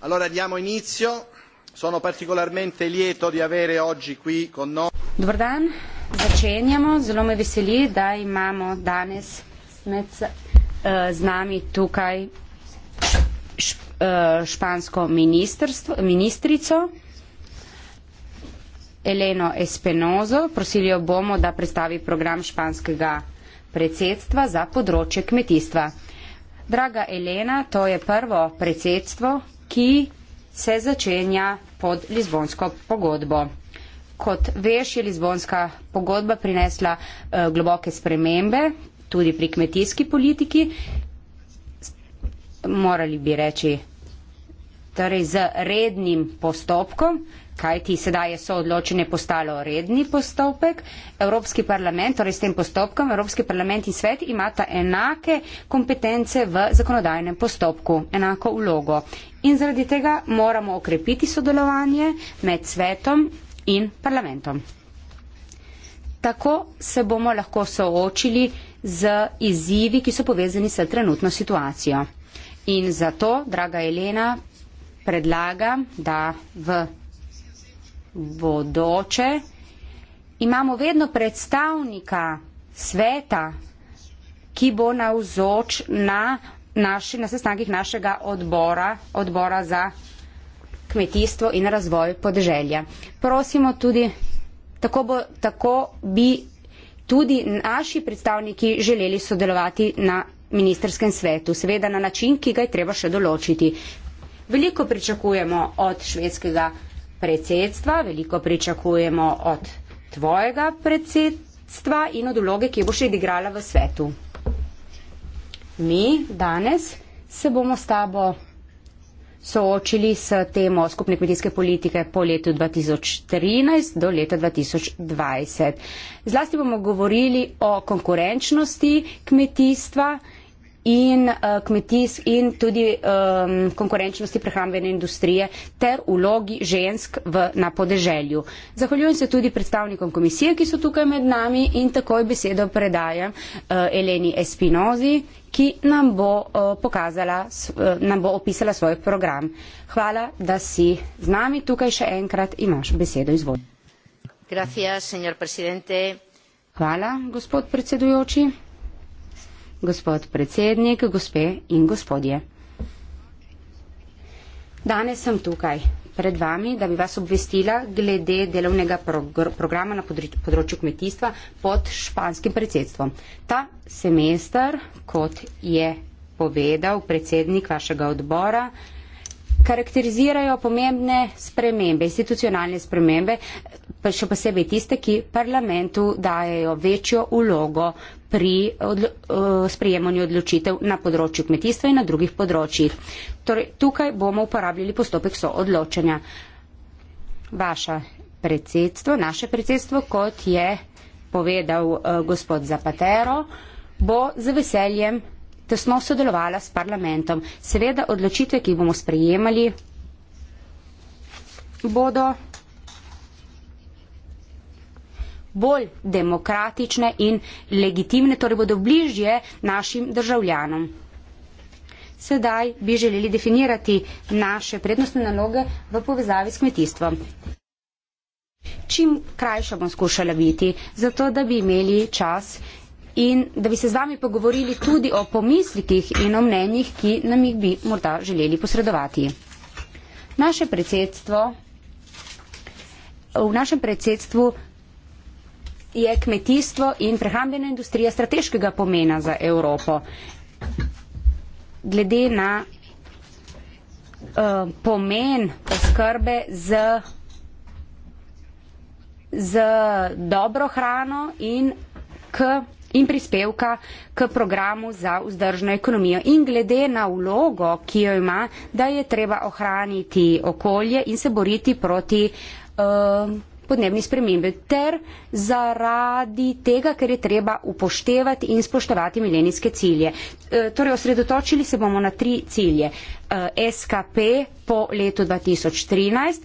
Allora diamo inizio. Sono particolarmente lieto di avere oggi qui con noi. Dobro dan, začenjamo. Zelo me veseli, da imamo danes med, uh, z nami tukaj š, uh, špansko ministrico Eleno Espenozo. Prosili jo bomo, da predstavi program španskega predsedstva za področje kmetijstva. Draga Elena, to je prvo predsedstvo, ki se začenja pod Lizbonsko pogodbo. Kot veš, je Lizbonska pogodba prinesla uh, globoke spremembe tudi pri kmetijski politiki. Morali bi reči, torej z rednim postopkom, kajti sedaj je soodločenje postalo redni postopek. Evropski parlament, torej s tem postopkom, Evropski parlament in svet imata enake kompetence v zakonodajnem postopku, enako vlogo. In zaradi tega moramo okrepiti sodelovanje med svetom in parlamentom. Tako se bomo lahko soočili z izzivi, ki so povezani s trenutno situacijo. In zato, draga Elena, predlagam, da v bodoče, imamo vedno predstavnika sveta, ki bo navzoč na, naši, na sestankih našega odbora, odbora za kmetijstvo in razvoj podeželja. Prosimo tudi, tako, bo, tako bi tudi naši predstavniki želeli sodelovati na ministerskem svetu, seveda na način, ki ga je treba še določiti. Veliko pričakujemo od švedskega predsedstva, veliko pričakujemo od tvojega predsedstva in od vloge, ki boš igrala v svetu. Mi danes se bomo s tabo soočili s temo skupne kmetijske politike po letu 2013 do leta 2020. Zlasti bomo govorili o konkurenčnosti kmetijstva in, eh, kmetijsk, in tudi um, konkurenčnosti prehrambene industrije ter ulogi žensk v, na podeželju. Zahvaljujem se tudi predstavnikom komisije, ki so tukaj med nami in takoj besedo predajam uh, eh, Eleni Espinozi, ki nam bo, uh, pokazala, uh, nam bo opisala svoj program. Hvala, da si z nami tukaj še enkrat imaš besedo. Izvolj. Gracias, señor presidente. Hvala, gospod predsedujoči gospod predsednik, gospe in gospodje. Danes sem tukaj pred vami, da bi vas obvestila glede delovnega progr programa na področju kmetijstva pod španskim predsedstvom. Ta semester, kot je povedal predsednik vašega odbora, karakterizirajo pomembne spremembe, institucionalne spremembe, pa še posebej tiste, ki parlamentu dajejo večjo ulogo pri odlo eh, sprejemanju odločitev na področju kmetijstva in na drugih področjih. Torej, tukaj bomo uporabljali postopek soodločanja. Vaša predsedstvo, naše predsedstvo, kot je povedal uh, gospod Zapatero, bo z veseljem tesno sodelovala s parlamentom. Seveda odločitve, ki jih bomo sprejemali, bodo bolj demokratične in legitimne, torej bodo bližje našim državljanom. Sedaj bi želeli definirati naše prednostne naloge v povezavi s kmetijstvom. Čim krajša bom skušala biti, zato da bi imeli čas in da bi se z vami pogovorili tudi o pomislikih in o mnenjih, ki nam jih bi morda želeli posredovati. Naše predsedstvo, v našem predsedstvu je kmetijstvo in prehrambena industrija strateškega pomena za Evropo. Glede na uh, pomen oskrbe z, z dobro hrano in, k, in prispevka k programu za vzdržno ekonomijo in glede na vlogo, ki jo ima, da je treba ohraniti okolje in se boriti proti uh, podnebne spremembe ter zaradi tega, ker je treba upoštevati in spoštovati milenijske cilje. E, torej, osredotočili se bomo na tri cilje. E, SKP po letu 2013,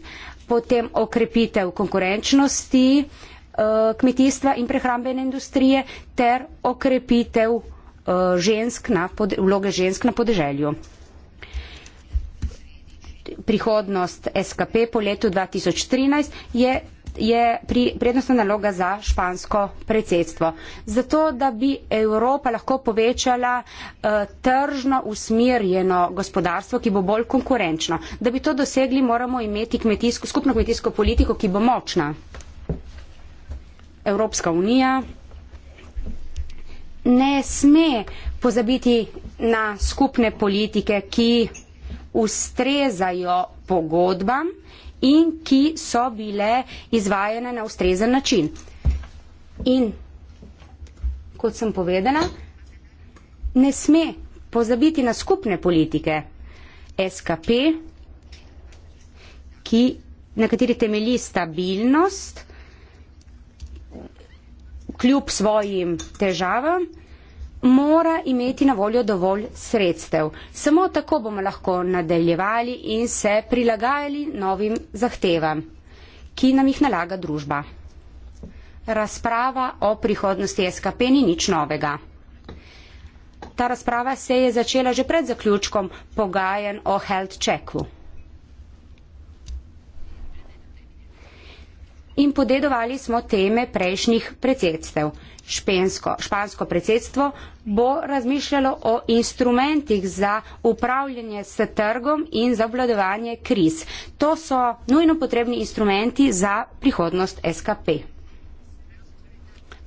potem okrepitev konkurenčnosti e, kmetijstva in prehrambene industrije ter okrepitev e, žensk na, pod, vloge žensk na podeželju. Prihodnost SKP po letu 2013 je je pri, prednostna naloga za špansko predsedstvo. Zato, da bi Evropa lahko povečala uh, tržno usmerjeno gospodarstvo, ki bo bolj konkurenčno. Da bi to dosegli, moramo imeti kmetijsko, skupno kmetijsko politiko, ki bo močna. Evropska unija ne sme pozabiti na skupne politike, ki ustrezajo pogodbam, in ki so bile izvajene na ustrezen način. In kot sem povedala, ne sme pozabiti na skupne politike SKP, ki, na kateri temelji stabilnost kljub svojim težavam mora imeti na voljo dovolj sredstev. Samo tako bomo lahko nadaljevali in se prilagajali novim zahtevam, ki nam jih nalaga družba. Razprava o prihodnosti SKP ni nič novega. Ta razprava se je začela že pred zaključkom pogajanj o health checku. in podedovali smo teme prejšnjih predsedstev. Špensko, špansko predsedstvo bo razmišljalo o instrumentih za upravljanje s trgom in za obladovanje kriz. To so nujno potrebni instrumenti za prihodnost SKP.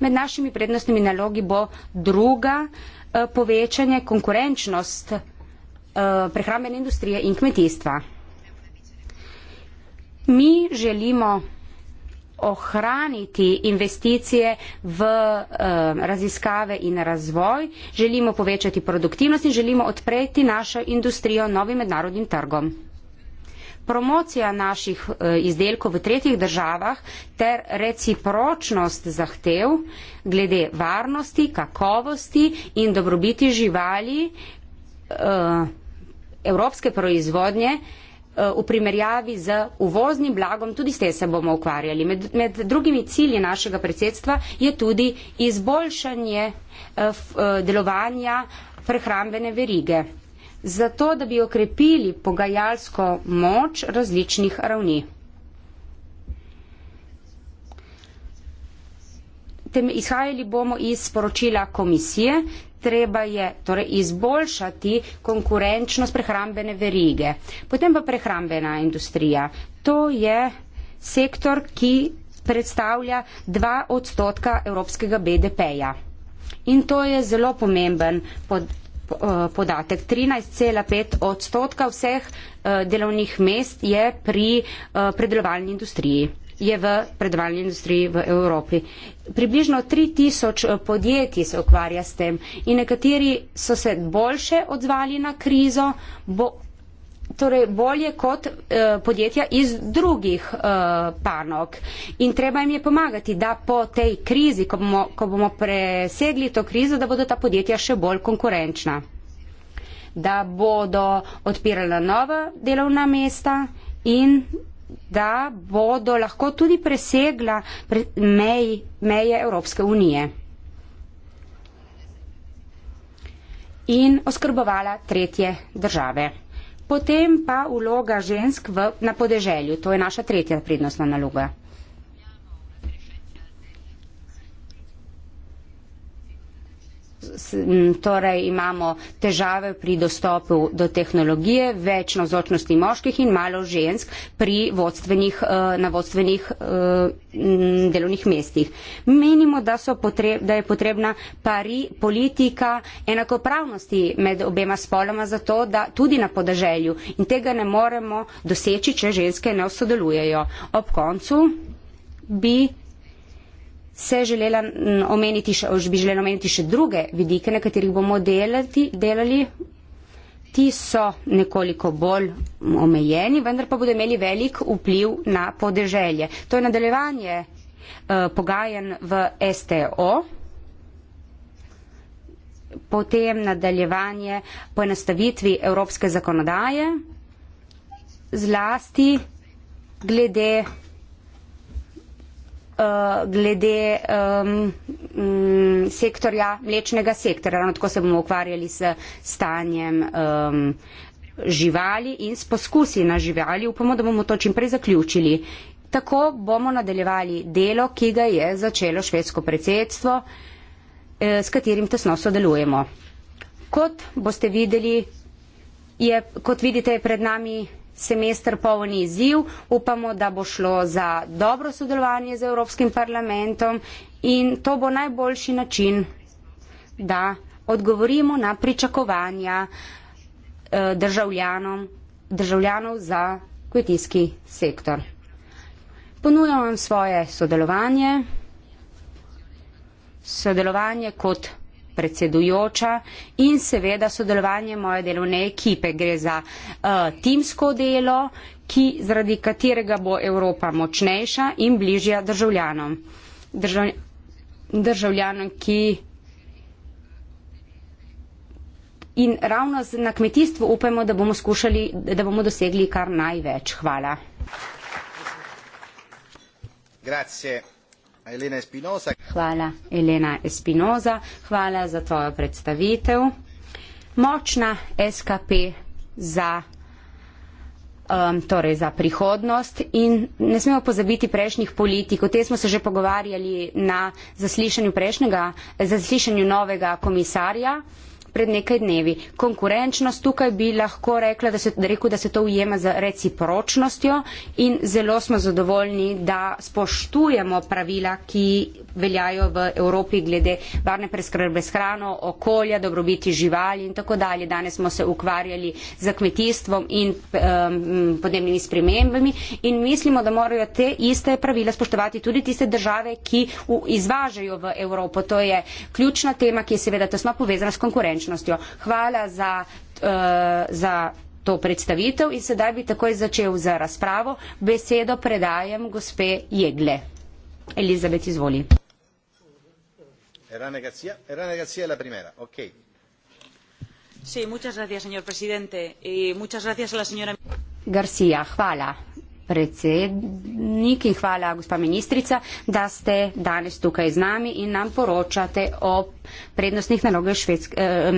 Med našimi prednostnimi nalogi bo druga eh, povečanje konkurenčnost eh, prehrambene industrije in kmetijstva. Mi želimo ohraniti investicije v eh, raziskave in razvoj, želimo povečati produktivnost in želimo odpreti našo industrijo novim mednarodnim trgom. Promocija naših eh, izdelkov v tretjih državah ter recipročnost zahtev glede varnosti, kakovosti in dobrobiti živali eh, evropske proizvodnje, Eh, v primerjavi z uvoznim blagom, tudi s tem se bomo ukvarjali. Med, med drugimi cilji našega predsedstva je tudi izboljšanje eh, eh, delovanja prehrambene verige, zato da bi okrepili pogajalsko moč različnih ravni. tem, izhajali bomo iz poročila komisije, treba je torej izboljšati konkurenčnost prehrambene verige. Potem pa prehrambena industrija. To je sektor, ki predstavlja 2 odstotka evropskega BDP-ja. In to je zelo pomemben pod, eh, podatek. 13,5 odstotka vseh eh, delovnih mest je pri eh, predelovalni industriji je v predvalni industriji v Evropi. Približno 3000 eh, podjetij se ukvarja s tem in nekateri so se boljše odzvali na krizo, bo, torej bolje kot eh, podjetja iz drugih eh, panog. In treba jim je pomagati, da po tej krizi, ko bomo, ko bomo presegli to krizo, da bodo ta podjetja še bolj konkurenčna. Da bodo odpirala nova delovna mesta in da bodo lahko tudi presegla pre, mej, meje Evropske unije in oskrbovala tretje države. Potem pa vloga žensk v, na podeželju, to je naša tretja prednostna naloga. torej imamo težave pri dostopu do tehnologije, več navzočnosti moških in malo žensk pri vodstvenih, eh, na vodstvenih eh, delovnih mestih. Menimo, da, potreb, da je potrebna pari politika enakopravnosti med obema spoloma za to, da tudi na podeželju in tega ne moremo doseči, če ženske ne sodelujejo. Ob koncu bi se želela omeniti še, bi želela omeniti še druge vidike, na katerih bomo delati, delali. Ti so nekoliko bolj omejeni, vendar pa bodo imeli velik vpliv na podeželje. To je nadaljevanje eh, pogajanj v STO, potem nadaljevanje poenostavitvi evropske zakonodaje, zlasti glede Eh, glede um, sektorja, mlečnega sektorja. Ravno tako se bomo ukvarjali s stanjem um, živali in s poskusi na živali. Upamo, da bomo to čimprej zaključili. Tako bomo nadaljevali delo, ki ga je začelo švedsko predsedstvo, eh, s katerim tesno sodelujemo. Kot boste videli, je, kot vidite, je pred nami semester poln izziv, upamo, da bo šlo za dobro sodelovanje z Evropskim parlamentom in to bo najboljši način, da odgovorimo na pričakovanja eh, državljanom, državljanov za kmetijski sektor. Ponujam vam svoje sodelovanje, sodelovanje kot predsedujoča in seveda sodelovanje moje delovne ekipe. Gre za uh, timsko delo, ki, zaradi katerega bo Evropa močnejša in bližja državljanom. Držav, državljanom, ki. In ravno na kmetijstvu upajmo, da bomo skušali, da bomo dosegli kar največ. Hvala. Grazie. Elena Espinoza. Hvala, Elena Espinoza. Hvala za tvojo predstavitev. Močna SKP za. Um, torej za prihodnost in ne smemo pozabiti prejšnjih politik. O tem smo se že pogovarjali na zaslišanju, prejšnjega, zaslišanju novega komisarja pred nekaj dnevi. Konkurenčnost tukaj bi lahko rekla, da se, da rekel, da se to ujema z recipročnostjo in zelo smo zadovoljni, da spoštujemo pravila, ki veljajo v Evropi glede varne preskrbe s hrano, okolja, dobrobiti živali in tako dalje. Danes smo se ukvarjali z kmetijstvom in um, podnebnimi spremembami in mislimo, da morajo te iste pravila spoštovati tudi tiste države, ki izvažajo v Evropo. To je ključna tema, ki je seveda tesno povezana s konkurenčnostjo resničnostjo. Hvala za, uh, za to predstavitev in sedaj bi takoj začel za razpravo. Besedo predajem gospe Jegle. Elizabet, izvoli. Era negacija, la primera. Ok. Sí, muchas gracias, señor presidente. Y muchas gracias a la señora... García, hvala predsednik in hvala, gospa ministrica, da ste danes tukaj z nami in nam poročate o prednostnih naloge švedsk, eh,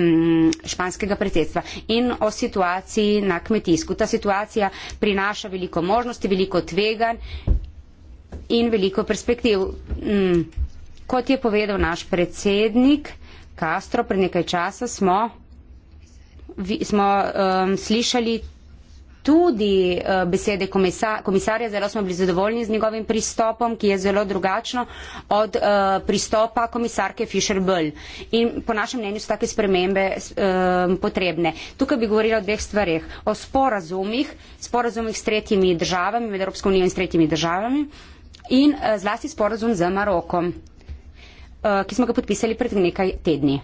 španskega predsedstva in o situaciji na kmetijsku. Ta situacija prinaša veliko možnosti, veliko tvegan in veliko perspektiv. Hm, kot je povedal naš predsednik Castro, pred nekaj časa smo, vi, smo eh, slišali tudi uh, besede komisa komisarja, zelo smo bili zadovoljni z njegovim pristopom, ki je zelo drugačno od uh, pristopa komisarke Fischer-Böll. In po našem mnenju so take spremembe uh, potrebne. Tukaj bi govorila o dveh stvarih. O sporazumih, sporazumih s tretjimi državami, med Evropsko unijo in s tretjimi državami in uh, zlasti sporazum z Marokom, uh, ki smo ga podpisali pred nekaj tedni.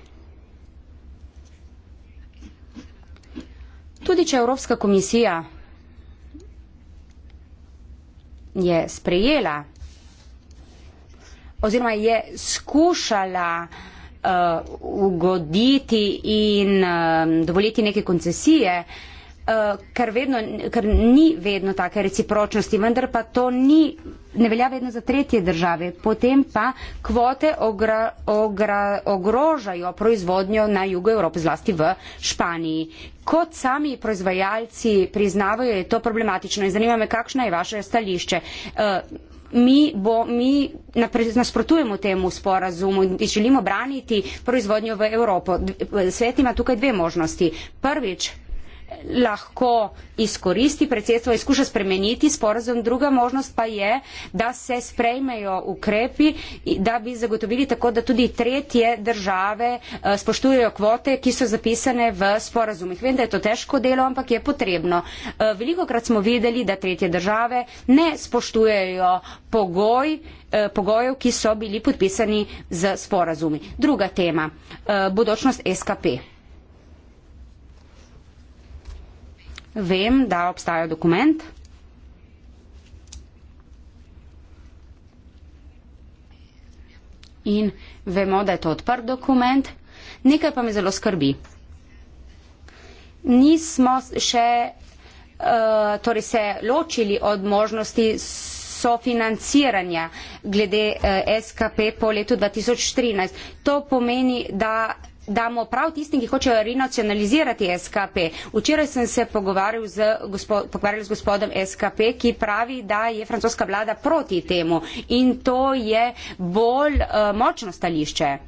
tudi če Evropska komisija je sprejela oziroma je skušala uh, ugoditi in uh, dovoliti neke koncesije, uh, Eh, kar, vedno, kar ni vedno take recipročnosti, vendar pa to ni, ne velja vedno za tretje države. Potem pa kvote ogra, ogra, ogrožajo proizvodnjo na jugu Evrope, zlasti v Španiji. Kot sami proizvajalci priznavajo, je to problematično in zanima me, kakšno je vaše stališče. Eh, mi, bo, mi nasprotujemo temu sporazumu in želimo braniti proizvodnjo v Evropo. Svet ima tukaj dve možnosti. Prvič, lahko izkoristi predsedstvo, izkuša spremeniti sporazum, druga možnost pa je, da se sprejmejo ukrepi, da bi zagotovili tako, da tudi tretje države eh, spoštujejo kvote, ki so zapisane v sporazumih. Vem, da je to težko delo, ampak je potrebno. Eh, Veliko krat smo videli, da tretje države ne spoštujejo pogoj, eh, pogojev, ki so bili podpisani z sporazumi. Druga tema, bodočnost SKP. vem, da obstaja dokument. In vemo, da je to odprt dokument. Nekaj pa me zelo skrbi. Nismo še uh, torej se ločili od možnosti sofinanciranja glede uh, eh, SKP po letu 2013. To pomeni, da damo prav tistim, ki hočejo renacionalizirati SKP. Včeraj sem se pogovarjal z, gospo, z gospodom SKP, ki pravi, da je francoska vlada proti temu in to je bolj uh, močno stališče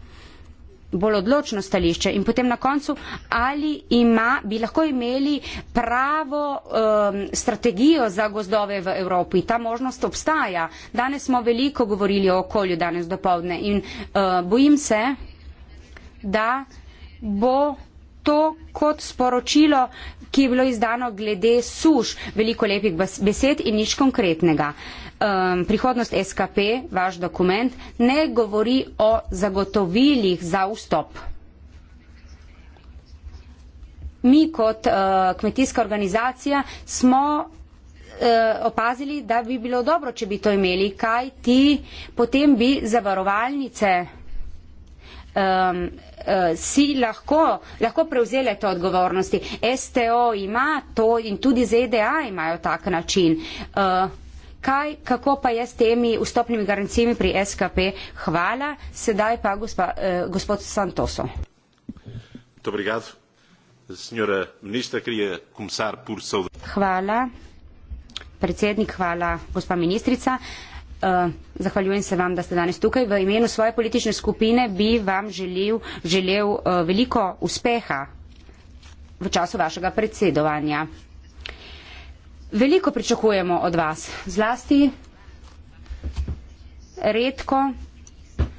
bolj odločno stališče in potem na koncu, ali ima, bi lahko imeli pravo um, strategijo za gozdove v Evropi. Ta možnost obstaja. Danes smo veliko govorili o okolju, danes dopovdne in uh, bojim se, da bo to kot sporočilo, ki je bilo izdano glede suš, veliko lepih besed in nič konkretnega. Um, prihodnost SKP, vaš dokument, ne govori o zagotovilih za vstop. Mi kot uh, kmetijska organizacija smo eh, opazili, da bi bilo dobro, če bi to imeli, kaj ti potem bi zavarovalnice um, uh, si lahko, lahko prevzele te odgovornosti. STO ima to in tudi ZDA imajo tak način. Uh, kaj, kako pa je s temi vstopnimi garancijami pri SKP? Hvala. Sedaj pa gospa, uh, gospod Santoso. Hvala. Predsednik, hvala, gospa ministrica. Uh, Eh, zahvaljujem se vam, da ste danes tukaj. V imenu svoje politične skupine bi vam želel, želel eh, veliko uspeha v času vašega predsedovanja. Veliko pričakujemo od vas, zlasti redko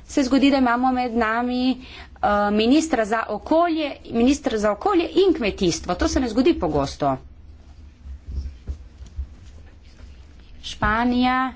se zgodi, da imamo med nami uh, ministra za okolje, ministr za okolje in kmetijstvo. To se ne zgodi pogosto. Španija,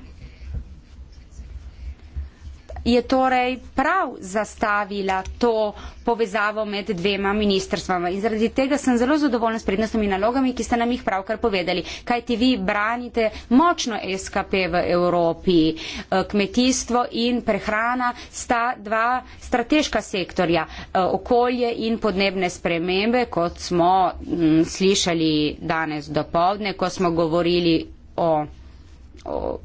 je torej prav zastavila to povezavo med dvema ministrstvama. In zaradi tega sem zelo zadovoljna s prednostnimi nalogami, ki ste nam jih pravkar povedali. Kaj ti vi branite močno SKP v Evropi? Eh, kmetijstvo in prehrana sta dva strateška sektorja. Eh, okolje in podnebne spremembe, kot smo mm, slišali danes do povdne, ko smo govorili o, o,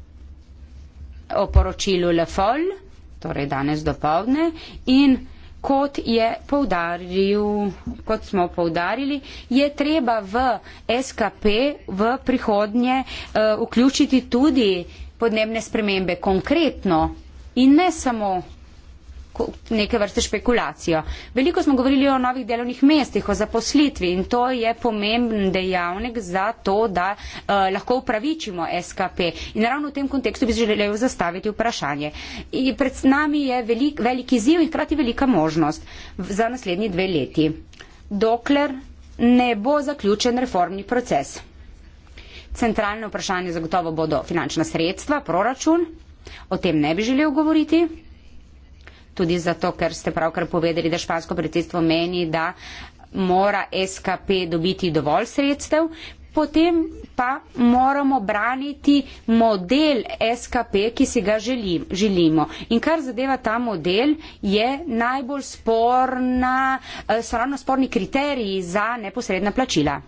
o poročilu Le Folle torej danes do povdne. In kot, poudaril, kot smo poudarili, je treba v SKP v prihodnje uh, vključiti tudi podnebne spremembe konkretno in ne samo neke vrste špekulacijo. Veliko smo govorili o novih delovnih mestih, o zaposlitvi in to je pomemben dejavnik za to, da uh, lahko upravičimo SKP. In ravno v tem kontekstu bi želel zastaviti vprašanje. In pred nami je velik, velik izziv in hkrati velika možnost za naslednji dve leti, dokler ne bo zaključen reformni proces. Centralne vprašanje zagotovo bodo finančna sredstva, proračun, o tem ne bi želel govoriti tudi zato, ker ste pravkar povedali, da špansko predsedstvo meni, da mora SKP dobiti dovolj sredstev. Potem pa moramo braniti model SKP, ki si ga želim, želimo. In kar zadeva ta model, je najbolj sporna, eh, so ravno sporni kriteriji za neposredna plačila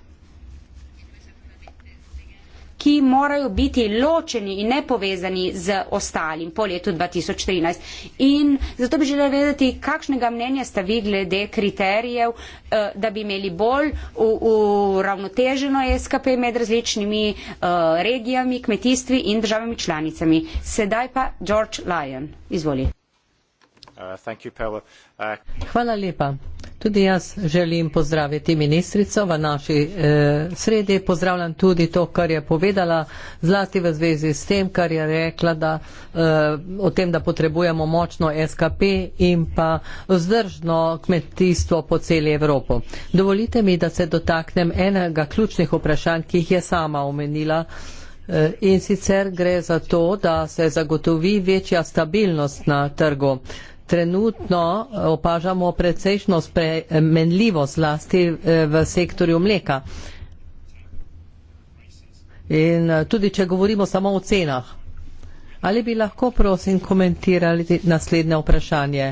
ki morajo biti ločeni in nepovezani z ostalim po letu 2013. In zato bi želela vedeti, kakšnega mnenja ste vi glede kriterijev, eh, da bi imeli bolj uravnoteženo SKP med različnimi eh, regijami, kmetijstvi in državami članicami. Sedaj pa George Lyon. Izvoli. Uh, uh, tudi jaz želim pozdraviti ministrico v naši eh, sredi. Pozdravljam tudi to, kar je povedala, zlasti v zvezi s tem, kar je rekla da, eh, o tem, da potrebujemo močno SKP in pa vzdržno kmetijstvo po celi Evropo. Dovolite mi, da se dotaknem enega ključnih vprašanj, ki jih je sama omenila. Eh, in sicer gre za to, da se zagotovi večja stabilnost na trgu trenutno eh, opažamo precejšno spremenljivo zlasti eh, v sektorju mleka. In eh, tudi, če govorimo samo o cenah, ali bi lahko, prosim, komentirali naslednje vprašanje?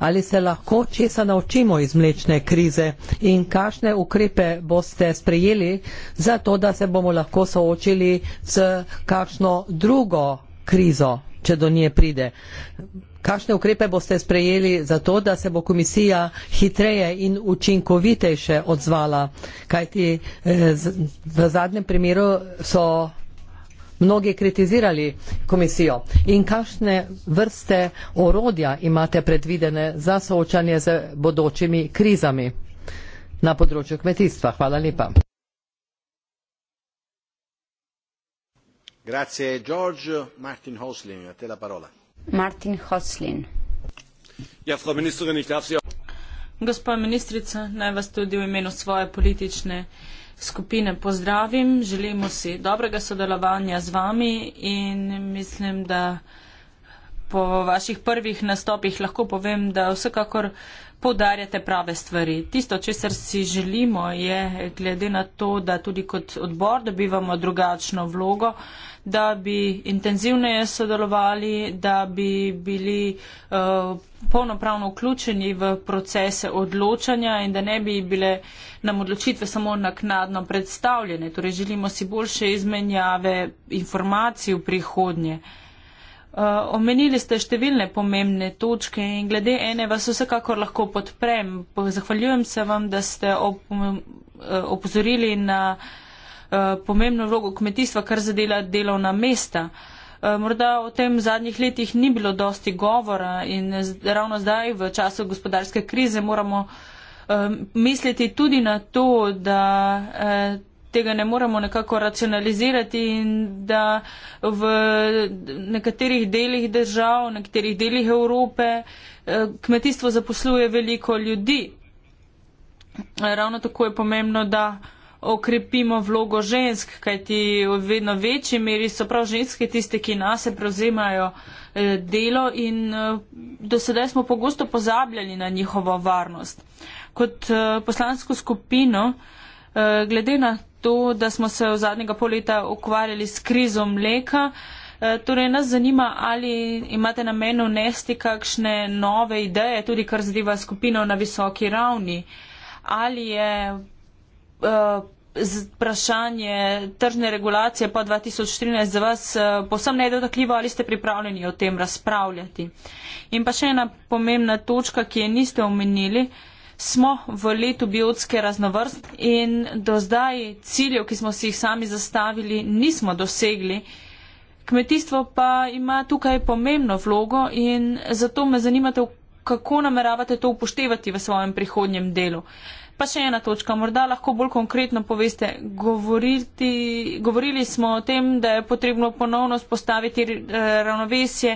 Ali se lahko česa naučimo iz mlečne krize in kakšne ukrepe boste sprejeli za to, da se bomo lahko soočili z kakšno drugo krizo, če do nje pride? Kakšne ukrepe boste sprejeli za to, da se bo komisija hitreje in učinkovitejše odzvala? Kajti eh, v zadnjem primeru so mnogi kritizirali komisijo. In kakšne vrste orodja imate predvidene za soočanje z bodočimi krizami na področju kmetijstva? Hvala lepa. Grazie, George. Martin Hosling, a te la parola. Martin Hoslin. Ja, Frau Ministerin, ich darf Sie auch. Gospa ministrica, naj vas tudi v imenu svoje politične skupine pozdravim. Želimo si dobrega sodelovanja z vami in mislim, da po vaših prvih nastopih lahko povem, da vsekakor podarjate prave stvari. Tisto, česar si želimo, je glede na to, da tudi kot odbor dobivamo drugačno vlogo, da bi intenzivneje sodelovali, da bi bili uh, polnopravno vključeni v procese odločanja in da ne bi bile nam odločitve samo naknadno predstavljene. Torej, želimo si boljše izmenjave informacij v prihodnje. Uh, Eh, omenili ste številne pomembne točke in glede ene vas vsekakor lahko podprem. Zahvaljujem se vam, da ste op, eh, opozorili na eh, pomembno vlogo kmetijstva, kar zadela delovna mesta. Morda o tem v zadnjih letih ni bilo dosti govora in ravno zdaj v času gospodarske krize moramo misliti tudi na to, da tega ne moremo nekako racionalizirati in da v nekaterih delih držav, nekaterih delih Evrope eh, kmetijstvo zaposluje veliko ljudi. Ravno tako je pomembno, da okrepimo vlogo žensk, kajti v vedno večji meri so prav ženske tiste, ki nase prevzemajo eh, delo in eh, do sedaj smo pogosto pozabljali na njihovo varnost. Kot poslansko skupino, glede na to, da smo se v zadnjega pol leta ukvarjali s krizo mleka. E, torej, nas zanima, ali imate na menu nesti kakšne nove ideje, tudi kar zadeva skupino na visoki ravni. Ali je uh, vprašanje tržne regulacije po 2014 za vas uh, e, posem nedotakljivo, ali ste pripravljeni o tem razpravljati. In pa še ena pomembna točka, ki je niste omenili. Uh, smo v letu biotske raznovrst in do zdaj ciljev, ki smo si jih sami zastavili, nismo dosegli. Kmetijstvo pa ima tukaj pomembno vlogo in zato me zanimate, kako nameravate to upoštevati v svojem prihodnjem delu. Pa še ena točka, morda lahko bolj konkretno poveste. Govoriti, govorili smo o tem, da je potrebno ponovno spostaviti eh, ravnovesje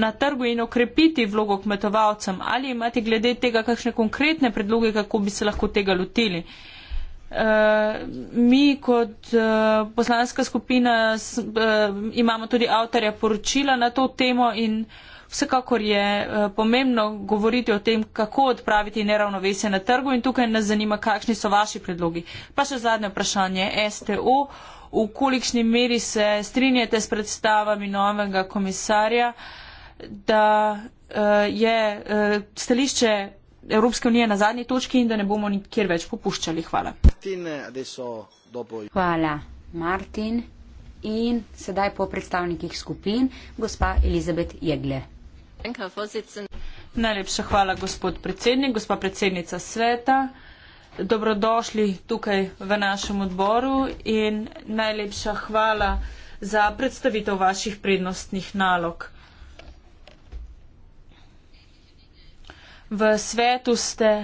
na trgu in okrepiti vlogo kmetovalcem. Ali imate glede tega kakšne konkretne predloge, kako bi se lahko tega lotili? Eh, mi kot eh, poslanska skupina imamo tudi avtorja poročila na to temo in. Vsekakor je eh, pomembno govoriti o tem, kako odpraviti neravnovesje na trgu in tukaj nas zanima, kakšni so vaši predlogi. Pa še zadnje vprašanje. STO, v kolikšni meri se strinjate s predstavami novega komisarja, da eh, je eh, stališče Evropske unije na zadnji točki in da ne bomo nikjer več popuščali. Hvala. Hvala, Martin. In sedaj po predstavnikih skupin, gospa Elizabet Jegle. Najlepša hvala, gospod predsednik, gospa predsednica sveta. Dobrodošli tukaj v našem odboru in najlepša hvala za predstavitev vaših prednostnih nalog. V svetu ste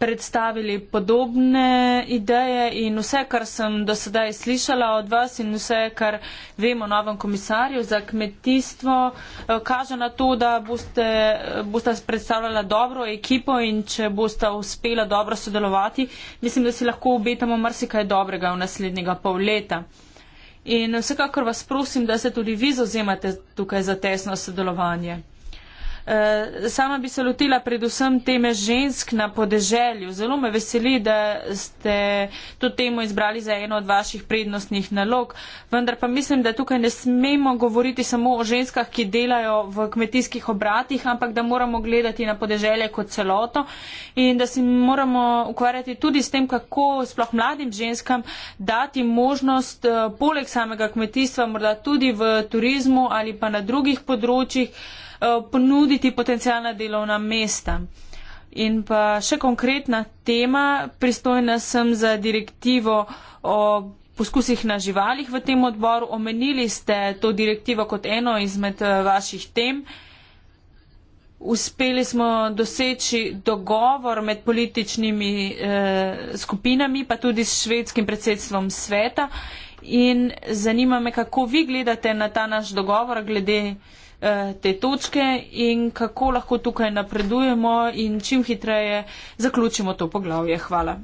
predstavili podobne ideje in vse, kar sem do sedaj slišala od vas in vse, kar vemo o novem komisarju za kmetijstvo, eh, kaže na to, da boste, eh, boste predstavljala dobro ekipo in če boste uspela dobro sodelovati, mislim, da si lahko obetamo marsikaj dobrega v naslednjega pol leta. In vsekakor vas prosim, da se tudi vi zauzemate tukaj za tesno sodelovanje. Eh, sama bi se lotila predvsem teme žensk na podeželju. Zelo me veseli, da ste to temo izbrali za eno od vaših prednostnih nalog, vendar pa mislim, da tukaj ne smemo govoriti samo o ženskah, ki delajo v kmetijskih obratih, ampak da moramo gledati na podeželje kot celoto in da se moramo ukvarjati tudi s tem, kako sploh mladim ženskam dati možnost eh, poleg samega kmetijstva, morda tudi v turizmu ali pa na drugih področjih. Eh, ponuditi potencijalna delovna mesta. In pa še konkretna tema, pristojna sem za direktivo o poskusih na živalih v tem odboru. Omenili ste to direktivo kot eno izmed eh, vaših tem. Uspeli smo doseči dogovor med političnimi eh, skupinami, pa tudi s švedskim predsedstvom sveta. In zanima me, kako vi gledate na ta naš dogovor glede eh, Eh, te točke in kako lahko tukaj napredujemo in čim hitreje zaključimo to poglavje. Hvala.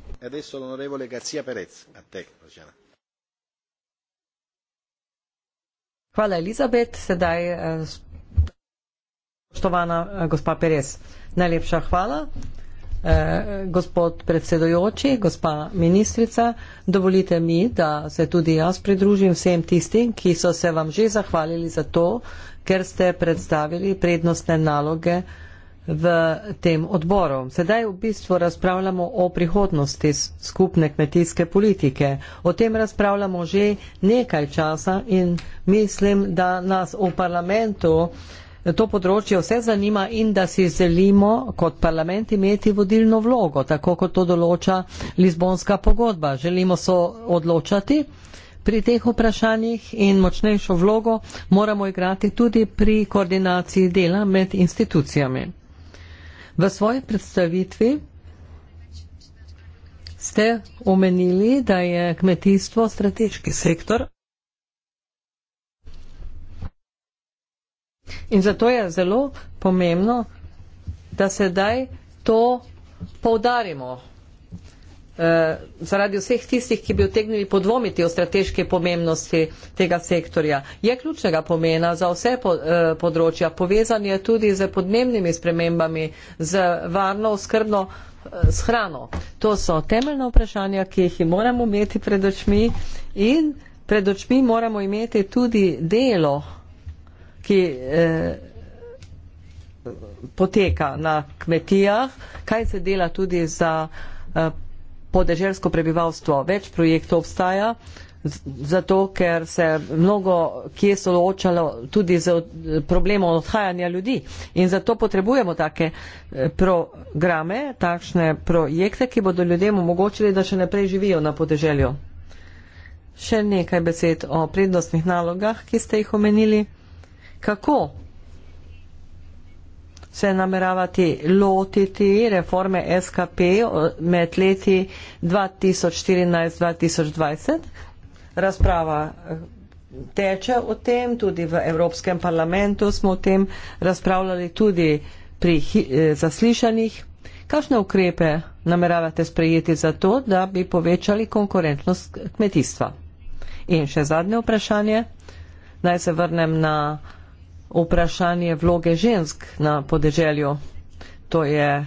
Hvala, Elizabet. Sedaj, eh, spoštovana eh, gospa Perez, najlepša hvala. Gospod predsedojoči, gospa ministrica, dovolite mi, da se tudi jaz pridružim vsem tistim, ki so se vam že zahvalili za to, ker ste predstavili prednostne naloge v tem odboru. Sedaj v bistvu razpravljamo o prihodnosti skupne kmetijske politike. O tem razpravljamo že nekaj časa in mislim, da nas v parlamentu to področje vse zanima in da si želimo kot parlament imeti vodilno vlogo, tako kot to določa Lizbonska pogodba. Želimo so odločati pri teh vprašanjih in močnejšo vlogo moramo igrati tudi pri koordinaciji dela med institucijami. V svoji predstavitvi ste omenili, da je kmetijstvo strateški sektor in zato je zelo pomembno, da sedaj to poudarimo. Eh, zaradi vseh tistih, ki bi otegnili podvomiti o strateške pomembnosti tega sektorja. Je ključnega pomena za vse eh, področja, povezan je tudi z podnebnimi spremembami, z varno, skrbno eh, shrano. To so temeljna vprašanja, ki jih moramo imeti pred očmi in pred očmi moramo imeti tudi delo, ki poteka na kmetijah, kaj se dela tudi za podeželsko prebivalstvo. Več projektov obstaja, zato ker se mnogo kje soočalo tudi z problemom odhajanja ljudi. In zato potrebujemo take eh, programe, takšne projekte, ki bodo ljudem omogočili, da še naprej živijo na podeželju. Še nekaj besed o prednostnih nalogah, ki ste jih omenili. Kako se nameravati lotiti reforme SKP med leti 2014-2020. Razprava eh, teče o tem, tudi v Evropskem parlamentu smo o tem razpravljali tudi pri eh, zaslišanjih. Kakšne ukrepe nameravate sprejeti za to, da bi povečali konkurenčnost kmetijstva? In še zadnje vprašanje. Naj se vrnem na vprašanje vloge žensk na podeželju. To je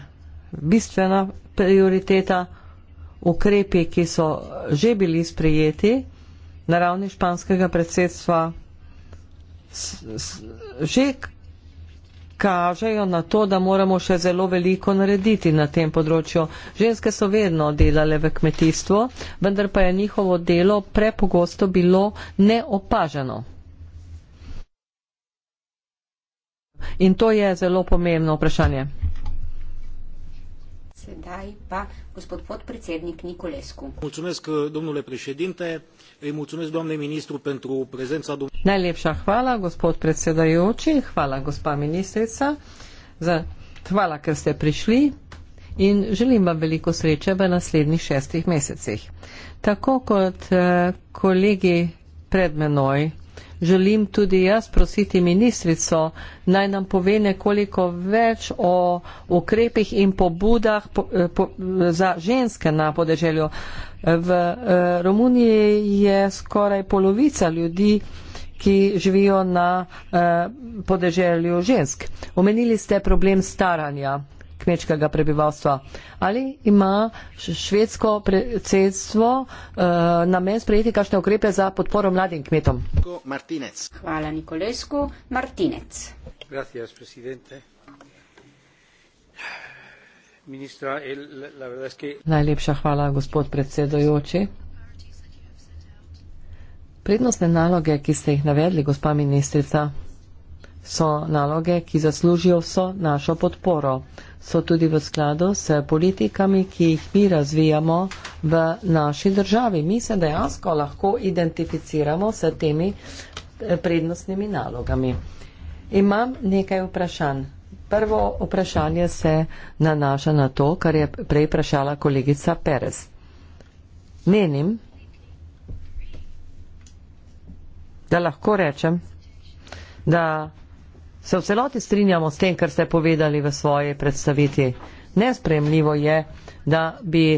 bistvena prioriteta. Ukrepi, ki so že bili sprejeti na ravni španskega predsedstva, že kažejo na to, da moramo še zelo veliko narediti na tem področju. Ženske so vedno delale v kmetijstvo, vendar pa je njihovo delo prepogosto bilo neopaženo. In to je zelo pomembno vprašanje. Sedaj pa gospod podpredsednik Nikolesku. Mulțumesc, domnule președinte, îi mulțumesc, doamne ministru, pentru prezența dumneavoastră. Najlepša hvala, gospod predsedajoči, hvala, gospa ministrica, za hvala, ker ste prišli in želim vam veliko sreče v naslednjih šestih mesecih. Tako kot eh, kolegi pred menoj želim tudi jaz prositi ministrico, naj nam pove nekoliko več o ukrepih in pobudah po, eh, po, za ženske na podeželju. V eh, Romuniji je skoraj polovica ljudi, ki živijo na eh, podeželju žensk. Omenili ste problem staranja kmečkega prebivalstva. Ali ima švedsko predsedstvo uh, namen sprejeti kakšne ukrepe za podporo mladim kmetom? Martinec. Hvala Nikolesku. Martinec. Gracias, Ministra, el, la es que... Najlepša hvala, gospod predsedojoči. Prednostne naloge, ki ste jih navedli, gospa ministrica, so naloge, ki zaslužijo vso našo podporo so tudi v skladu s politikami, ki jih mi razvijamo v naši državi. Mi se dejansko lahko identificiramo s temi eh, prednostnimi nalogami. Imam nekaj vprašanj. Prvo vprašanje se nanaša na to, kar je prej vprašala kolegica Perez. Menim, da lahko rečem, da se v celoti strinjamo s tem, kar ste povedali v svoji predstaviti. Nespremljivo je, da bi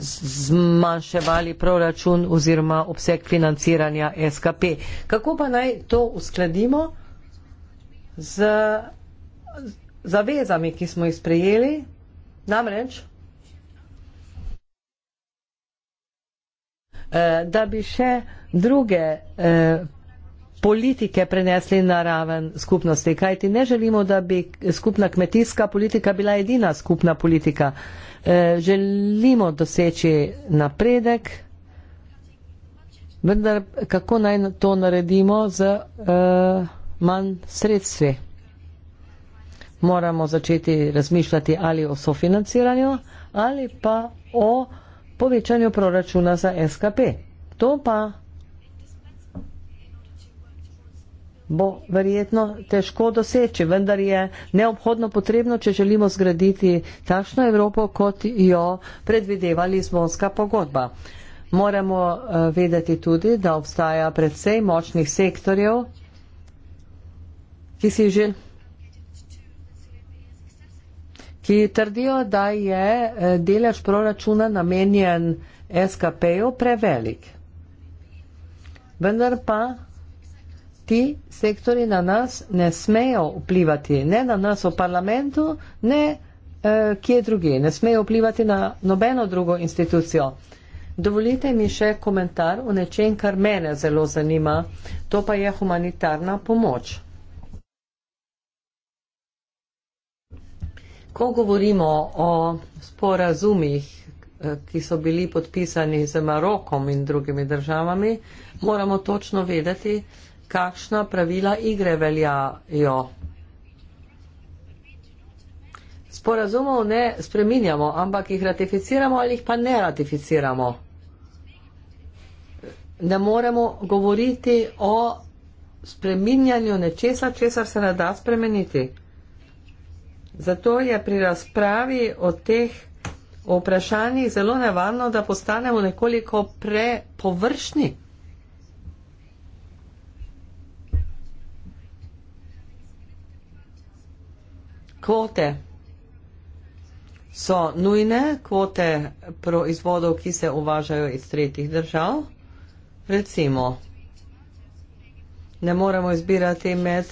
zmanjševali proračun oziroma obseg financiranja SKP. Kako pa naj to uskladimo z zavezami, ki smo jih sprejeli? Namreč, eh, da bi še druge eh, politike prenesli na raven skupnosti, kajti ne želimo, da bi skupna kmetijska politika bila edina skupna politika. E, želimo doseči napredek, vendar kako naj to naredimo z e, manj sredstvi? Moramo začeti razmišljati ali o sofinanciranju ali pa o povečanju proračuna za SKP. To pa bo verjetno težko doseči, vendar je neobhodno potrebno, če želimo zgraditi takšno Evropo, kot jo predvideva Lizbonska pogodba. Moramo eh, vedeti tudi, da obstaja predvsej močnih sektorjev, ki si že ki trdijo, da je eh, delež proračuna namenjen SKP-ju prevelik. Vendar pa ti sektori na nas ne smejo vplivati, ne na nas v parlamentu, ne eh, kje druge, ne smejo vplivati na nobeno drugo institucijo. Dovolite mi še komentar o nečem, kar mene zelo zanima, to pa je humanitarna pomoč. Ko govorimo o sporazumih, eh, ki so bili podpisani z Marokom in drugimi državami, moramo točno vedeti, kakšna pravila igre veljajo. Sporazumov ne spreminjamo, ampak jih ratificiramo ali jih pa ne ratificiramo. Ne moremo govoriti o spreminjanju nečesa, česar se ne da spremeniti. Zato je pri razpravi o teh vprašanjih zelo nevarno, da postanemo nekoliko prepovršni. kvote so nujne, kvote proizvodov, ki se uvažajo iz tretjih držav. Recimo, ne moremo izbirati med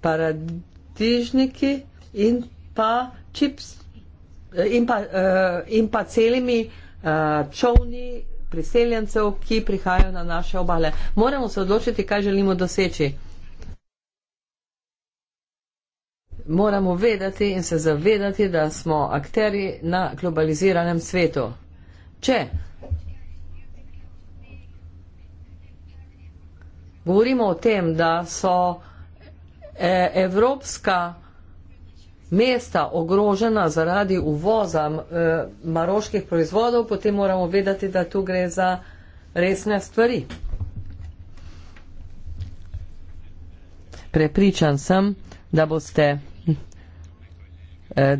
paradižniki in pa čips eh, in pa, eh, in pa celimi eh, čovni priseljencev, ki prihajajo na naše obale. Moramo se odločiti, kaj želimo doseči. moramo vedeti in se zavedati, da smo akteri na globaliziranem svetu. Če govorimo o tem, da so e, evropska mesta ogrožena zaradi uvoza e, maroških proizvodov, potem moramo vedeti, da tu gre za resne stvari. Prepričan sem, da boste Eh,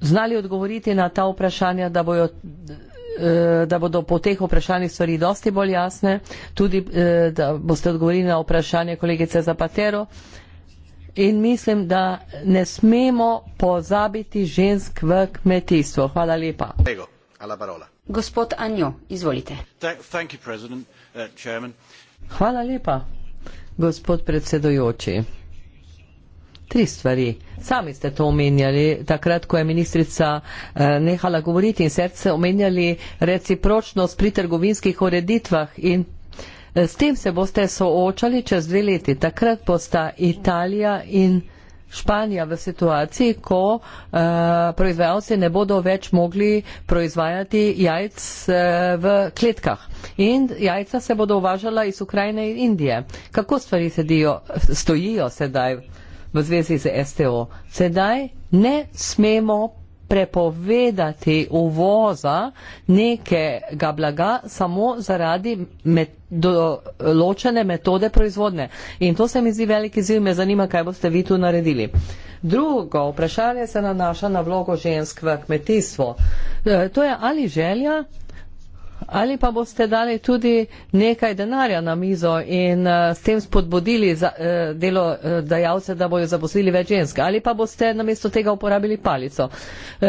znali odgovoriti na ta vprašanja, da bojo eh, da bodo po teh vprašanjih stvari dosti bolj jasne, tudi eh, da boste odgovorili na vprašanje kolegice Zapatero. In mislim, da ne smemo pozabiti žensk v kmetijstvo. Hvala lepa. Gospod Anjo, izvolite. Uh, Hvala lepa, gospod predsedujoči tri stvari. Sami ste to omenjali, takrat, ko je ministrica eh, nehala govoriti in srce omenjali recipročnost pri trgovinskih ureditvah in eh, s tem se boste soočali čez dve leti. Takrat bosta Italija in Španija v situaciji, ko eh, proizvajalci ne bodo več mogli proizvajati jajc eh, v kletkah. In jajca se bodo uvažala iz Ukrajine in Indije. Kako stvari sedijo, stojijo sedaj? v zvezi z STO. Sedaj ne smemo prepovedati uvoza nekega blaga samo zaradi met določene metode proizvodne. In to se mi zdi veliki ziv, me zanima, kaj boste vi tu naredili. Drugo vprašanje se nanaša na vlogo žensk v kmetijstvo. E, to je ali želja Ali pa boste dali tudi nekaj denarja na mizo in uh, s tem spodbudili za, uh, delo uh, dajalce, da bojo zaposlili več žensk? Ali pa boste namesto tega uporabili palico? Uh,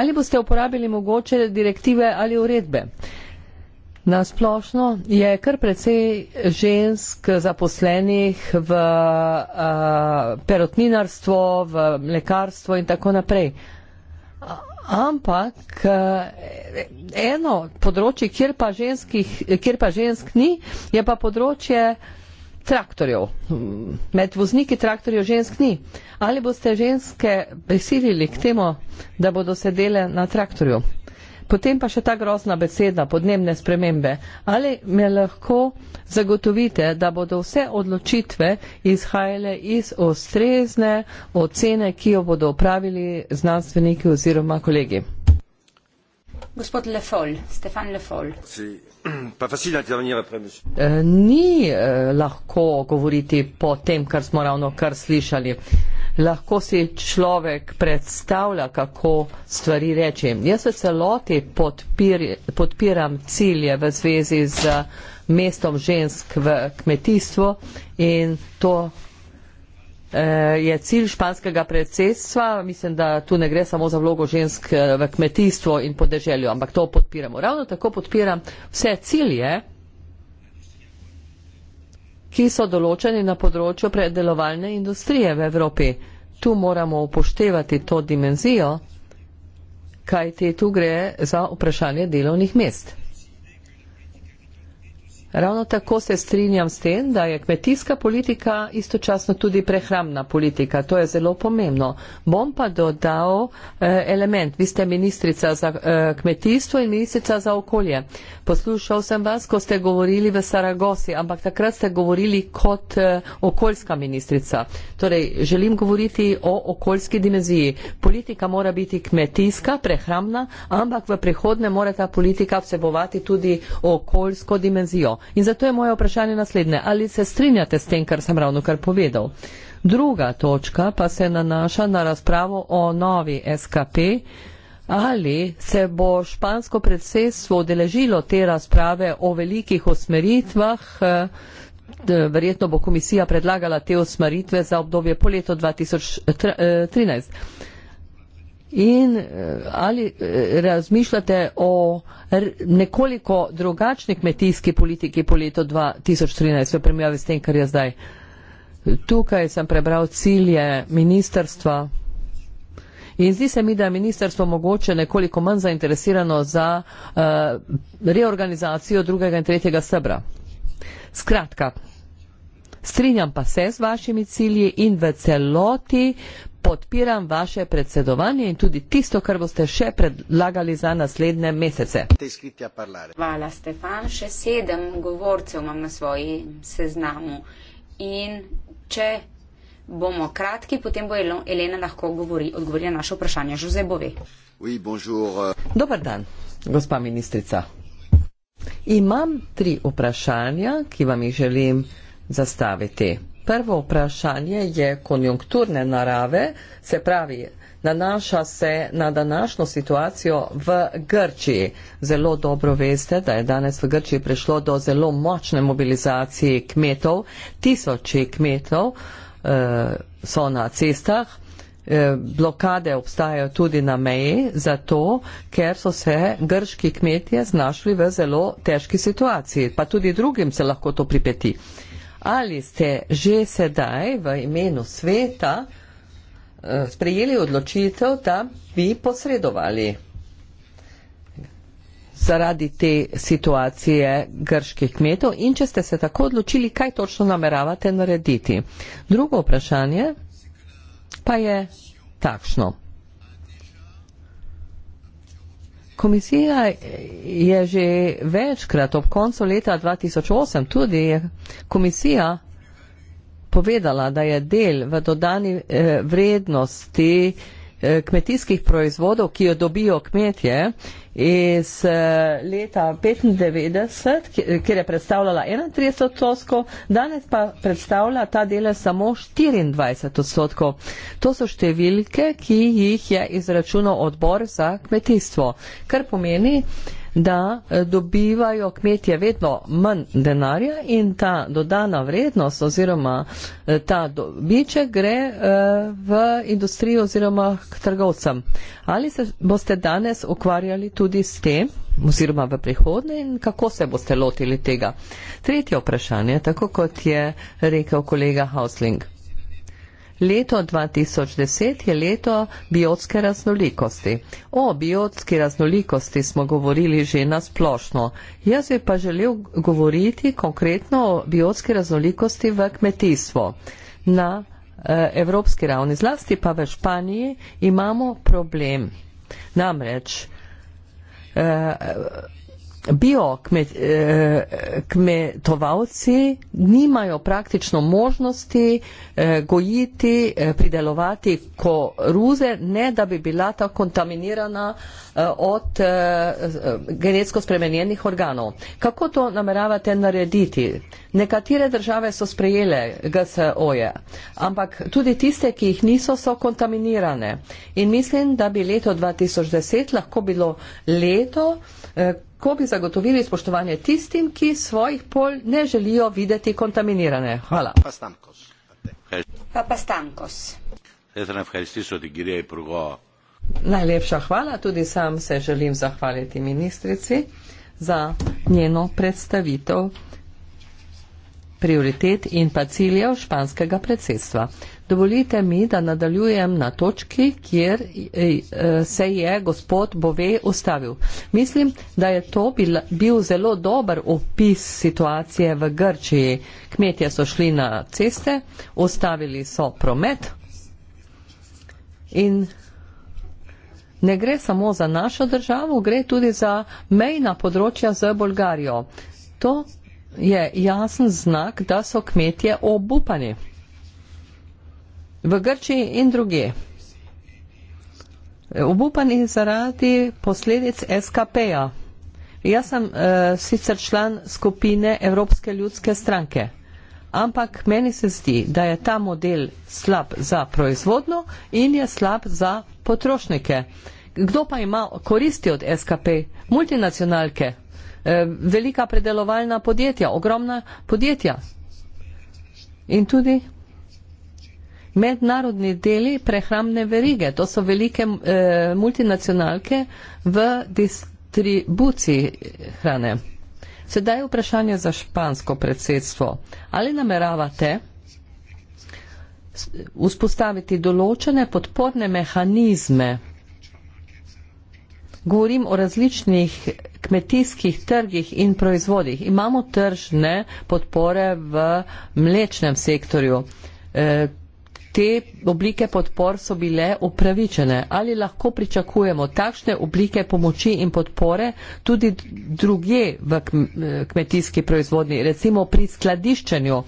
ali boste uporabili mogoče direktive ali uredbe? Na splošno je kar precej žensk zaposlenih v uh, perotninarstvo, v mlekarstvo in tako naprej. Uh, Ampak eh, eno področje, kjer pa, kjer pa žensk ni, je pa področje traktorjev. Med vozniki traktorjev žensk ni. Ali boste ženske prisilili k temu, da bodo sedele na traktorju? Potem pa še ta grozna beseda podnebne spremembe. Ali me lahko zagotovite, da bodo vse odločitve izhajale iz ustrezne ocene, ki jo bodo upravili znanstveniki oziroma kolegi? Gospod Lefol, Stefan Lefol. Si. Pa facilno intervenire prej, mislim. E, eh, ni e, lahko govoriti po tem, kar smo ravno kar slišali. Lahko si človek predstavlja, kako stvari reči. Jaz se celoti podpir, podpiram cilje v zvezi z mestom žensk v kmetijstvu in to Eh, je cilj španskega predsedstva, mislim, da tu ne gre samo za vlogo žensk eh, v kmetijstvu in podeželju, ampak to podpiramo. Ravno tako podpiram vse cilje, ki so določeni na področju predelovalne industrije v Evropi. Tu moramo upoštevati to dimenzijo, kaj te tu gre za vprašanje delovnih mest. Ravno tako se strinjam s tem, da je kmetijska politika istočasno tudi prehramna politika. To je zelo pomembno. Bom pa dodal eh, element. Vi ste ministrica za eh, kmetijstvo in ministrica za okolje. Poslušal sem vas, ko ste govorili v Saragosi, ampak takrat ste govorili kot eh, okoljska ministrica. Torej, želim govoriti o okoljski dimenziji. Politika mora biti kmetijska, prehramna, ampak v prihodne mora ta politika vsebovati tudi okoljsko dimenzijo. In zato je moje vprašanje naslednje, ali se strinjate s tem, kar sem ravno kar povedal. Druga točka pa se nanaša na razpravo o novi SKP. Ali se bo špansko predsedstvo odeležilo te razprave o velikih usmeritvah? Eh, verjetno bo komisija predlagala te usmeritve za obdobje po letu 2013. In eh, ali eh, razmišljate o nekoliko drugačni kmetijski politiki po letu 2013 v primerjavi s tem, kar je zdaj? Tukaj sem prebral cilje ministerstva in zdi se mi, da je ministerstvo mogoče nekoliko manj zainteresirano za uh, reorganizacijo drugega in tretjega sebra. Skratka, strinjam pa se z vašimi cilji in v celoti podpiram vaše predsedovanje in tudi tisto, kar boste še predlagali za naslednje mesece. Hvala, Stefan. Še sedem govorcev imam na svoji seznamu. In če bomo kratki, potem bo Elena lahko govori, odgovorila naše vprašanje. Žuze Bove. Euh. Dobar dan, gospa ministrica. Imam tri vprašanja, ki vam jih želim zastaviti. Prvo vprašanje je konjunkturne narave, se pravi, nanaša se na današnjo situacijo v Grčiji. Zelo dobro veste, da je danes v Grčiji prišlo do zelo močne mobilizacije kmetov. Tisoči kmetov eh, so na cestah, eh, blokade obstajajo tudi na meji, zato ker so se grški kmetje znašli v zelo težki situaciji, pa tudi drugim se lahko to pripeti. Eh, ali ste že sedaj v imenu sveta eh, sprejeli odločitev, da bi posredovali zaradi te situacije grških kmetov in če ste se tako odločili, kaj točno nameravate narediti. Drugo vprašanje pa je takšno. Komisija je že večkrat ob koncu leta 2008 tudi komisija povedala, da je del v dodani eh, vrednosti eh, kmetijskih proizvodov, ki jo dobijo kmetje, iz eh, leta 95, kjer je predstavljala 31 odstotkov, danes pa predstavlja ta dele samo 24 odstotkov. To so številke, ki jih je izračunal odbor za kmetijstvo, kar pomeni, da eh, dobivajo kmetje vedno manj denarja in ta dodana vrednost oziroma eh, ta dobiček gre eh, v industrijo oziroma k trgovcem. Ali se boste danes ukvarjali tudi s tem oziroma v prihodnje in kako se boste lotili tega? Tretje vprašanje, tako kot je rekel kolega Hausling. Leto 2010 je leto biotske raznolikosti. O biotski raznolikosti smo govorili že nasplošno. Jaz bi pa želel govoriti konkretno o biotski raznolikosti v kmetijstvu. Na eh, evropski ravni zlasti pa v Španiji imamo problem. Namreč, eh, bio kmet, e, eh, kmetovalci nimajo praktično možnosti e, gojiti, e, pridelovati koruze, ne da bi bila ta kontaminirana e, od e, genetsko spremenjenih organov. Kako to nameravate narediti? Nekatere države so sprejele GSO-je, ampak tudi tiste, ki jih niso, so kontaminirane. In mislim, da bi leto 2010 lahko bilo leto, e, kako bi zagotovili spoštovanje tistim, ki svojih pol ne želijo videti kontaminirane. Hvala. Najlepša hvala, tudi sam se želim zahvaliti ministrici za njeno predstavitev prioritet in pa ciljev španskega predsedstva. Dovolite mi, da nadaljujem na točki, kjer eh, se je gospod Bove ustavil. Mislim, da je to bil, bil zelo dober opis situacije v Grčiji. Kmetje so šli na ceste, ustavili so promet in ne gre samo za našo državo, gre tudi za mejna področja z Bolgarijo. To je jasen znak, da so kmetje obupani v Grčiji in druge. Obupani zaradi posledic SKP-ja. Jaz sem uh, sicer član skupine Evropske ljudske stranke, ampak meni se zdi, da je ta model slab za proizvodno in je slab za potrošnike. Kdo pa ima koristi od SKP? Multinacionalke, uh, velika predelovalna podjetja, ogromna podjetja in tudi mednarodni deli prehramne verige. To so velike eh, multinacionalke v distribuciji hrane. Sedaj je vprašanje za špansko predsedstvo. Ali nameravate vzpostaviti določene podporne mehanizme? Govorim o različnih kmetijskih trgih in proizvodih. Imamo tržne podpore v mlečnem sektorju. Eh, te oblike podpor so bile upravičene. Ali lahko pričakujemo takšne oblike pomoči in podpore tudi druge v eh, kmetijski proizvodnji, recimo pri skladiščenju,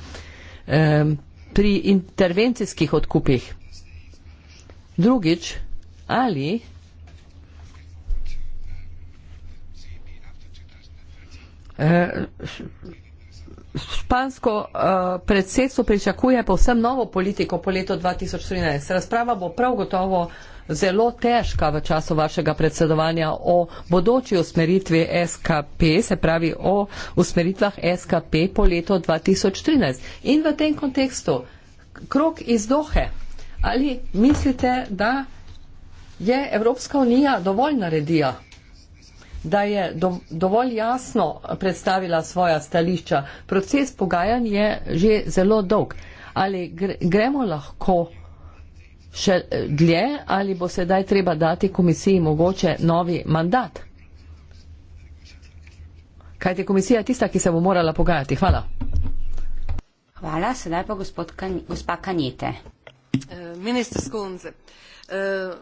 pri intervencijskih odkupih? Drugič, ali Uh, špansko uh, predsedstvo pričakuje povsem novo politiko po letu 2013. Razprava bo prav gotovo zelo težka v času vašega predsedovanja o bodoči usmeritvi SKP, se pravi o usmeritvah SKP po letu 2013. In v tem kontekstu, krok iz dohe, ali mislite, da je Evropska unija dovolj naredila da je do, dovolj jasno predstavila svoja stališča. Proces pogajanj je že zelo dolg. Ali gre, gremo lahko še dlje ali bo sedaj treba dati komisiji mogoče novi mandat? Kajte komisija je tista, ki se bo morala pogajati. Hvala. Hvala, sedaj pa gospod, gospa Kanjete. Eh, Ministr Skunze, eh,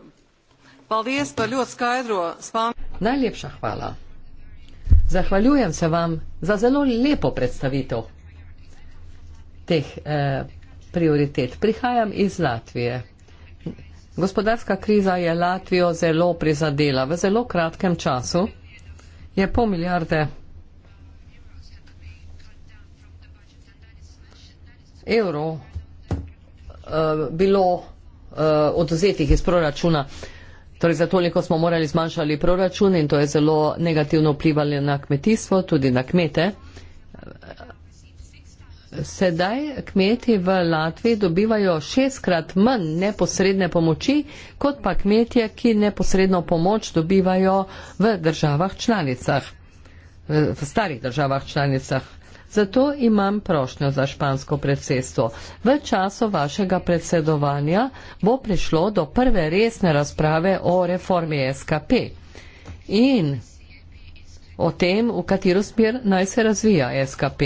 Paldies par ļoti skaidro spāņu. Najlepša hvala. Zahvaljujem se vam za zelo lepo predstavitev teh eh, prioritet. Prihajam iz Latvije. Gospodarska kriza je Latvijo zelo prizadela. V zelo kratkem času je pol milijarde evrov eh, bilo eh, odozetih iz proračuna. Eh, Torej, za toliko smo morali zmanjšati proračun in to je zelo negativno vplivalo na kmetijstvo, tudi na kmete. Sedaj kmetje v Latviji dobivajo šestkrat manj neposredne pomoči, kot pa kmetje, ki neposredno pomoč dobivajo v državah članicah, v starih državah članicah. Zato imam prošnjo za špansko predsedstvo. V času vašega predsedovanja bo prišlo do prve resne razprave o reformi SKP in o tem, v katero smer naj se razvija SKP.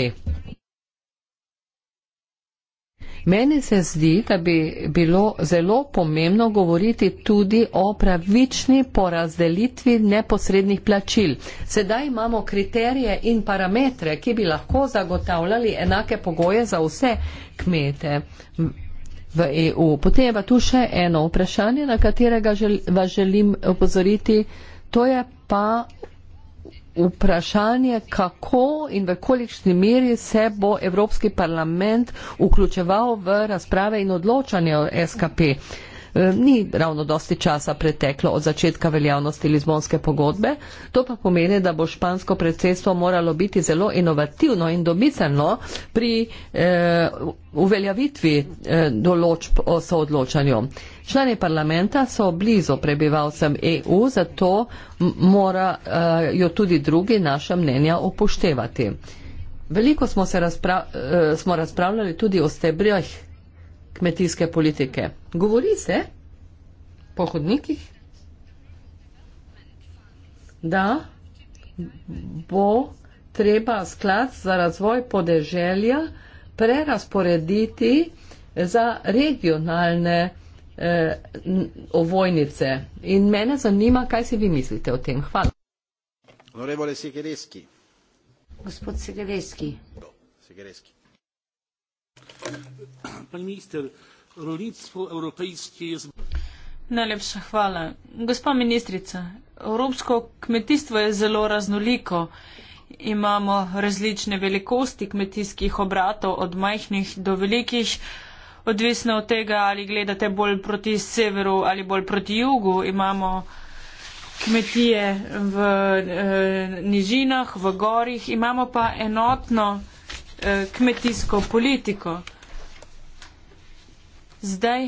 Meni se zdi, da bi bilo zelo pomembno govoriti tudi o pravični porazdelitvi neposrednih plačil. Sedaj imamo kriterije in parametre, ki bi lahko zagotavljali enake pogoje za vse kmete v EU. Potem je pa tu še eno vprašanje, na katerega vas želim opozoriti. To je pa vprašanje, kako in v kolikšni meri se bo Evropski parlament vključeval v razprave in odločanje o SKP. Uh, E, ni ravno dosti časa preteklo od začetka veljavnosti Lizbonske pogodbe. To pa pomeni, da bo špansko predsedstvo moralo biti zelo inovativno in domiselno pri eh, uveljavitvi eh, določb o soodločanju. Člani parlamenta so blizu prebivalcem EU, zato morajo e, eh, tudi drugi naša mnenja upoštevati. Veliko smo, razpra e, smo razpravljali tudi o stebrih kmetijske politike. Govori se po hodnikih, da bo treba sklad za razvoj podeželja prerasporediti za regionalne eh, ovojnice. In mene zanima, kaj si vi mislite o tem. Hvala. Gospod Segereski. Pani minister, rolnictwo europejskie jest. Najlepša hvala. Gospa ministrica, evropsko kmetijstvo je zelo raznoliko. Imamo različne velikosti kmetijskih obratov, od majhnih do velikih, odvisno od tega, ali gledate bolj proti severu ali bolj proti jugu. Imamo kmetije v e, nižinah, v gorih, imamo pa enotno Eh, kmetijsko politiko. Zdaj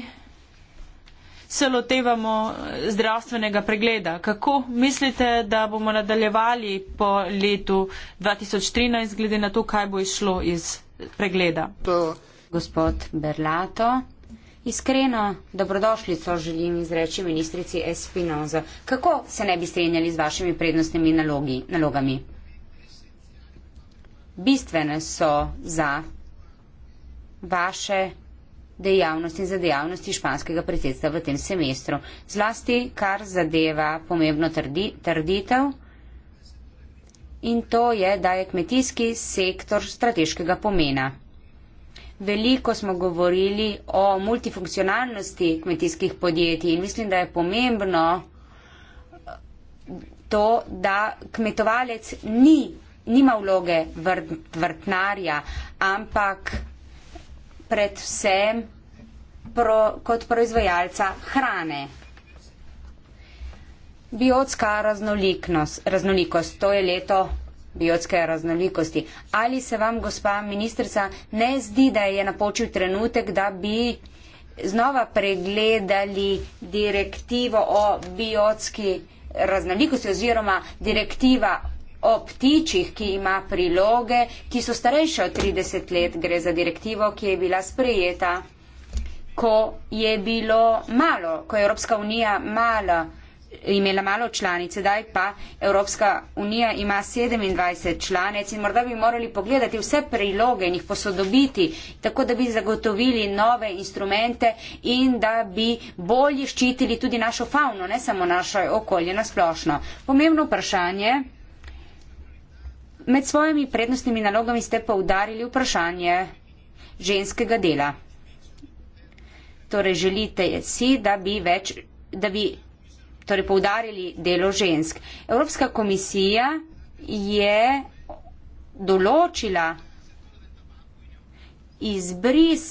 se lotevamo zdravstvenega pregleda. Kako mislite, da bomo nadaljevali po letu 2013, glede na to, kaj bo išlo iz pregleda? Gospod Berlato. Iskreno dobrodošlico želim izreči ministrici Espinoza. Kako se ne bi strenjali z vašimi prednostnimi nalogi, nalogami? bistvene so za vaše dejavnosti in za dejavnosti španskega predsedstva v tem semestru. Zlasti, kar zadeva pomembno trdi, trditev in to je, da je kmetijski sektor strateškega pomena. Veliko smo govorili o multifunkcionalnosti kmetijskih podjetij in mislim, da je pomembno to, da kmetovalec ni nima vloge vrt, vrtnarja, ampak predvsem pro, kot proizvajalca hrane. Biotska raznolikost, to je leto biotske raznolikosti. Ali se vam, gospa ministrica, ne zdi, da je napočil trenutek, da bi znova pregledali direktivo o biotski raznolikosti oziroma direktiva o ptičih, ki ima priloge, ki so starejše od 30 let, gre za direktivo, ki je bila sprejeta, ko je bilo malo, ko je Evropska unija mala, imela malo članic, sedaj pa Evropska unija ima 27 članic in morda bi morali pogledati vse priloge in jih posodobiti, tako da bi zagotovili nove instrumente in da bi bolje ščitili tudi našo fauno, ne samo naše okolje na splošno. Pomembno vprašanje, Med svojimi prednostnimi nalogami ste poudarili vprašanje ženskega dela. Torej želite si, da bi več, da bi torej poudarili delo žensk. Evropska komisija je določila izbris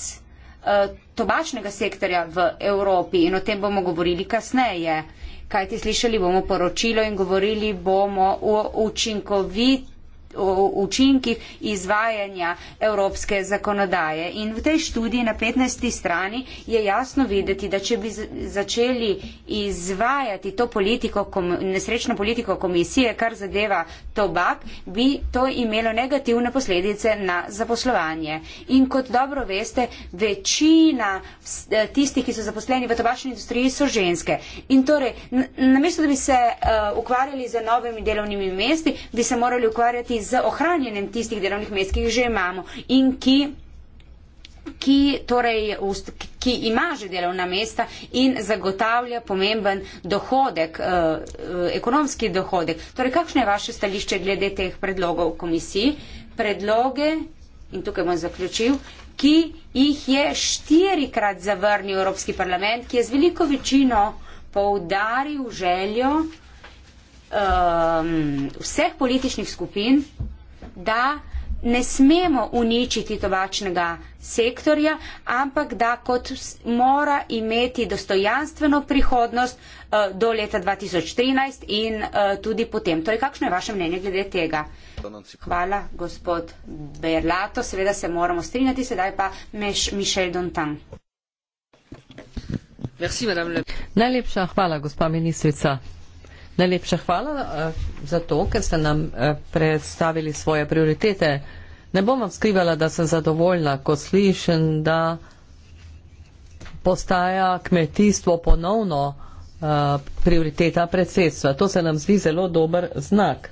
uh, tobačnega sektorja v Evropi in o tem bomo govorili kasneje. Kajti slišali bomo poročilo in govorili bomo o učinkovitosti o učinkih izvajanja evropske zakonodaje. In v tej študiji na 15. strani je jasno videti, da če bi začeli izvajati to politiko, nesrečno politiko komisije, kar zadeva tobak, bi to imelo negativne posledice na zaposlovanje. In kot dobro veste, večina eh, tistih, ki so zaposleni v tobačni industriji, so ženske. In torej, namesto, da bi se uh, ukvarjali z novimi delovnimi mesti, bi se morali ukvarjati z ohranjenjem tistih delovnih mest, ki jih že imamo in ki. Ki, torej, ki ima že delovna mesta in zagotavlja pomemben dohodek, eh, eh, ekonomski dohodek. Torej, kakšno je vaše stališče glede teh predlogov komisiji? Predloge, in tukaj bom zaključil, ki jih je štirikrat zavrnil Evropski parlament, ki je z veliko večino poudaril željo um, vseh političnih skupin, da ne smemo uničiti tobačnega sektorja, ampak da kot mora imeti dostojanstveno prihodnost uh, do leta 2013 in uh, tudi potem. Torej, kakšno je vaše mnenje glede tega? Hvala, gospod Berlato. Seveda se moramo strinjati, sedaj pa meš Mišel Dontan. Merci, Najlepša hvala, gospa ministrica. Najlepša hvala eh, za to, ker ste nam eh, predstavili svoje prioritete. Ne bom vam skrivala, da sem zadovoljna, ko slišim, da postaja kmetijstvo ponovno eh, prioriteta predsedstva. To se nam zdi zelo dober znak.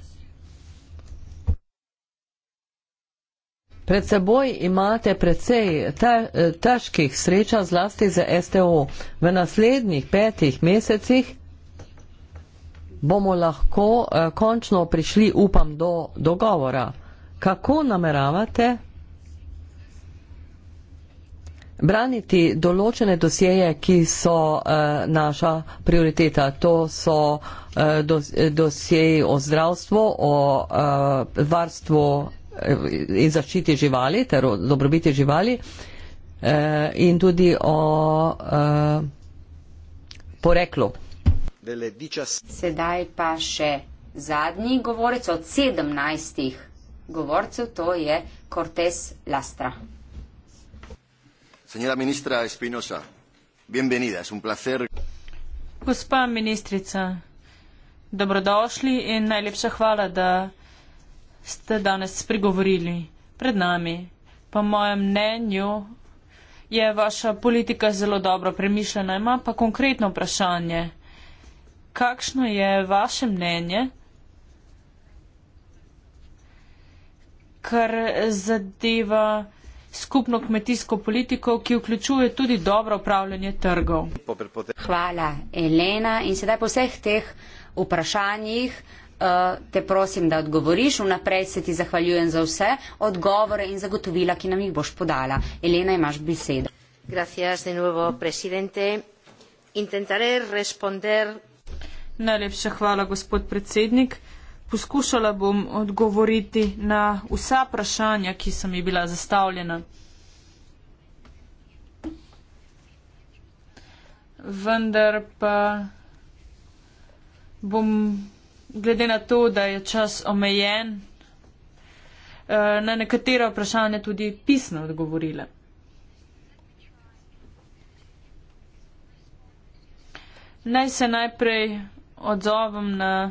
Pred seboj imate precej težkih srečanj zlasti za STO. V naslednjih petih mesecih bomo lahko eh, končno prišli, upam, do dogovora. Kako nameravate braniti določene dosjeje, ki so eh, naša prioriteta? To so eh, dos dosjeji o zdravstvu, o eh, varstvu eh, in zaščiti živali ter o dobrobiti živali eh, in tudi o eh, poreklu delle Sedaj pa še zadnji govorec od sedemnajstih govorcev, to je Cortés Lastra. Senjora ministra Espinosa, bienvenida, es un placer. Gospa ministrica, dobrodošli in najlepša hvala, da ste danes spregovorili pred nami. Po mojem mnenju je vaša politika zelo dobro premišljena, ima pa konkretno vprašanje kakšno je vaše mnenje, kar zadeva skupno kmetijsko politiko, ki vključuje tudi dobro upravljanje trgov. Hvala, Elena. In sedaj po vseh teh vprašanjih eh, te prosim, da odgovoriš. Vnaprej se ti zahvaljujem za vse odgovore in zagotovila, ki nam jih boš podala. Elena, imaš besedo. Gracias de nuevo, presidente. Intentaré responder Najlepša hvala, gospod predsednik. Poskušala bom odgovoriti na vsa vprašanja, ki so mi bila zastavljena. Vendar pa bom, glede na to, da je čas omejen, eh, na nekatera vprašanja tudi pisno odgovorila. Naj se najprej odzovem na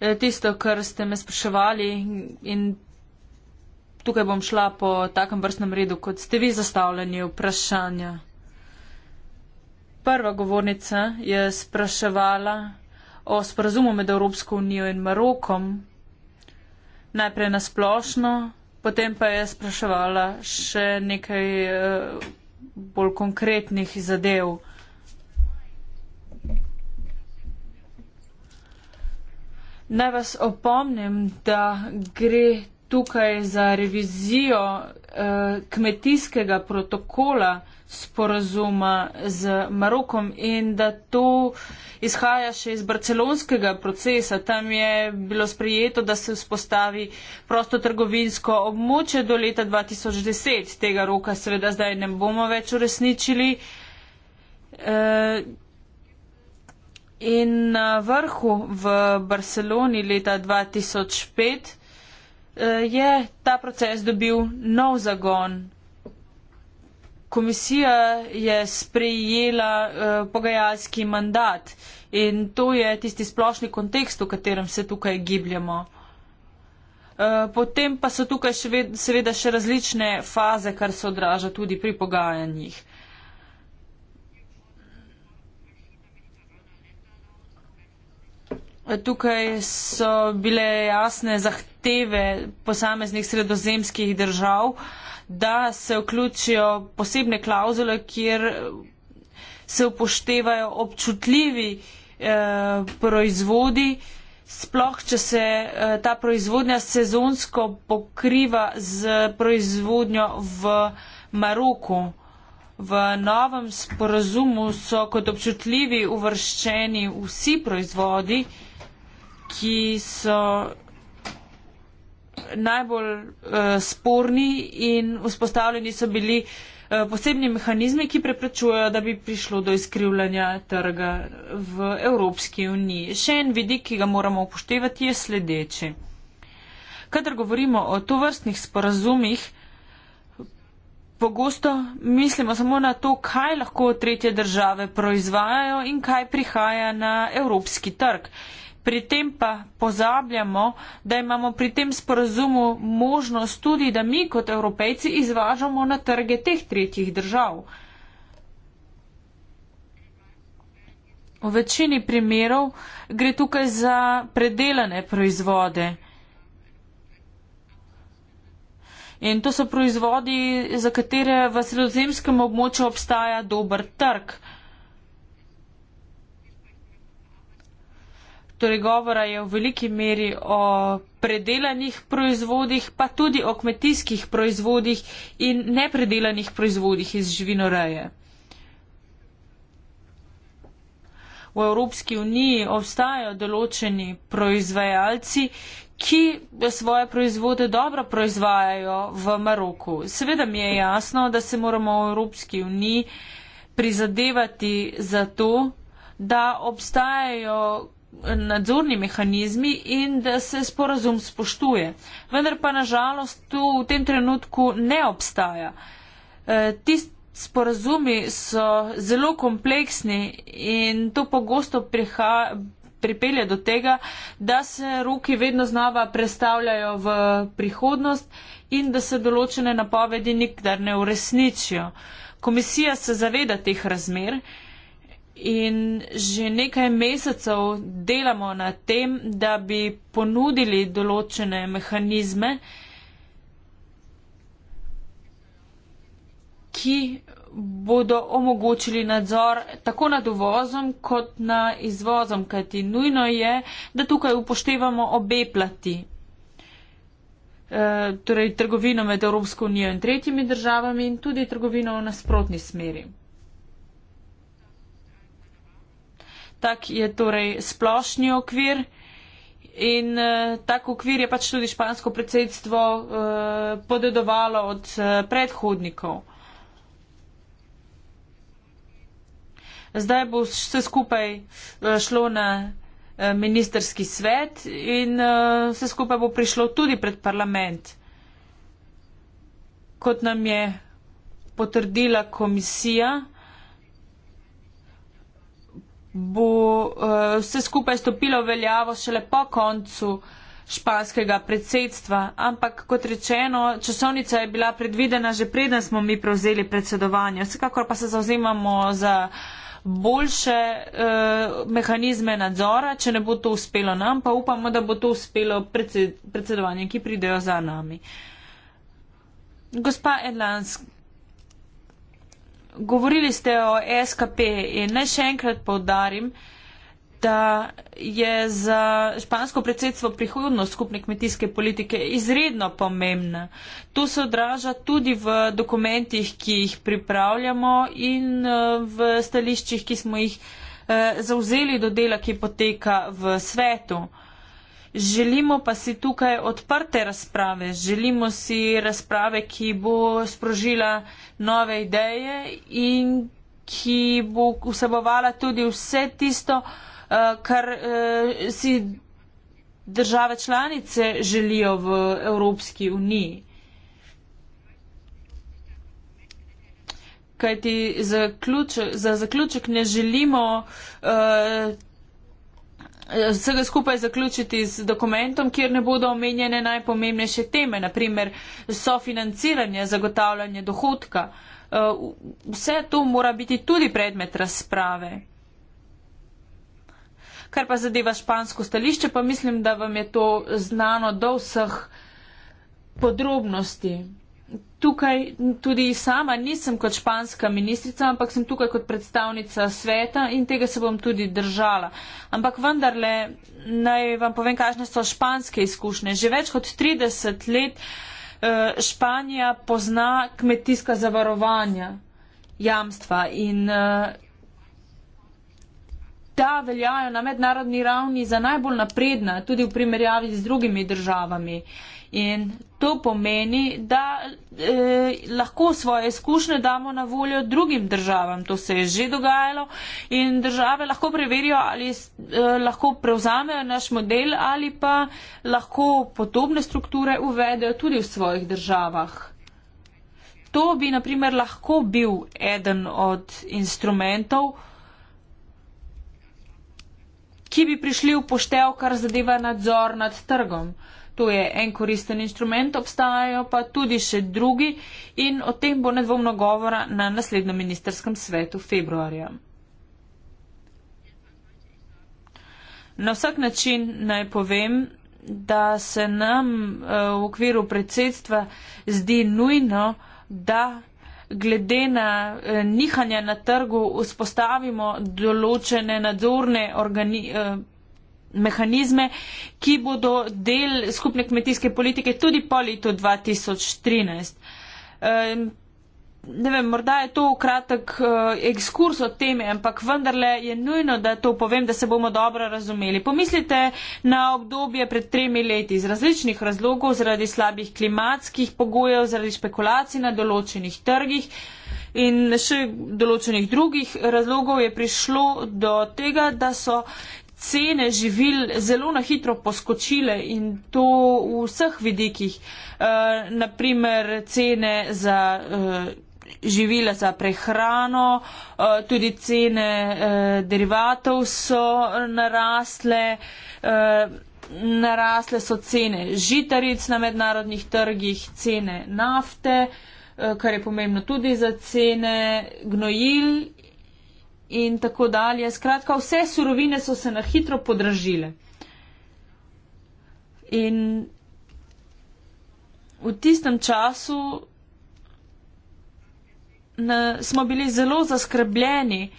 eh, tisto, kar ste me spraševali in tukaj bom šla po takem vrstnem redu, kot ste vi zastavljeni vprašanja. Prva govornica je spraševala o sporazumu med Evropsko unijo in Marokom, najprej na splošno, potem pa je spraševala še nekaj eh, bolj konkretnih zadev. Naj vas opomnim, da gre tukaj za revizijo eh, kmetijskega protokola sporazuma z Marokom in da to izhaja še iz barcelonskega procesa. Tam je bilo sprejeto, da se vzpostavi prostotrgovinsko območje do leta 2010. Tega roka seveda zdaj ne bomo več uresničili. Eh, In na vrhu v Barceloni leta 2005 eh, je ta proces dobil nov zagon. Komisija je sprejela eh, pogajalski mandat in to je tisti splošni kontekst, v katerem se tukaj gibljamo. Eh, potem pa so tukaj še ved, seveda še različne faze, kar se odraža tudi pri pogajanjih. Tukaj so bile jasne zahteve posameznih sredozemskih držav, da se vključijo posebne klauzule, kjer se upoštevajo občutljivi eh, proizvodi, sploh če se eh, ta proizvodnja sezonsko pokriva z proizvodnjo v Maroku. V novem sporazumu so kot občutljivi uvrščeni vsi proizvodi, ki so najbolj uh, sporni in vzpostavljeni so bili uh, posebni mehanizmi, ki preprečujejo, da bi prišlo do izkrivljanja trga v Evropski uniji. Še en vidik, ki ga moramo upoštevati, je sledeči. Kadar govorimo o tovrstnih sporazumih, pogosto mislimo samo na to, kaj lahko tretje države proizvajajo in kaj prihaja na evropski trg pri tem pa pozabljamo, da imamo pri tem sporazumu možnost tudi, da mi kot evropejci izvažamo na trge teh tretjih držav. V večini primerov gre tukaj za predelane proizvode. In to so proizvodi, za katere v sredozemskem območju obstaja dober trg. Torej, govora je v veliki meri o predelanih proizvodih, pa tudi o kmetijskih proizvodih in nepredelanih proizvodih iz živinoreje. V Evropski uniji obstajajo določeni proizvajalci, ki svoje proizvode dobro proizvajajo v Maroku. Seveda mi je jasno, da se moramo v Evropski uniji prizadevati za to, da obstajajo nadzorni mehanizmi in da se sporazum spoštuje. Vendar pa nažalost to v tem trenutku ne obstaja. E, ti sporazumi so zelo kompleksni in to pogosto pripelje do tega, da se roki vedno znova predstavljajo v prihodnost in da se določene napovedi nikdar ne uresničijo. Komisija se zaveda teh razmer in že nekaj mesecev delamo na tem, da bi ponudili določene mehanizme, ki bodo omogočili nadzor tako nad uvozom kot na izvozom, kajti nujno je, da tukaj upoštevamo obe plati. E, torej trgovino med Evropsko unijo in tretjimi državami in tudi trgovino v nasprotni smeri. Tak je torej splošni okvir in uh, tak okvir je pač tudi špansko predsedstvo uh, podedovalo od uh, predhodnikov. Zdaj bo vse skupaj šlo na ministerski svet in vse skupaj bo prišlo tudi pred parlament, kot nam je potrdila komisija bo uh, vse skupaj stopilo veljavo šele po koncu španskega predsedstva. Ampak, kot rečeno, časovnica je bila predvidena že preden smo mi prevzeli predsedovanje. Vsekakor pa se zauzemamo za boljše uh, mehanizme nadzora, če ne bo to uspelo nam, pa upamo, da bo to uspelo predsedovanje, ki pridejo za nami. Gospa Edlanska govorili ste o SKP in naj še enkrat povdarim, da je za špansko predsedstvo prihodnost skupne kmetijske politike izredno pomembna. To se odraža tudi v dokumentih, ki jih pripravljamo in eh, v stališčih, ki smo jih eh, zauzeli do dela, ki poteka v svetu. Želimo pa si tukaj odprte razprave, želimo si razprave, ki bo sprožila nove ideje in ki bo vsebovala tudi vse tisto, eh, kar eh, si države članice želijo v Evropski uniji. Kajti za zaključek ne želimo uh, Eh, vsega skupaj zaključiti z dokumentom, kjer ne bodo omenjene najpomembnejše teme, naprimer sofinanciranje, zagotavljanje dohodka. Eh, vse to mora biti tudi predmet razprave. Kar pa zadeva špansko stališče, pa mislim, da vam je to znano do vseh podrobnosti tukaj tudi sama nisem kot španska ministrica, ampak sem tukaj kot predstavnica sveta in tega se bom tudi držala. Ampak vendarle, naj vam povem, kakšne so španske izkušnje. Že več kot 30 let eh, Španija pozna kmetijska zavarovanja, jamstva in eh, ta veljajo na mednarodni ravni za najbolj napredna, tudi v primerjavi z drugimi državami. In To pomeni, da eh, lahko svoje izkušnje damo na voljo drugim državam. To se je že dogajalo in države lahko preverijo, ali eh, lahko prevzamejo naš model ali pa lahko podobne strukture uvedejo tudi v svojih državah. To bi naprimer lahko bil eden od instrumentov, ki bi prišli v poštev, kar zadeva nadzor nad trgom to je en koristen inštrument, obstajajo pa tudi še drugi in o tem bo nedvomno govora na naslednjem ministerskem svetu februarja. Na vsak način naj povem, da se nam eh, v okviru predsedstva zdi nujno, da glede na eh, nihanja na trgu vzpostavimo določene nadzorne organizacije eh, mehanizme, ki bodo del skupne kmetijske politike tudi po letu 2013. Ne vem, morda je to kratek eh, ekskurs od teme, ampak vendarle je nujno, da to povem, da se bomo dobro razumeli. Pomislite na obdobje pred tremi leti iz različnih razlogov, zaradi slabih klimatskih pogojev, zaradi špekulacij na določenih trgih in še določenih drugih razlogov je prišlo do tega, da so cene živil zelo na hitro poskočile in to v vseh vidikih. E, eh, naprimer cene za e, živila za prehrano, e, tudi cene e, derivatov so narasle. E, Narasle so cene žitaric na mednarodnih trgih, cene nafte, kar je pomembno tudi za cene gnojil in tako dalje. Skratka, vse surovine so se na hitro podražile. In v tistem času na, smo bili zelo zaskrbljeni,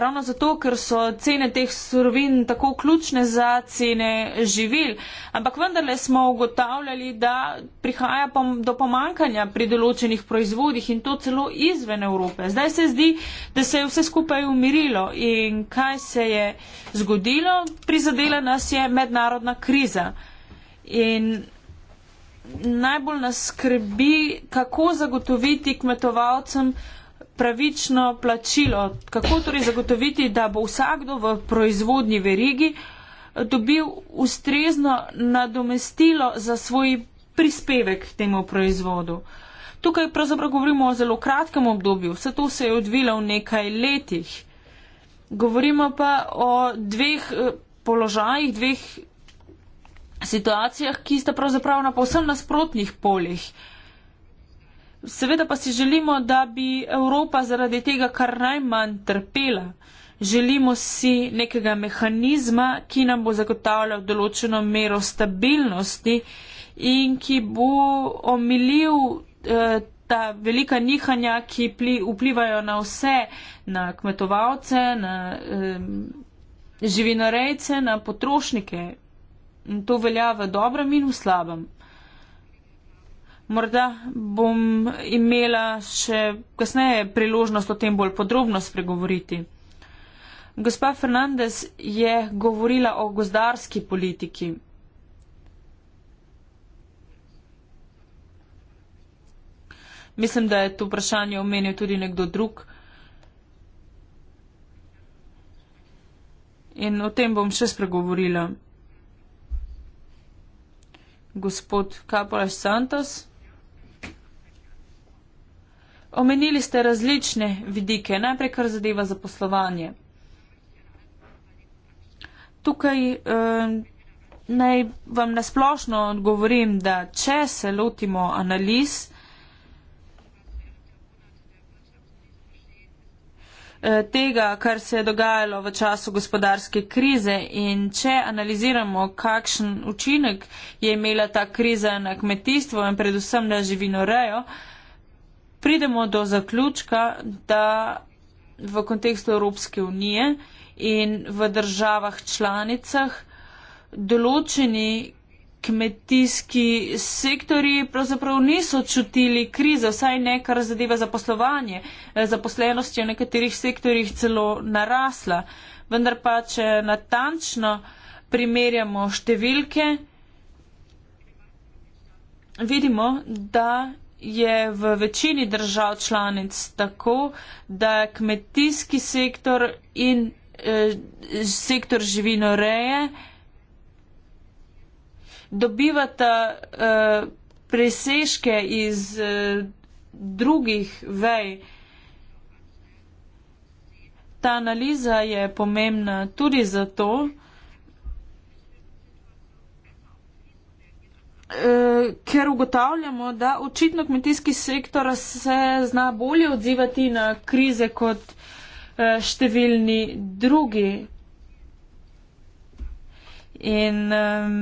ravno zato, ker so cene teh surovin tako ključne za cene živil. Ampak vendarle smo ugotavljali, da prihaja pom do pomankanja pri določenih proizvodih in to celo izven Evrope. Zdaj se zdi, da se je vse skupaj umirilo in kaj se je zgodilo, prizadela nas je mednarodna kriza. In najbolj nas skrbi, kako zagotoviti kmetovalcem, pravično plačilo? Kako torej zagotoviti, da bo vsakdo v proizvodni verigi eh, dobil ustrezno nadomestilo za svoj prispevek k temu proizvodu? Tukaj pravzaprav govorimo o zelo kratkem obdobju, vse to se je odvilo v nekaj letih. Govorimo pa o dveh eh, položajih, dveh situacijah, ki sta pravzaprav na povsem nasprotnih poljih. Seveda pa si želimo, da bi Evropa zaradi tega kar najmanj trpela. Želimo si nekega mehanizma, ki nam bo zagotavljal določeno mero stabilnosti in ki bo omilil eh, ta velika nihanja, ki pli, vplivajo na vse, na kmetovalce, na eh, živinorejce, na potrošnike. In to velja v dobrem in v slabem. Morda bom imela še kasneje priložnost o tem bolj podrobno spregovoriti. Gospa Fernandez je govorila o gozdarski politiki. Mislim, da je to vprašanje omenil tudi nekdo drug. In o tem bom še spregovorila. Gospod Kapolaš Santos. Omenili ste različne vidike, najprej kar zadeva zaposlovanje. Tukaj eh, naj vam nasplošno odgovorim, da če se lotimo analiz, eh, tega, kar se je dogajalo v času gospodarske krize in če analiziramo, kakšen učinek je imela ta kriza na kmetijstvo in predvsem na živino rejo, eh, pridemo do zaključka, da v kontekstu Evropske unije in v državah članicah določeni kmetijski sektori pravzaprav niso čutili krize, vsaj ne kar zadeva zaposlovanje. Eh, zaposlenost je v nekaterih sektorjih celo narasla. Vendar pa, če natančno primerjamo številke, vidimo, da je v večini držav članic tako, da kmetijski sektor in eh, sektor živinoreje dobivata eh, presežke iz eh, drugih vej. Ta analiza je pomembna tudi zato, Eh, ker ugotavljamo, da očitno kmetijski sektor se zna bolje odzivati na krize kot eh, številni drugi. In um,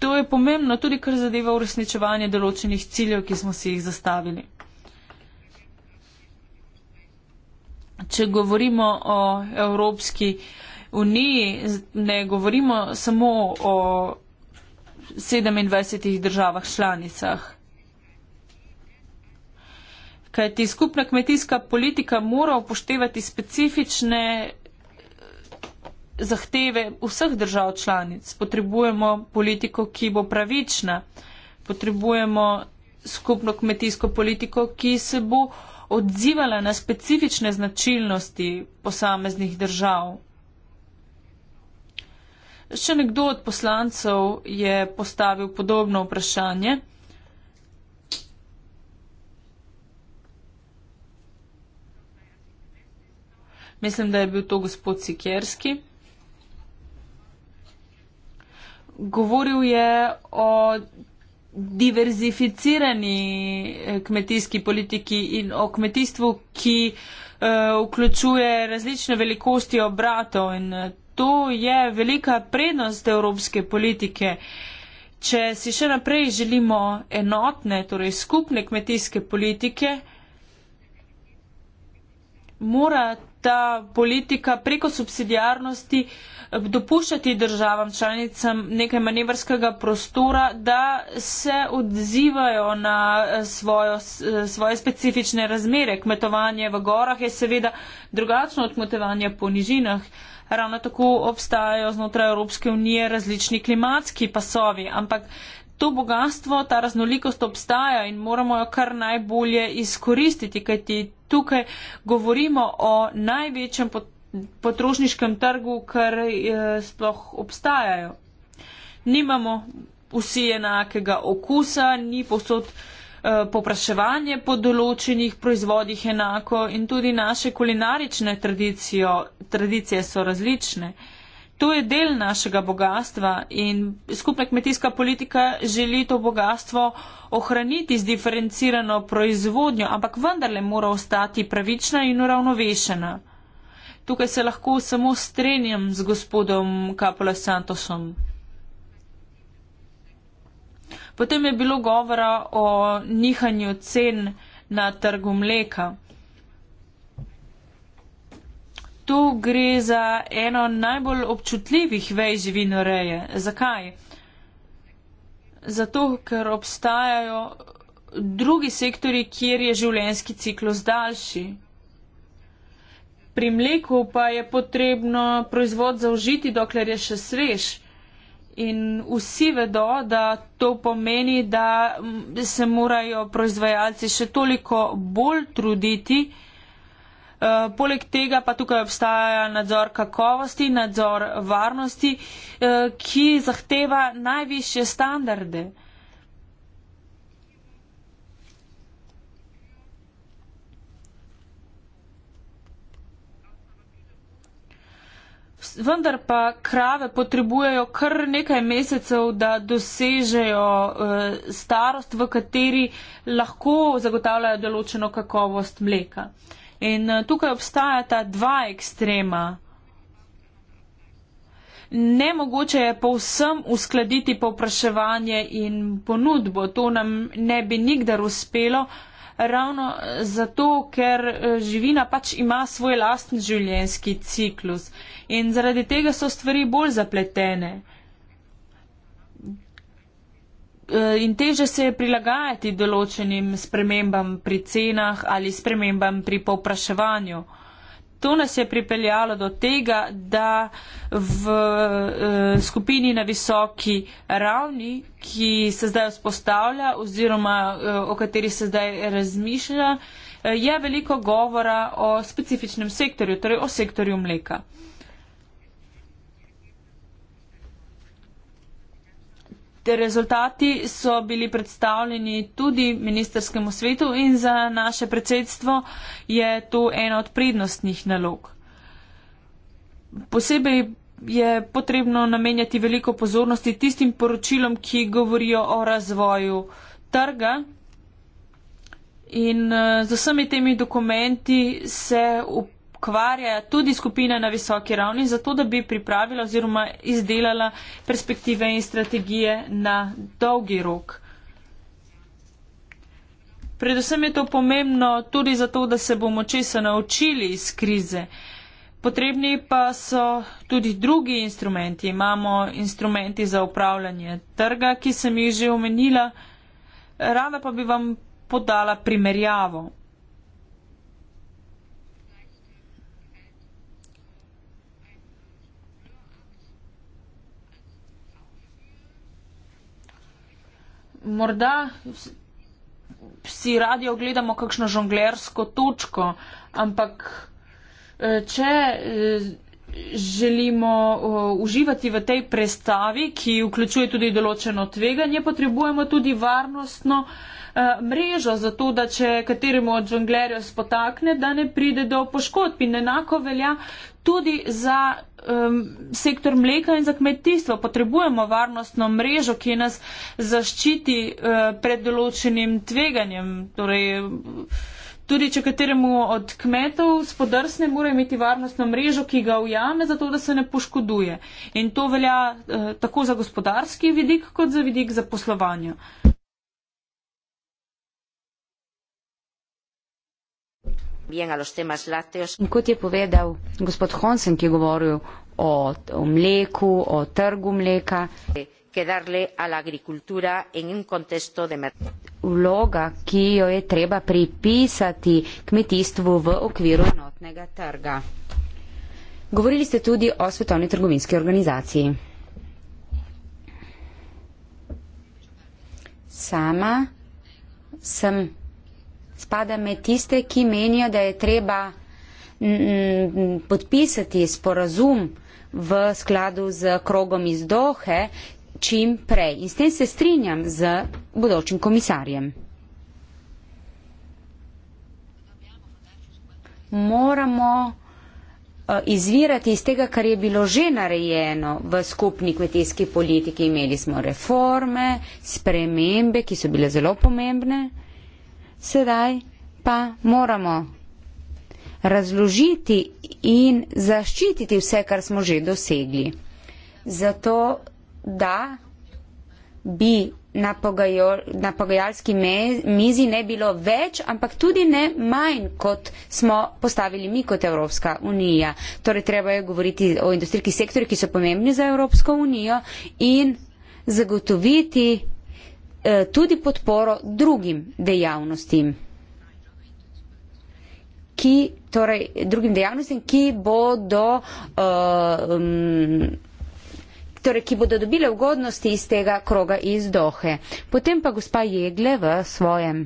to je pomembno tudi, kar zadeva uresničevanje določenih ciljev, ki smo si jih zastavili. Če govorimo o Evropski uniji, ne govorimo samo o 27 državah članicah. Kajti skupna kmetijska politika mora upoštevati specifične eh, zahteve vseh držav članic. Potrebujemo politiko, ki bo pravična. Potrebujemo skupno kmetijsko politiko, ki se bo odzivala na specifične značilnosti posameznih držav. Še nekdo od poslancev je postavil podobno vprašanje. Mislim, da je bil to gospod Sikerski. Govoril je o diverzificirani eh, kmetijski politiki in o kmetijstvu, ki uh, vključuje različne velikosti obratov in uh, to je velika prednost evropske politike. Če si še naprej želimo enotne, torej skupne kmetijske politike, mora ta politika preko subsidijarnosti eh, dopuščati državam članicam nekaj manevrskega prostora, da se odzivajo na eh, svojo, eh, svoje specifične razmere. Kmetovanje v gorah je seveda drugačno od kmetovanja po nižinah. Ravno tako obstajajo znotraj Evropske unije različni klimatski pasovi, ampak to bogatstvo, ta raznolikost obstaja in moramo jo kar najbolje izkoristiti, kajti tukaj govorimo o največjem pot potrošniškem trgu, kar e, sploh obstajajo. Nimamo vsi enakega okusa, ni posod. Eh, popraševanje po določenih proizvodih enako in tudi naše kulinarične tradicijo, tradicije so različne. To je del našega bogatstva in skupna kmetijska politika želi to bogatstvo ohraniti z diferencirano proizvodnjo, ampak vendarle mora ostati pravična in uravnovešena. Tukaj se lahko samo strenjam z gospodom Kapola Santosom. Potem je bilo govora o nihanju cen na trgu mleka. Tu gre za eno najbolj občutljivih vej živinoreje. Zakaj? Zato, ker obstajajo drugi sektori, kjer je življenjski ciklus daljši. Pri mleku pa je potrebno proizvod zaužiti, dokler je še svež in vsi vedo, da to pomeni, da se morajo proizvajalci še toliko bolj truditi. Eh, poleg tega pa tukaj obstaja nadzor kakovosti, nadzor varnosti, eh, ki zahteva najvišje standarde. vendar pa krave potrebujejo kar nekaj mesecev, da dosežejo eh, starost, v kateri lahko zagotavljajo določeno kakovost mleka. In eh, tukaj obstajata dva ekstrema. Nemogoče je povsem uskladiti povpraševanje in ponudbo. To nam ne bi nikdar uspelo, ravno eh, zato, ker živina pač ima svoj lasten življenjski ciklus in zaradi tega so stvari bolj zapletene. Eh, in teže se je prilagajati določenim spremembam pri cenah ali spremembam pri povpraševanju. To nas je pripeljalo do tega, da v eh, skupini na visoki ravni, ki se zdaj vzpostavlja oziroma eh, o kateri se zdaj razmišlja, je veliko govora o specifičnem sektorju, torej o sektorju mleka. rezultati so bili predstavljeni tudi ministerskemu svetu in za naše predsedstvo je to ena od prednostnih nalog. Posebej je potrebno namenjati veliko pozornosti tistim poročilom, ki govorijo o razvoju trga. In eh, z vsemi temi dokumenti se upravljamo ukvarja tudi skupina na visoki ravni, zato da bi pripravila oziroma izdelala perspektive in strategije na dolgi rok. Predvsem je to pomembno tudi zato, da se bomo česa naučili iz krize. Potrebni pa so tudi drugi instrumenti. Imamo instrumenti za upravljanje trga, ki sem jih že omenila. Rada pa bi vam podala primerjavo. morda si radi ogledamo kakšno žonglersko točko, ampak eh, če eh, želimo eh, uživati v tej prestavi, ki vključuje tudi določeno tveganje, potrebujemo tudi varnostno mrežo, zato da če kateremu od žonglerjev spotakne, da ne pride do poškodb in enako velja tudi za Um, sektor mleka in za kmetijstvo. Potrebujemo varnostno mrežo, ki nas zaščiti uh, pred določenim tveganjem. Torej, tudi če kateremu od kmetov spodrsne, mora imeti varnostno mrežo, ki ga ujame, zato da se ne poškoduje. In to velja uh, tako za gospodarski vidik, kot za vidik zaposlovanja. Kot je povedal gospod Honsen, ki je govoril o, o mleku, o trgu mleka, vloga, ki jo je treba pripisati kmetijstvu v okviru enotnega trga. Govorili ste tudi o svetovni trgovinski organizaciji. Sama sem spadam med tiste, ki menijo, da je treba podpisati sporazum v skladu z krogom iz Dohe čim prej. In s tem se strinjam z bodočim komisarjem. Moramo e, izvirati iz tega, kar je bilo že narejeno v skupni kmetijski politiki. Imeli smo reforme, spremembe, ki so bile zelo pomembne sedaj pa moramo razložiti in zaščititi vse, kar smo že dosegli. Zato, da bi na, pogajo, na pogajalski mizi ne bilo več, ampak tudi ne manj, kot smo postavili mi kot Evropska unija. Torej, treba je govoriti o industrijskih sektorjih, ki so pomembni za Evropsko unijo in zagotoviti Eh, tudi podporo drugim dejavnostim, ki, torej, drugim dejavnostim, ki bodo uh, um, Torej, ki bodo dobile ugodnosti iz tega kroga iz Dohe. Potem pa gospa Jegle v svojem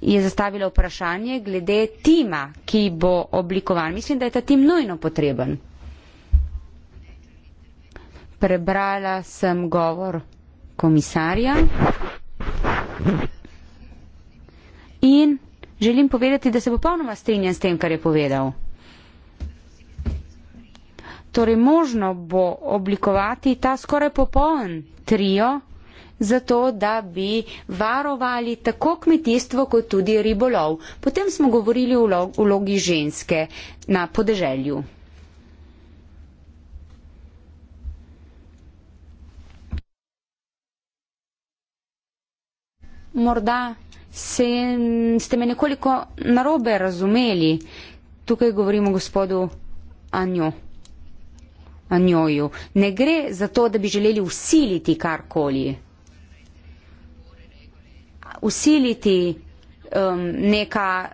je zastavila vprašanje glede tima, ki bo oblikovan. Mislim, da je ta tim nujno potreben. Prebrala sem govor komisarja. In želim povedati, da se popolnoma strinjam s tem, kar je povedal. Torej, možno bo oblikovati ta skoraj popoln trio, zato da bi varovali tako kmetijstvo, kot tudi ribolov. Potem smo govorili o vlogi ženske na podeželju. morda se, ste me nekoliko narobe razumeli. Tukaj govorimo gospodu Anjo. Anjoju. Ne gre za to, da bi želeli usiliti karkoli. Usiliti um, neka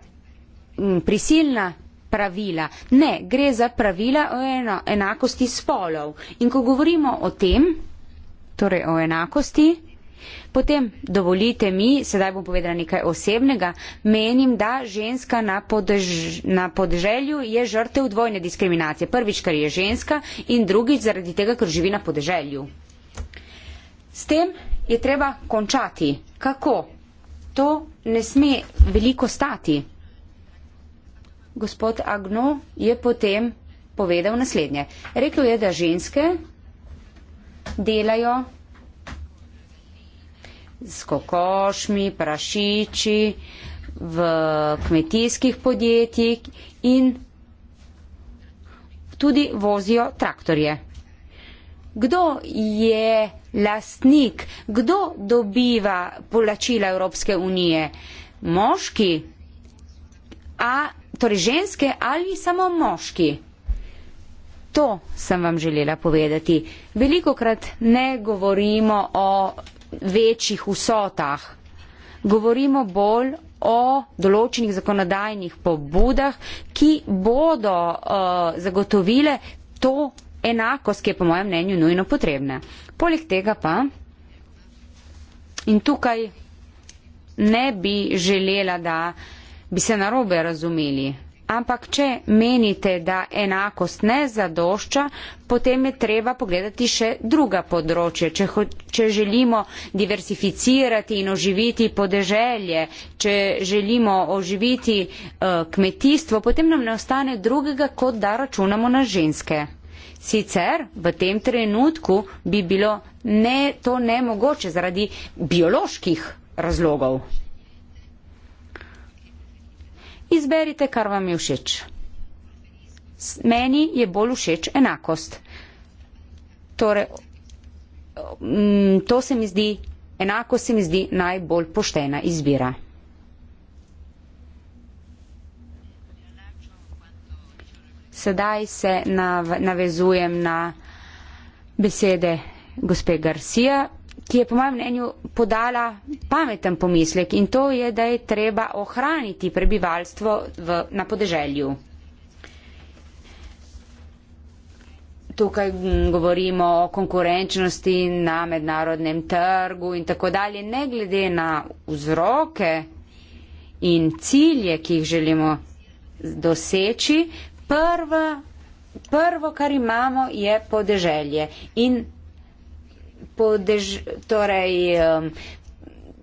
um, prisilna pravila. Ne, gre za pravila o eno, enakosti spolov. In ko govorimo o tem, torej o enakosti, Potem, dovolite mi, sedaj bom povedala nekaj osebnega, menim, da ženska na, podež, na podeželju je žrtev dvojne diskriminacije. Prvič, ker je ženska in drugič, zaradi tega, ker živi na podeželju. S tem je treba končati. Kako? To ne sme veliko stati. Gospod Agno je potem povedal naslednje. Rekl je, da ženske delajo s kokošmi, prašiči, v kmetijskih podjetjih in tudi vozijo traktorje. Kdo je lastnik, kdo dobiva polačila Evropske unije? Moški, a torej ženske ali samo moški? To sem vam želela povedati. Veliko krat ne govorimo o večjih vsotah. Govorimo bolj o določenih zakonodajnih pobudah, ki bodo uh, zagotovile to enakost, ki je po mojem mnenju nujno potrebna. Poleg tega pa, in tukaj ne bi želela, da bi se narobe razumeli, Ampak, če menite, da enakost ne zadošča, potem je treba pogledati še druga področja. Če, če želimo diversificirati in oživiti podeželje, če želimo oživiti uh, kmetijstvo, potem nam ne ostane drugega, kot da računamo na ženske. Sicer v tem trenutku bi bilo ne, to nemogoče zaradi bioloških razlogov. Izberite, kar vam je všeč. Meni je bolj všeč enakost. Torej, mm, to se mi zdi, enakost se mi zdi najbolj poštena izbira. Sedaj se navezujem na besede gospe Garcia ki je po mojem mnenju podala pameten pomislek in to je, da je treba ohraniti prebivalstvo v, na podeželju. Tukaj govorimo o konkurenčnosti na mednarodnem trgu in tako dalje, ne glede na vzroke in cilje, ki jih želimo doseči. Prvo, prvo kar imamo, je podeželje in podež, torej, um,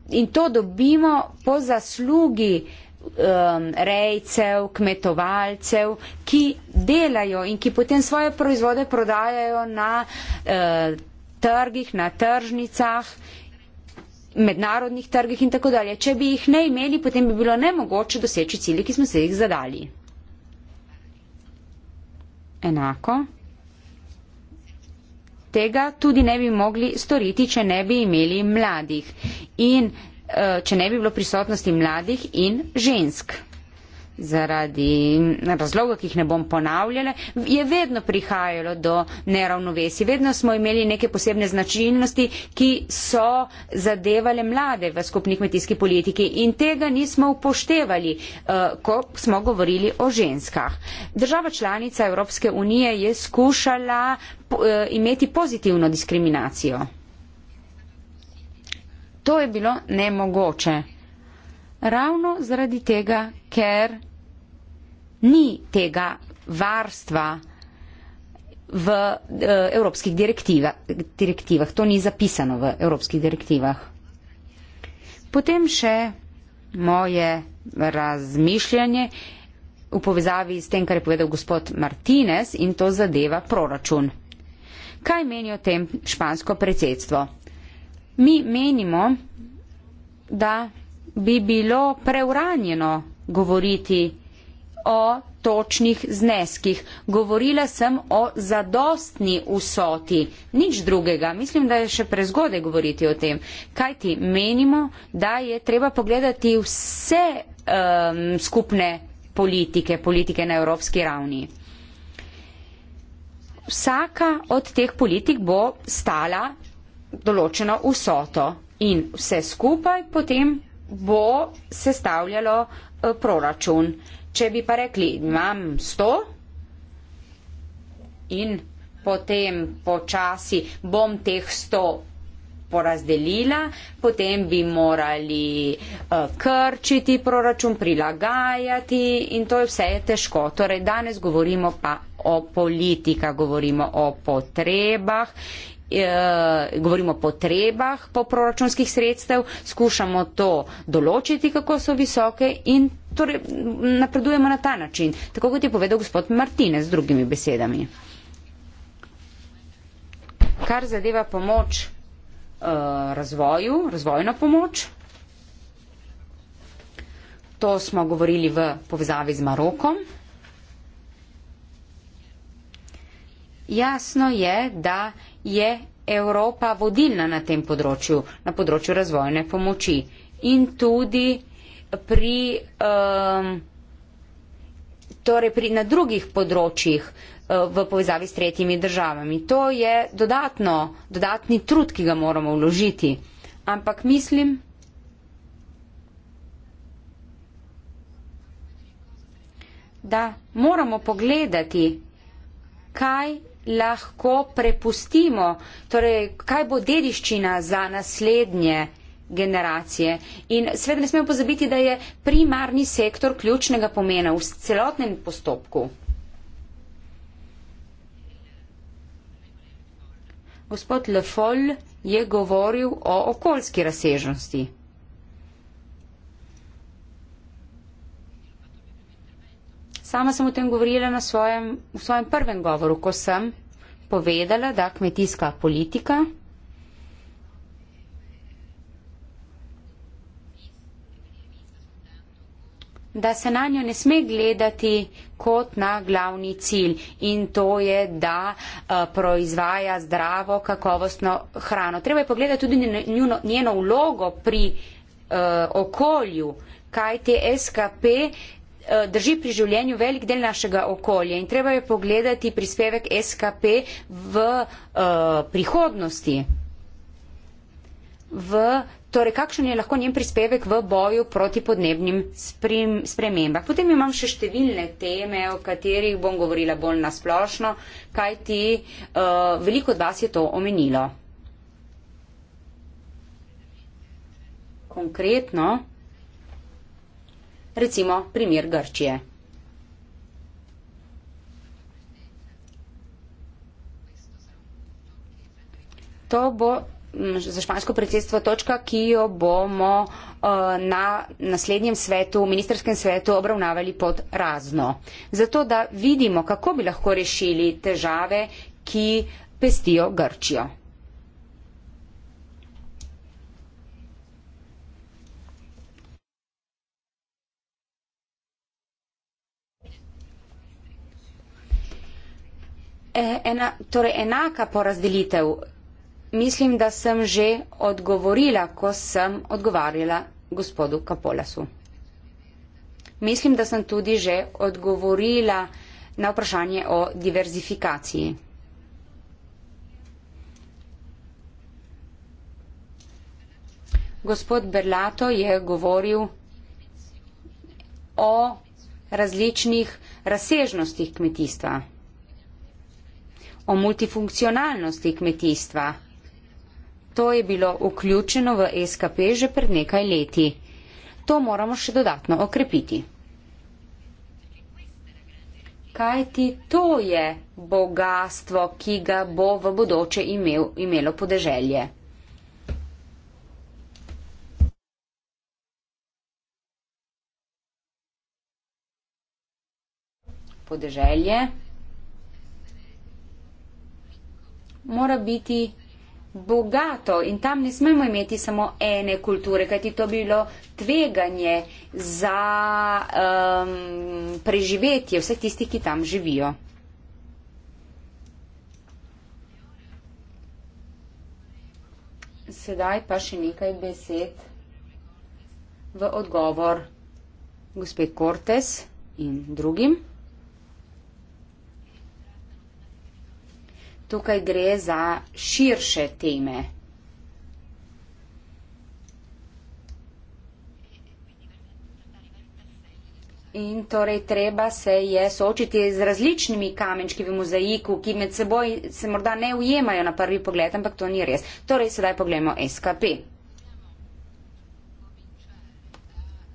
in to dobimo po zaslugi um, rejcev, kmetovalcev, ki delajo in ki potem svoje proizvode prodajajo na uh, trgih, na tržnicah mednarodnih trgih in tako dalje. Če bi jih ne imeli, potem bi bilo nemogoče doseči cilje, ki smo se jih zadali. Enako tega tudi ne bi mogli storiti, če ne bi imeli mladih in eh, če ne bi bilo prisotnosti mladih in žensk zaradi razloga, ki jih ne bom ponavljala, je vedno prihajalo do neravnovesi. Vedno smo imeli neke posebne značilnosti, ki so zadevale mlade v skupni kmetijski politiki in tega nismo upoštevali, eh, ko smo govorili o ženskah. Država članica Evropske unije je skušala eh, imeti pozitivno diskriminacijo. To je bilo nemogoče. Ravno zaradi tega, ker ni tega varstva v uh, evropskih direktiva, direktivah. To ni zapisano v evropskih direktivah. Potem še moje razmišljanje v povezavi s tem, kar je povedal gospod Martinez in to zadeva proračun. Kaj meni o tem špansko predsedstvo? Mi menimo, da bi bilo preuranjeno govoriti o točnih zneskih. Govorila sem o zadostni vsoti, nič drugega. Mislim, da je še prezgode govoriti o tem. Kaj ti menimo, da je treba pogledati vse um, skupne politike, politike na evropski ravni. Vsaka od teh politik bo stala določeno vsoto in vse skupaj potem bo sestavljalo eh, proračun če bi pa rekli, imam 100 in potem počasi bom teh 100 porazdelila, potem bi morali uh, krčiti proračun, prilagajati in to je vse je težko. Torej, danes govorimo pa o politika, govorimo o potrebah Eh, govorimo o potrebah po proračunskih sredstev, skušamo to določiti, kako so visoke in torej napredujemo na ta način, tako kot je povedal gospod Martinez z drugimi besedami. Kar zadeva pomoč uh, razvoju, razvojno pomoč, to smo govorili v povezavi z Marokom. Jasno je, da je Evropa vodilna na tem področju, na področju razvojne pomoči in tudi pri, um, torej pri na drugih področjih uh, v povezavi s tretjimi državami. To je dodatno, dodatni trud, ki ga moramo vložiti. Ampak mislim, da moramo pogledati, kaj lahko prepustimo, torej kaj bo dediščina za naslednje generacije. In sveda ne smemo pozabiti, da je primarni sektor ključnega pomena v celotnem postopku. Gospod Le Foll je govoril o okoljski razsežnosti. Sama sem o tem govorila svojem, v svojem prvem govoru, ko sem povedala, da kmetijska politika da se na njo ne sme gledati kot na glavni cilj in to je, da uh, proizvaja zdravo, kakovostno hrano. Treba je pogledati tudi njeno, njeno vlogo pri uh, okolju, kaj te SKP uh, Eh, drži pri življenju velik del našega okolja in treba je pogledati prispevek SKP v uh, prihodnosti. V, torej, kakšen je lahko njen prispevek v boju proti podnebnim spremembah. Potem imam še številne teme, o katerih bom govorila bolj nasplošno, kaj ti uh, eh, veliko od vas je to omenilo. Konkretno recimo primer Grčije. To bo za špansko predsedstvo točka, ki jo bomo eh, na naslednjem svetu, ministerskem svetu obravnavali pod razno. Zato, da vidimo, kako bi lahko rešili težave, ki pestijo Grčijo. E, ena, torej enaka porazdelitev. Mislim, da sem že odgovorila, ko sem odgovarjala gospodu Kapolasu. Mislim, da sem tudi že odgovorila na vprašanje o diverzifikaciji. Gospod Berlato je govoril o različnih razsežnostih kmetijstva o multifunkcionalnosti kmetijstva. To je bilo vključeno v SKP že pred nekaj leti. To moramo še dodatno okrepiti. Kaj ti to je bogatstvo, ki ga bo v bodoče imel, imelo podeželje? Podeželje. mora biti bogato in tam ne smemo imeti samo ene kulture, kajti to bi bilo tveganje za um, preživetje vseh tistih, ki tam živijo. Sedaj pa še nekaj besed v odgovor gospe Cortes in drugim. tukaj gre za širše teme. In torej treba se je soočiti z različnimi kamenčki v mozaiku, ki med seboj se morda ne ujemajo na prvi pogled, ampak to ni res. Torej sedaj pogledamo SKP.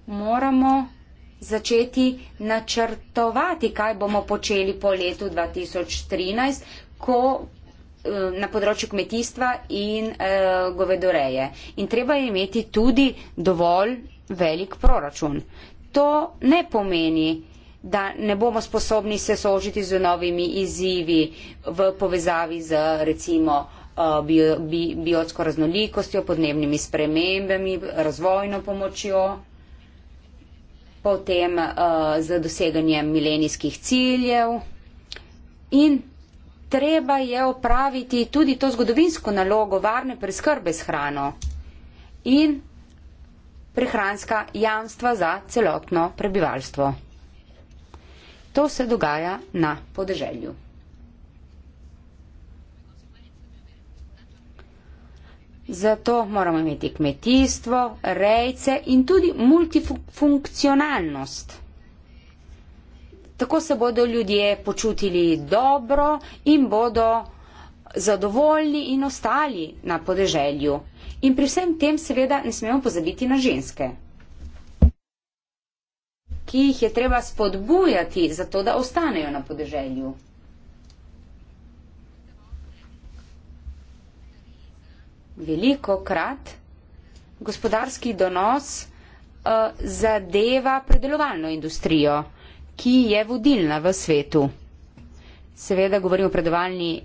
Moramo začeti načrtovati, kaj bomo počeli po letu 2013, kako eh, na področju kmetijstva in uh, govedoreje. In treba je imeti tudi dovolj velik proračun. To ne pomeni, da ne bomo sposobni se soožiti z novimi izzivi v povezavi z recimo uh, bio, bi, biotsko raznolikostjo, podnebnimi spremembami, razvojno pomočjo, potem uh, z doseganjem milenijskih ciljev in treba je opraviti tudi to zgodovinsko nalogo varne preskrbe s hrano in prehranska jamstva za celotno prebivalstvo. To se dogaja na podeželju. Zato moramo imeti kmetijstvo, rejce in tudi multifunkcionalnost. Multifunk tako se bodo ljudje počutili dobro in bodo zadovoljni in ostali na podeželju. In pri vsem tem seveda ne smemo pozabiti na ženske, ki jih je treba spodbujati za to, da ostanejo na podeželju. Veliko krat gospodarski donos uh, zadeva predelovalno industrijo. Uh, ki je vodilna v svetu. Seveda govorimo o predovalni eh,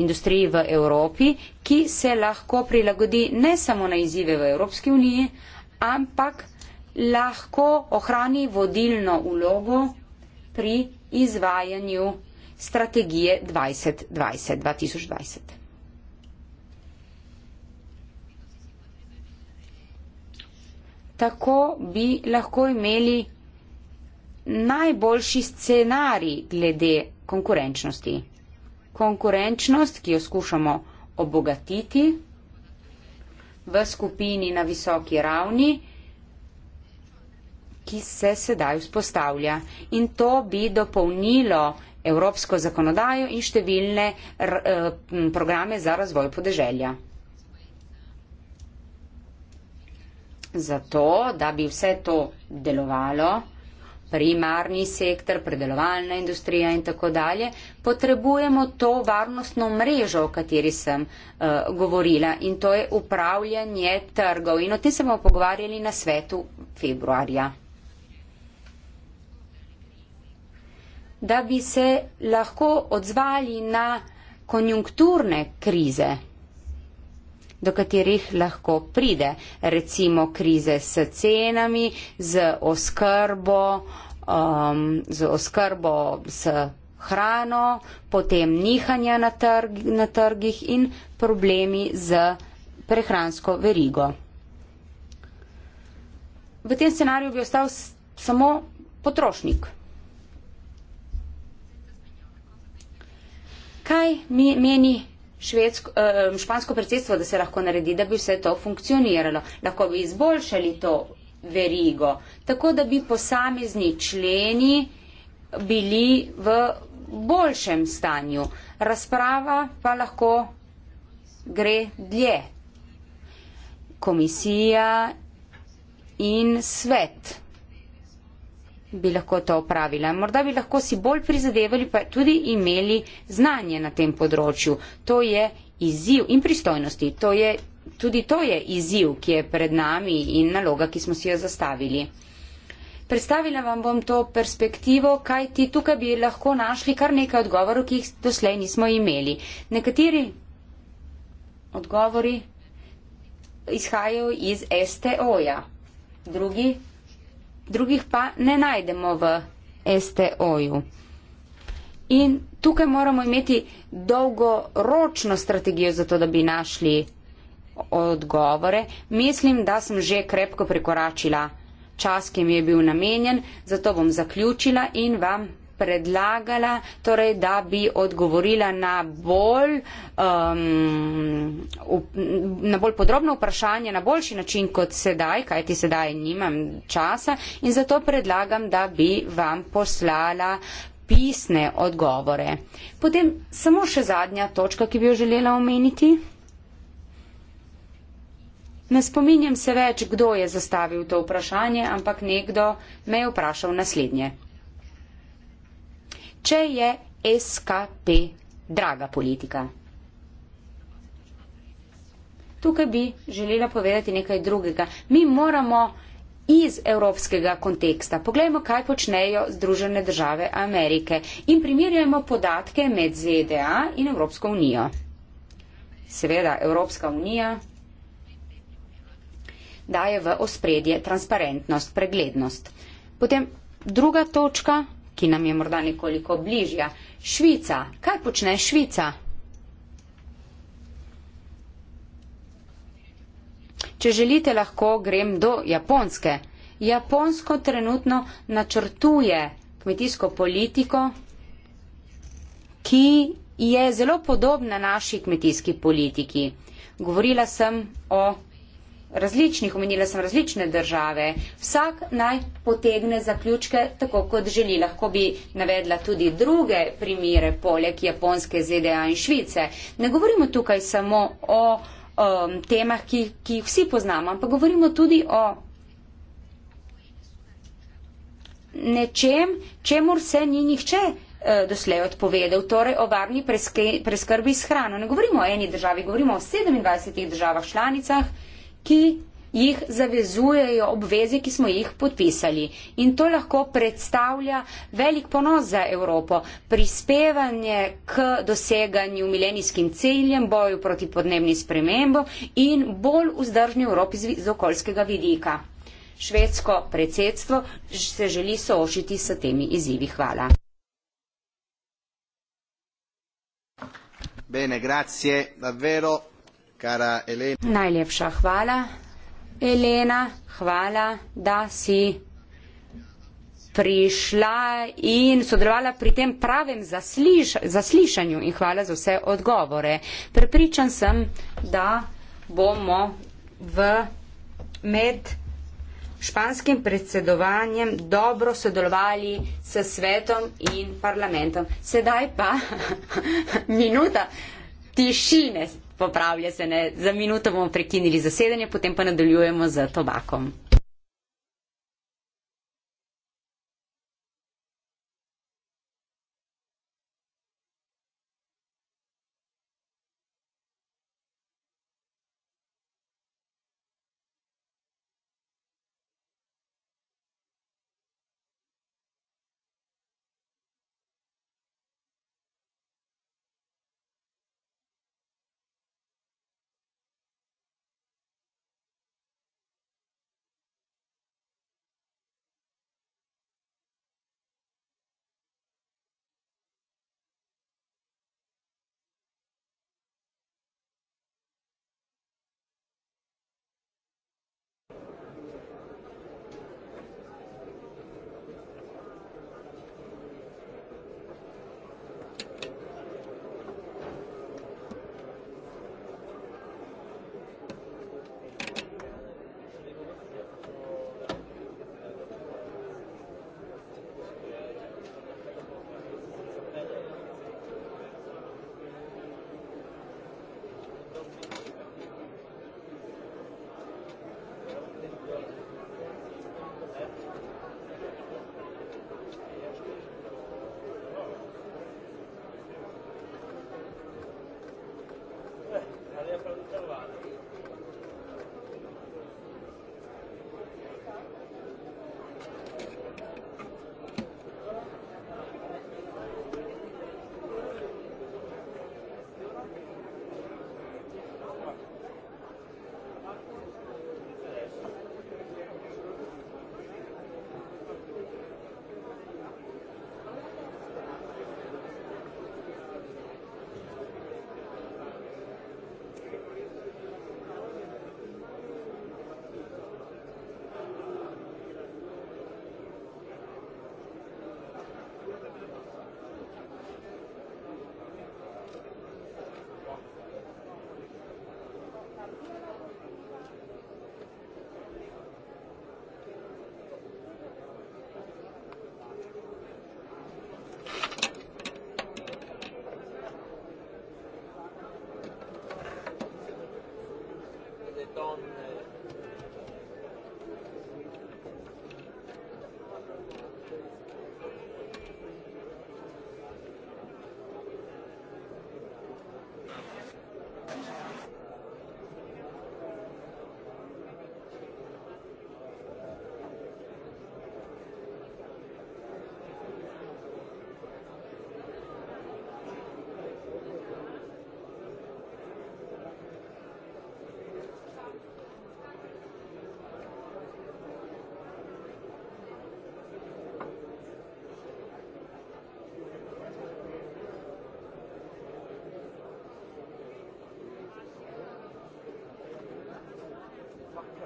industriji v Evropi, ki se lahko prilagodi ne samo na izzive v Evropski uniji, ampak lahko ohrani vodilno ulogo pri izvajanju strategije 2020. 2020. Tako bi lahko imeli najboljši scenarij glede konkurenčnosti. Konkurenčnost, ki jo skušamo obogatiti v skupini na visoki ravni, ki se sedaj vzpostavlja. In to bi dopolnilo evropsko zakonodajo in številne e, programe za razvoj podeželja. Zato, da bi vse to delovalo, primarni sektor, predelovalna industrija in tako dalje, potrebujemo to varnostno mrežo, o kateri sem uh, govorila in to je upravljanje trgov. In o tem se bomo pogovarjali na svetu februarja. Da bi se lahko odzvali na konjunkturne krize, do katerih lahko pride, recimo krize s cenami, z oskrbo, um, z oskrbo s hrano, potem nihanja na, trg, na trgih in problemi z prehransko verigo. V tem scenariju bi ostal samo potrošnik. Kaj mi meni švedsko, eh, špansko predsedstvo, da se lahko naredi, da bi vse to funkcioniralo. Lahko bi izboljšali to verigo, tako da bi posamezni členi bili v boljšem stanju. Razprava pa lahko gre dlje. Komisija in svet bi lahko to opravila. Morda bi lahko si bolj prizadevali, pa tudi imeli znanje na tem področju. To je izziv in pristojnosti. To je, tudi to je izziv, ki je pred nami in naloga, ki smo si jo zastavili. Predstavila vam bom to perspektivo, kaj ti tukaj bi lahko našli kar nekaj odgovorov, ki jih doslej nismo imeli. Nekateri odgovori izhajajo iz STO-ja, drugi drugih pa ne najdemo v STO-ju. In tukaj moramo imeti dolgoročno strategijo za to, da bi našli odgovore. Mislim, da sem že krepko prekoračila čas, ki mi je bil namenjen, zato bom zaključila in vam predlagala, torej, da bi odgovorila na bolj, um, na bolj podrobno vprašanje, na boljši način kot sedaj, kajti sedaj nimam časa in zato predlagam, da bi vam poslala pisne odgovore. Potem samo še zadnja točka, ki bi jo želela omeniti. Ne spominjam se več, kdo je zastavil to vprašanje, ampak nekdo me je vprašal naslednje če je SKP draga politika. Tukaj bi želela povedati nekaj drugega. Mi moramo iz evropskega konteksta. Poglejmo, kaj počnejo Združene države Amerike in primerjajmo podatke med ZDA in Evropsko unijo. Seveda, Evropska unija daje v ospredje transparentnost, preglednost. Potem druga točka ki nam je morda nekoliko bližja. Švica, kaj počne Švica? Če želite, lahko grem do Japonske. Japonsko trenutno načrtuje kmetijsko politiko, ki je zelo podobna naši kmetijski politiki. Govorila sem o različnih, omenila sem različne države, vsak naj potegne zaključke tako, kot želi. Lahko bi navedla tudi druge primere, poleg Japonske, ZDA in Švice. Ne govorimo tukaj samo o um, temah, ki, ki jih vsi poznamo, ampak govorimo tudi o nečem, čemur se ni nihče eh, doslej odpovedal, torej o varni preskrbi s hrano. Ne govorimo o eni državi, govorimo o 27 državah članicah, ki jih zavezujejo obveze, ki smo jih podpisali. In to lahko predstavlja velik ponos za Evropo, prispevanje k doseganju milenijskim ciljem, boju proti podnebni spremembo in bolj vzdržni Evropi z okoljskega vidika. Švedsko predsedstvo se želi soošiti s temi izzivi. Hvala. Bene, grazie, davvero. Kara Elena. Najlepša hvala, Elena, hvala, da si prišla in sodelovala pri tem pravem zasliš zaslišanju in hvala za vse odgovore. Prepričan sem, da bomo v med španskim predsedovanjem dobro sodelovali s svetom in parlamentom. Sedaj pa minuta tišine, popravlja se ne, za minuto bomo prekinili zasedanje, potem pa nadaljujemo z tobakom.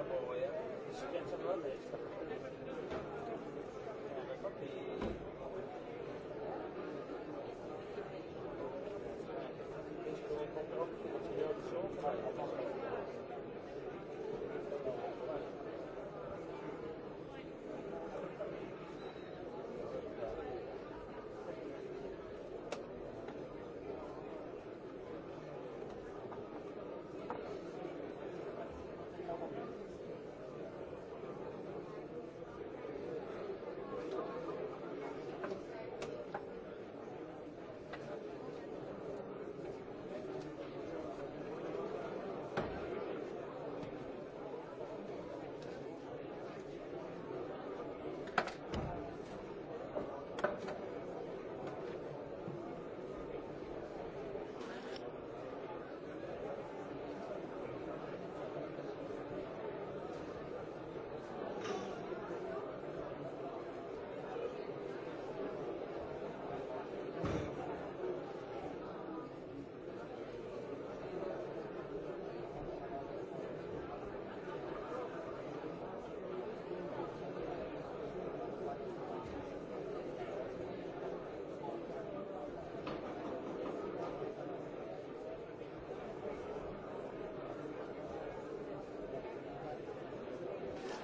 Boje,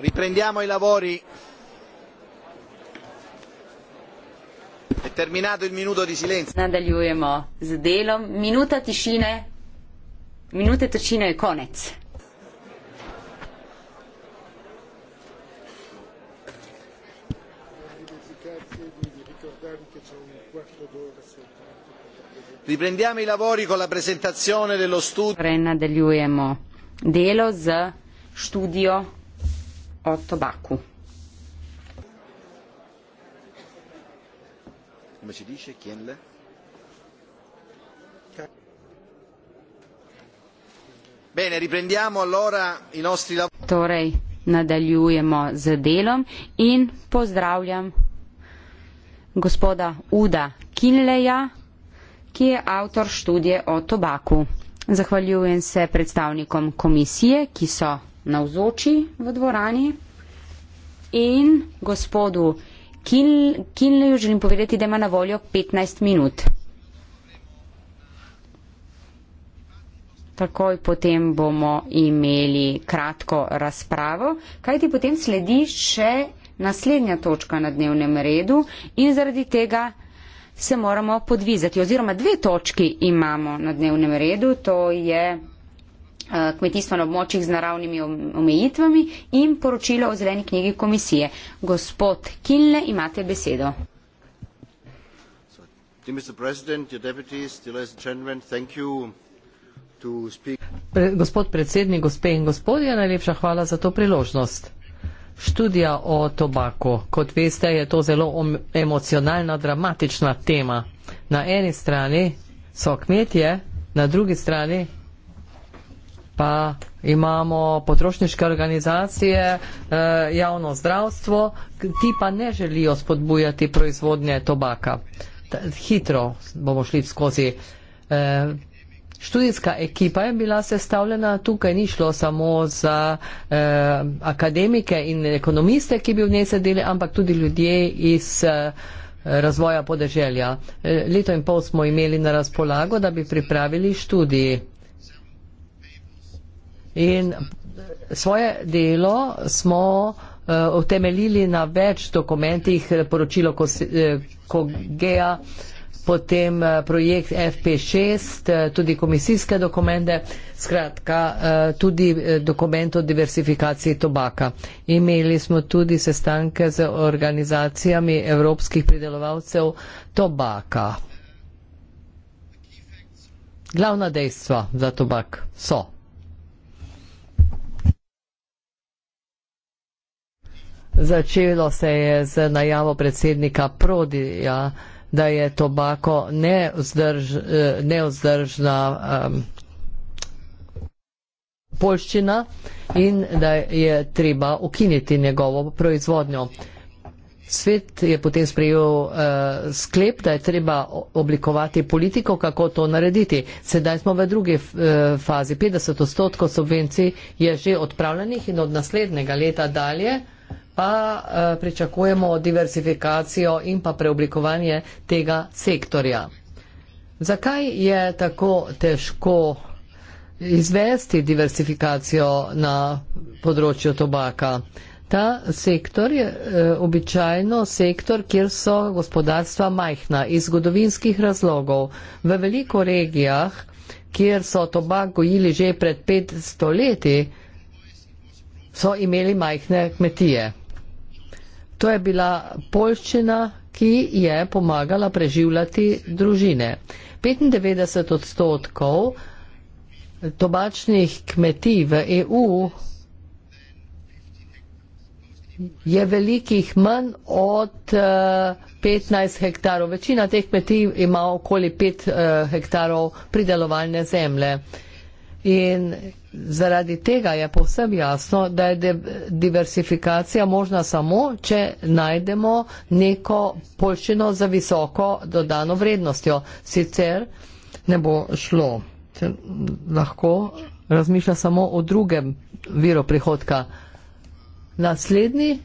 riprendiamo i lavori è terminato il minuto di silenzio nadaljujemo z delom minuta tišine minute tišine je konec Riprendiamo i lavori con la presentazione dello studio. Renna torej, degli UEMO. Delo z studio o tobaku. Bene, riprendiamo allora i nostri lavori. Torej, nadaljujemo z delom in pozdravljam gospoda Uda Kinleja, ki je avtor študije o tobaku. Zahvaljujem se predstavnikom komisije, ki so navzoči v dvorani in gospodu Kinleju želim povedati, da ima na voljo 15 minut. Takoj potem bomo imeli kratko razpravo, kajti potem sledi še naslednja točka na dnevnem redu in zaradi tega se moramo podvizati. Oziroma dve točki imamo na dnevnem redu, to je Eh, kmetijstva na območjih z naravnimi omejitvami in poročilo o zeleni knjigi komisije. Gospod Kinle, imate besedo. Gospod predsednik, gospe in gospodje, najlepša hvala za to priložnost. Študija o tobaku, kot veste, je to zelo emocionalna, dramatična tema. Na eni strani so kmetje, na drugi strani pa imamo potrošniške organizacije, eh, javno zdravstvo, ti pa ne želijo spodbujati proizvodnje tobaka. Hitro bomo šli skozi. Eh, študijska ekipa je bila sestavljena, tukaj ni šlo samo za eh, akademike in ekonomiste, ki bi v njej sedeli, ampak tudi ljudje iz razvoja podeželja. Leto in pol smo imeli na razpolago, da bi pripravili študiji. In svoje delo smo eh, utemeljili uh, na več dokumentih, poročilo eh, KOGEA, potem eh, projekt FP6, tudi komisijske dokumente, skratka tudi dokument o diversifikaciji tobaka. Imeli smo tudi sestanke z organizacijami evropskih pridelovalcev tobaka. Glavna dejstva za tobak so. Začelo se je z najavo predsednika Prodija, da je tobako neozdrž, eh, neozdržna um, polščina in da je treba ukiniti njegovo proizvodnjo. Svet je potem sprejel uh, sklep, da je treba oblikovati politiko, kako to narediti. Sedaj smo v drugi uh, fazi. 50 odstotkov subvencij je že odpravljenih in od naslednjega leta dalje uh, pa eh, pričakujemo diversifikacijo in pa preoblikovanje tega sektorja. Zakaj je tako težko izvesti diversifikacijo na področju tobaka? Ta sektor je eh, običajno sektor, kjer so gospodarstva majhna iz zgodovinskih razlogov. V veliko regijah, kjer so tobak gojili že pred 500 leti, so imeli majhne kmetije. To je bila polščina, ki je pomagala preživljati družine. 95 odstotkov tobačnih kmetij v EU je velikih manj od 15 eh, hektarov. Večina teh kmetij ima okoli 5 eh, hektarov pridelovalne zemlje. In zaradi tega je povsem jasno, da je diversifikacija možna samo, če najdemo neko polščino za visoko dodano vrednostjo. Sicer ne bo šlo. Če lahko razmišlja samo o drugem viru prihodka. Naslednji.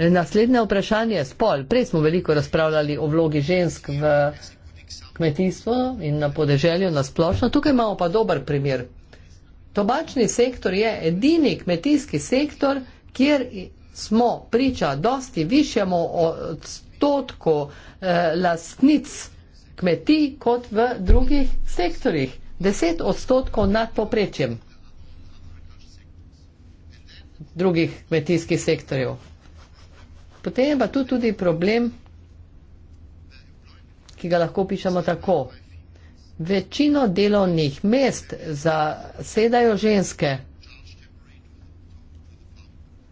Naslednje vprašanje je spol. Prej smo veliko razpravljali o vlogi žensk v kmetijstvo in na podeželju nasplošno. Tukaj imamo pa dober primer. Tobačni sektor je edini kmetijski sektor, kjer smo priča dosti višjemu odstotku eh, lastnic kmetij kot v drugih sektorjih. Deset odstotkov nad poprečjem drugih kmetijskih sektorjev. Potem je pa tu tudi problem ki ga lahko pišemo tako. Večino delovnih mest zasedajo ženske.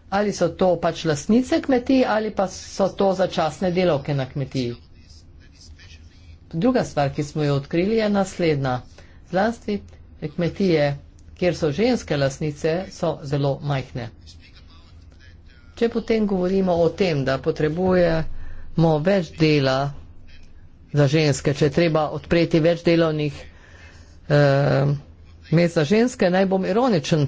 Ali so to pač lasnice kmetij ali pa so to začasne delovke na kmetiji. Druga stvar, ki smo jo odkrili, je naslednja. Zlasti kmetije, kjer so ženske lasnice, so zelo majhne. Če potem govorimo o tem, da potrebujemo več dela za ženske, če je treba odpreti več delovnih eh, mest za ženske, naj bom ironičen.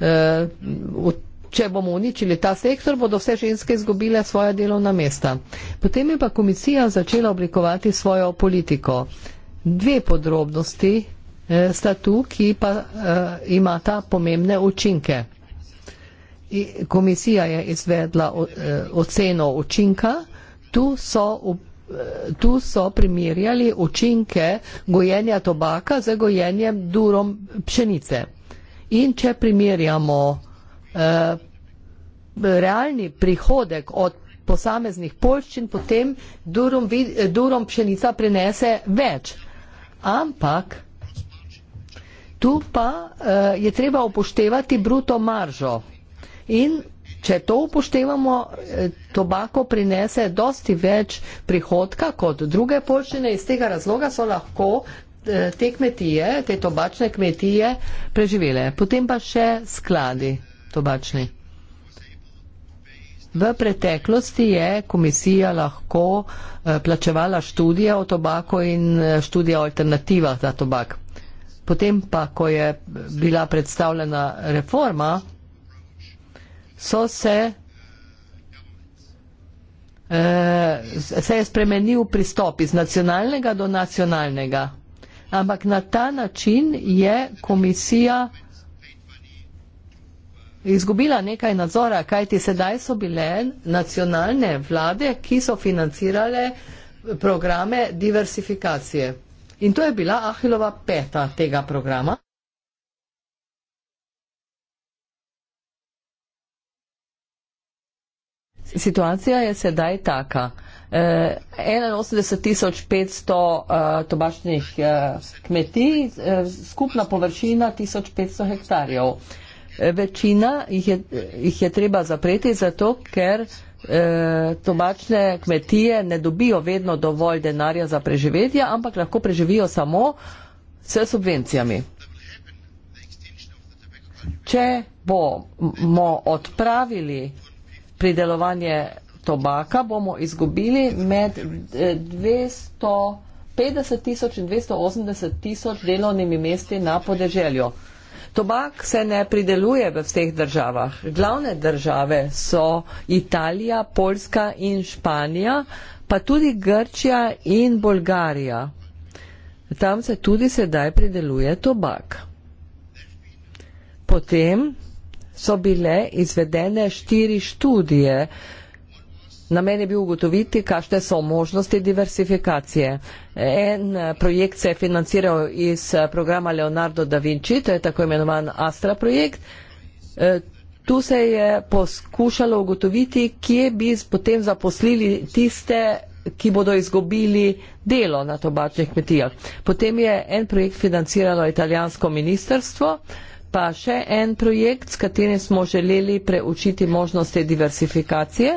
Eh, v, če bomo uničili ta sektor, bodo vse ženske izgubile svoja delovna mesta. Potem je pa komisija začela oblikovati svojo politiko. Dve podrobnosti eh, sta tu, ki pa eh, imata pomembne učinke. I, komisija je izvedla o, eh, oceno učinka, tu so. V, tu so primerjali učinke gojenja tobaka z gojenjem durom pšenice. In če primerjamo eh, realni prihodek od posameznih polščin, potem durum, durum pšenica prinese več. Ampak tu pa eh, je treba upoštevati bruto maržo. In Če to upoštevamo, eh, tobako prinese dosti več prihodka kot druge polščine, iz tega razloga so lahko eh, te kmetije, te tobačne kmetije preživele. Potem pa še skladi tobačni. V preteklosti je komisija lahko eh, plačevala študije o tobako in študije o alternativah za tobak. Potem pa, ko je bila predstavljena reforma, so se, eh, se je spremenil pristop iz nacionalnega do nacionalnega. Ampak na ta način je komisija izgubila nekaj nadzora, kajti sedaj so bile nacionalne vlade, ki so financirale programe diversifikacije. In to je bila Ahilova peta tega programa. Situacija je sedaj taka. Eh, 81.500 eh, tobačnih eh, kmetij, eh, skupna površina 1500 hektarjev. Eh, večina jih je, jih je treba zapreti zato, ker eh, tobačne kmetije ne dobijo vedno dovolj denarja za preživetje, ampak lahko preživijo samo s subvencijami. Če bomo odpravili pridelovanje tobaka bomo izgubili med 250 eh, tisoč in 280 tisoč delovnimi mesti na podeželju. Tobak se ne prideluje v vseh državah. Glavne države so Italija, Poljska in Španija, pa tudi Grčija in Bolgarija. Tam se tudi sedaj prideluje tobak. Potem so bile izvedene štiri študije. Namen je bil ugotoviti, kakšne so možnosti diversifikacije. En eh, projekt se je financiral iz eh, programa Leonardo da Vinci, to je tako imenovan Astra projekt. Eh, tu se je poskušalo ugotoviti, kje bi potem zaposlili tiste, ki bodo izgubili delo na tobačnih kmetijah. Potem je en projekt financiralo italijansko ministrstvo pa še en projekt, s katerim smo želeli preučiti možnosti diversifikacije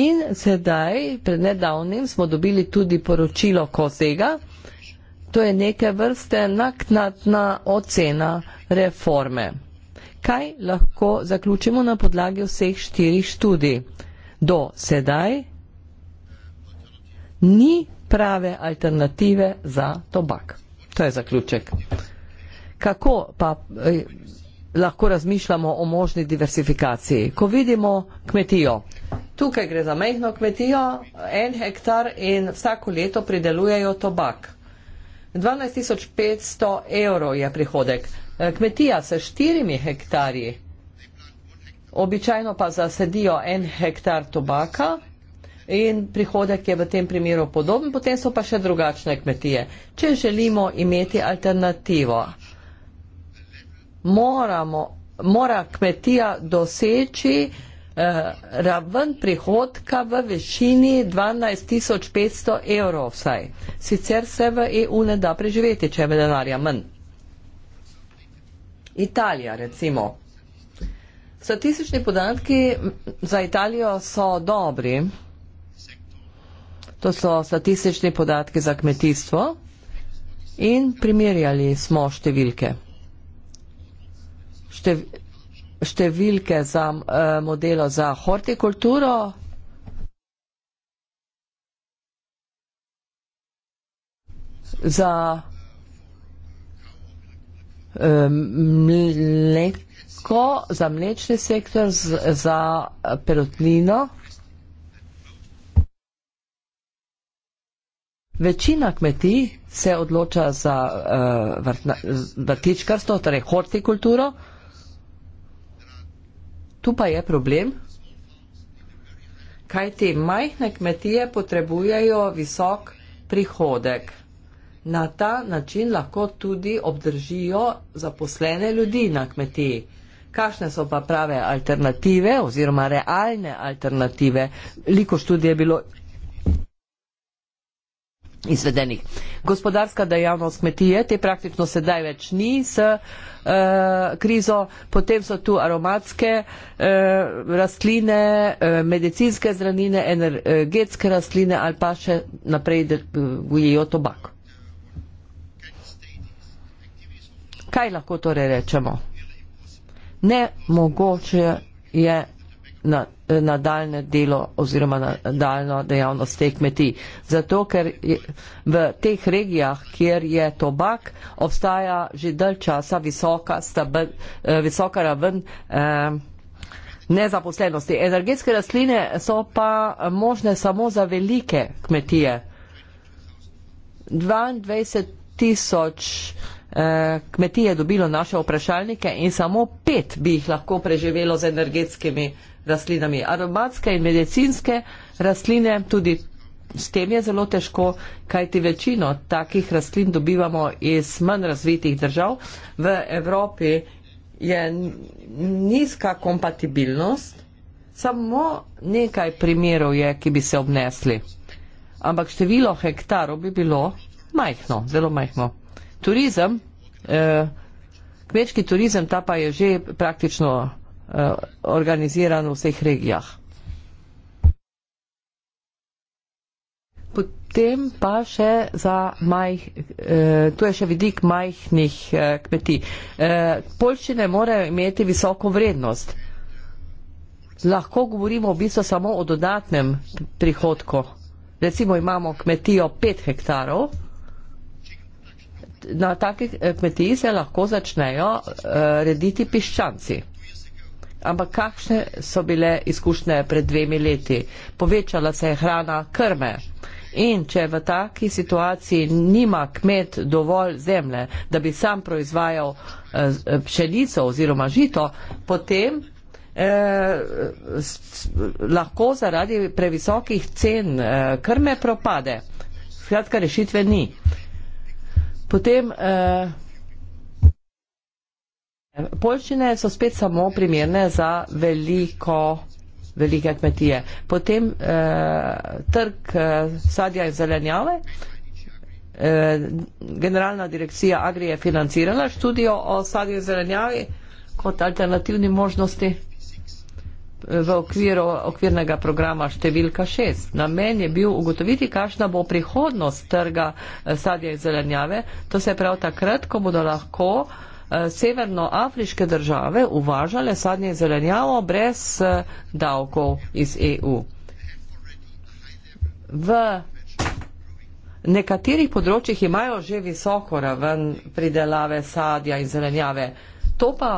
in sedaj, pred nedavnim, smo dobili tudi poročilo Kozega. To je neke vrste naknadna ocena reforme. Kaj lahko zaključimo na podlagi vseh štirih študij? Do sedaj ni prave alternative za tobak. To je zaključek. Kako pa eh, lahko razmišljamo o možni diversifikaciji. Ko vidimo kmetijo, tukaj gre za mehno kmetijo, en hektar in vsako leto pridelujejo tobak. 12.500 evrov je prihodek. E, kmetija se štirimi hektarji, običajno pa zasedijo en hektar tobaka in prihodek je v tem primeru podoben, potem so pa še drugačne kmetije. Če želimo imeti alternativo, moramo, mora kmetija doseči eh, raven prihodka v višini 12.500 evrov vsaj. Sicer se v EU ne da preživeti, če je denarja manj. Italija recimo. Statistični podatki za Italijo so dobri. To so statistični podatki za kmetijstvo in primerjali smo številke številke za eh, modelo za hortikulturo. Za eh, mleko, za mlečni sektor, za perutnino. Večina kmetij se odloča za eh, vrtičkarstvo, torej hortikulturo. Tu pa je problem, kaj te majhne kmetije potrebujejo visok prihodek. Na ta način lahko tudi obdržijo zaposlene ljudi na kmetiji. Kakšne so pa prave alternative oziroma realne alternative? Veliko študij je bilo izvedenih. Gospodarska dejavnost kmetije, te praktično sedaj več ni s uh, krizo, potem so tu aromatske uh, rastline, uh, medicinske zranine, energetske rastline ali pa še naprej gojijo tobak. Kaj lahko torej rečemo? Ne mogoče je na, na daljne delo oziroma na daljno dejavnost teh kmetij. Zato, ker je, v teh regijah, kjer je tobak, obstaja že dalj časa visoka, stabil, eh, visoka raven eh, nezaposlenosti. Energetske rastline so pa možne samo za velike kmetije. 22 tisoč eh, kmetije dobilo naše vprašalnike in samo pet bi jih lahko preživelo z energetskimi rastlinami. Aromatske in medicinske rastline tudi s tem je zelo težko, kajti večino takih rastlin dobivamo iz manj razvitih držav. V Evropi je nizka kompatibilnost, samo nekaj primerov je, ki bi se obnesli. Ampak število hektarov bi bilo majhno, zelo majhno. Turizem, eh, kmečki turizem, ta pa je že praktično Eh, organiziran v vseh regijah. Potem pa še za majh, eh, tu je še vidik majhnih eh, kmetij. Eh, polščine morajo imeti visoko vrednost. Lahko govorimo v bistvu samo o dodatnem prihodku. Recimo imamo kmetijo 5 hektarov. Na takih eh, kmetijih se lahko začnejo eh, rediti piščanci. Ampak kakšne so bile izkušnje pred dvemi leti? Povečala se je hrana krme. In če v taki situaciji nima kmet dovolj zemlje, da bi sam proizvajal eh, pšenico oziroma žito, potem eh, lahko zaradi previsokih cen eh, krme propade. Skratka, rešitve ni. Potem eh, Poljščine so spet samo primerne za veliko, velike kmetije. Potem eh, trg eh, sadja in zelenjave. Eh, generalna direkcija Agri je financirala študijo o sadju zelenjavi kot alternativni možnosti eh, v okviru okvirnega programa številka 6. Namen je bil ugotoviti, kakšna bo prihodnost trga eh, sadja zelenjave. To se prav takrat, ko bodo lahko eh, Eh, severnoafriške države uvažale sadnje zelenjavo brez eh, davkov iz EU. V nekaterih področjih imajo že visoko raven pridelave sadja in zelenjave. To pa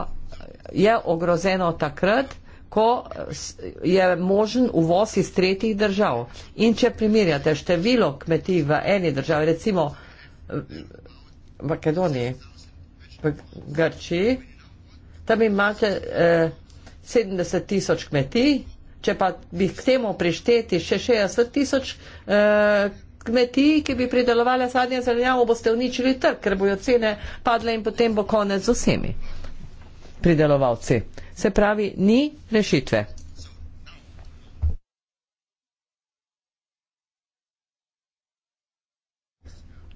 je ogrozeno takrat, ko eh, je možen uvoz iz tretjih držav. In če primerjate število kmetij v eni državi, recimo v Makedoniji, v Grčiji. Tam imate eh, 70 tisoč kmetij, če pa bi k temu prišteti še 60 tisoč eh, kmetij, ki bi pridelovali sadnje zelenjavo, boste uničili trg, ker bojo cene padle in potem bo konec z vsemi pridelovalci. Se pravi, ni rešitve.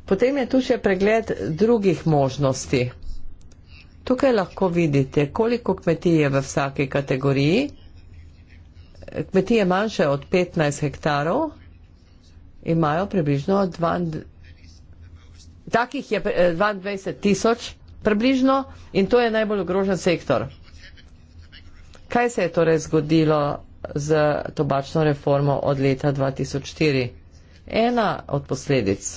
Potem je tu še pregled drugih možnosti. Tukaj lahko vidite, koliko kmetij je v vsaki kategoriji. Kmetije manjše od 15 hektarov imajo približno 22, takih je 22 eh, tisoč približno in to je najbolj ogrožen sektor. Kaj se je torej zgodilo z tobačno reformo od leta 2004? Ena od posledic.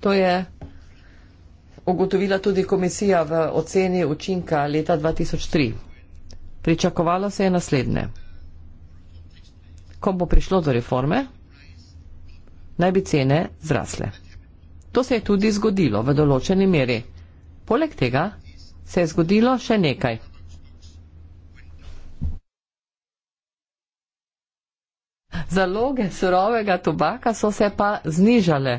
To je ugotovila tudi komisija v oceni učinka leta 2003. Pričakovalo se je naslednje. Ko bo prišlo do reforme, naj bi cene zrasle. To se je tudi zgodilo v določeni meri. Poleg tega se je zgodilo še nekaj. Zaloge surovega tobaka so se pa znižale.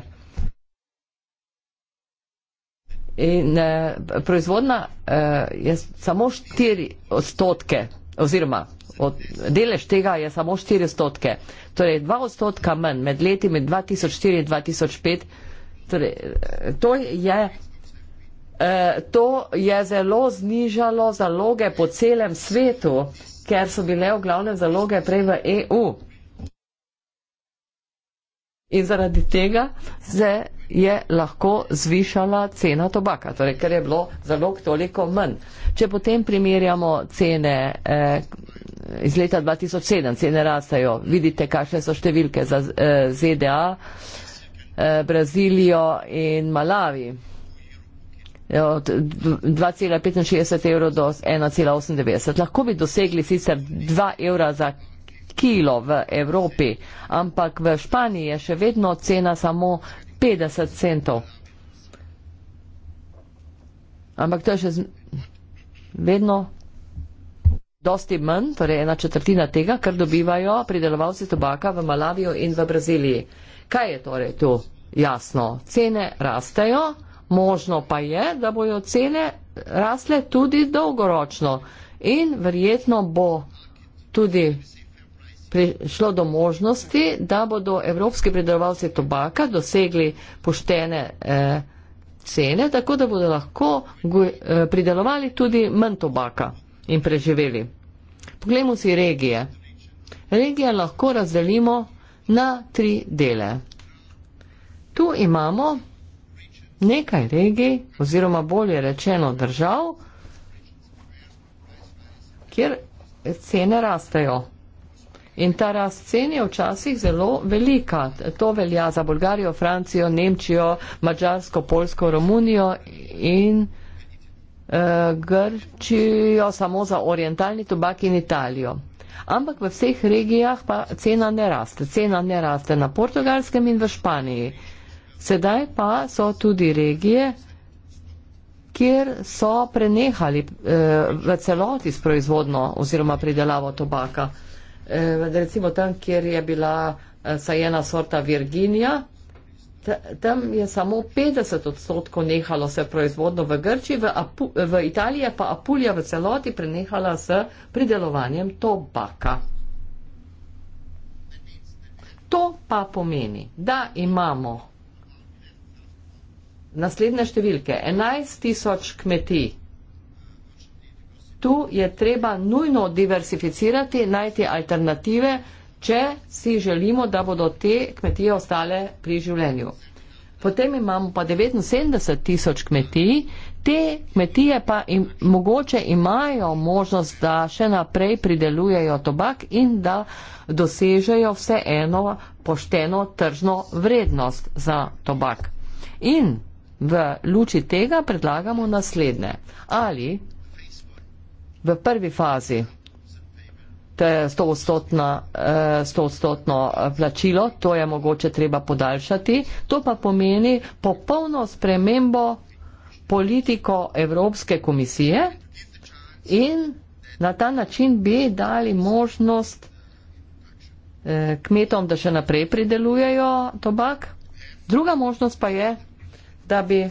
In eh, proizvodna eh, je samo 4 odstotke, oziroma od, delež tega je samo 4 odstotke. Torej 2 odstotka manj med leti med 2004 in 2005. Torej, eh, to, je, eh, to je zelo znižalo zaloge po celem svetu, ker so bile v glavne zaloge prej v EU. In zaradi tega se je lahko zvišala cena tobaka, torej ker je bilo zalog toliko manj. Če potem primerjamo cene eh, iz leta 2007, cene rastajo, vidite, kakšne so številke za eh, ZDA, eh, Brazilijo in Malavi. Od 2,65 evrov do 1,98. Lahko bi dosegli sicer 2 evra za kilo v Evropi, ampak v Španiji je še vedno cena samo 50 centov. Ampak to je še vedno dosti manj, torej ena četrtina tega, kar dobivajo pridelovalci tobaka v Malaviju in v Braziliji. Kaj je torej tu jasno? Cene rastejo, možno pa je, da bojo cene rasle tudi dolgoročno in verjetno bo tudi prišlo do možnosti, da bodo evropski predelovalci tobaka dosegli poštene eh, cene, tako da bodo lahko go, eh, pridelovali tudi manj tobaka in preživeli. Poglejmo si regije. Regije lahko razdelimo na tri dele. Tu imamo nekaj regij oziroma bolje rečeno držav, kjer cene rastejo. In ta rast cen je včasih zelo velika. To velja za Bolgarijo, Francijo, Nemčijo, Mačarsko, Polsko, Romunijo in eh, Grčijo samo za orientalni tobak in Italijo. Ampak v vseh regijah pa cena ne raste. Cena ne raste na portugalskem in v Španiji. Sedaj pa so tudi regije, kjer so prenehali eh, v celoti s proizvodno oziroma pridelavo tobaka. Eh, Eh, recimo tam, kjer je bila eh, sajena sorta Virginija, tam je samo 50 odstotkov nehalo se proizvodno v Grči, v, Apu, v Italiji pa Apulja v celoti prenehala s pridelovanjem tobaka. To pa pomeni, da imamo naslednje številke, 11 tisoč kmetij tu je treba nujno diversificirati, najti alternative, če si želimo, da bodo te kmetije ostale pri življenju. Potem imamo pa 79 tisoč kmetij, te kmetije pa im, mogoče imajo možnost, da še naprej pridelujejo tobak in da dosežejo vse eno pošteno tržno vrednost za tobak. In v luči tega predlagamo naslednje. Ali v prvi fazi to je 100-stotno eh, plačilo, to je mogoče treba podaljšati. To pa pomeni popolno spremembo politiko Evropske komisije in na ta način bi dali možnost eh, kmetom, da še naprej pridelujejo tobak. Druga možnost pa je, da bi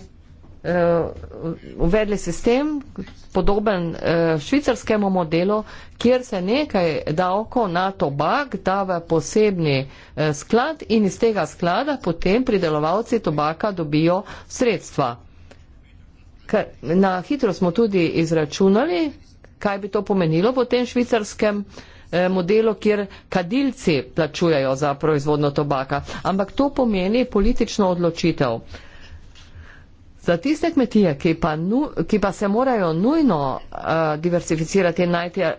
uh, uvedli sistem podoben uh, švicarskemu modelu, kjer se nekaj davko na tobak da v posebni uh, sklad in iz tega sklada potem pridelovalci tobaka dobijo sredstva. Ker na hitro smo tudi izračunali, kaj bi to pomenilo po tem švicarskem modelu, kjer kadilci plačujejo za proizvodno tobaka. Ampak to pomeni politično odločitev. Za tiste kmetije, ki pa, nu, ki pa se morajo nujno uh, diversificirati in najti uh,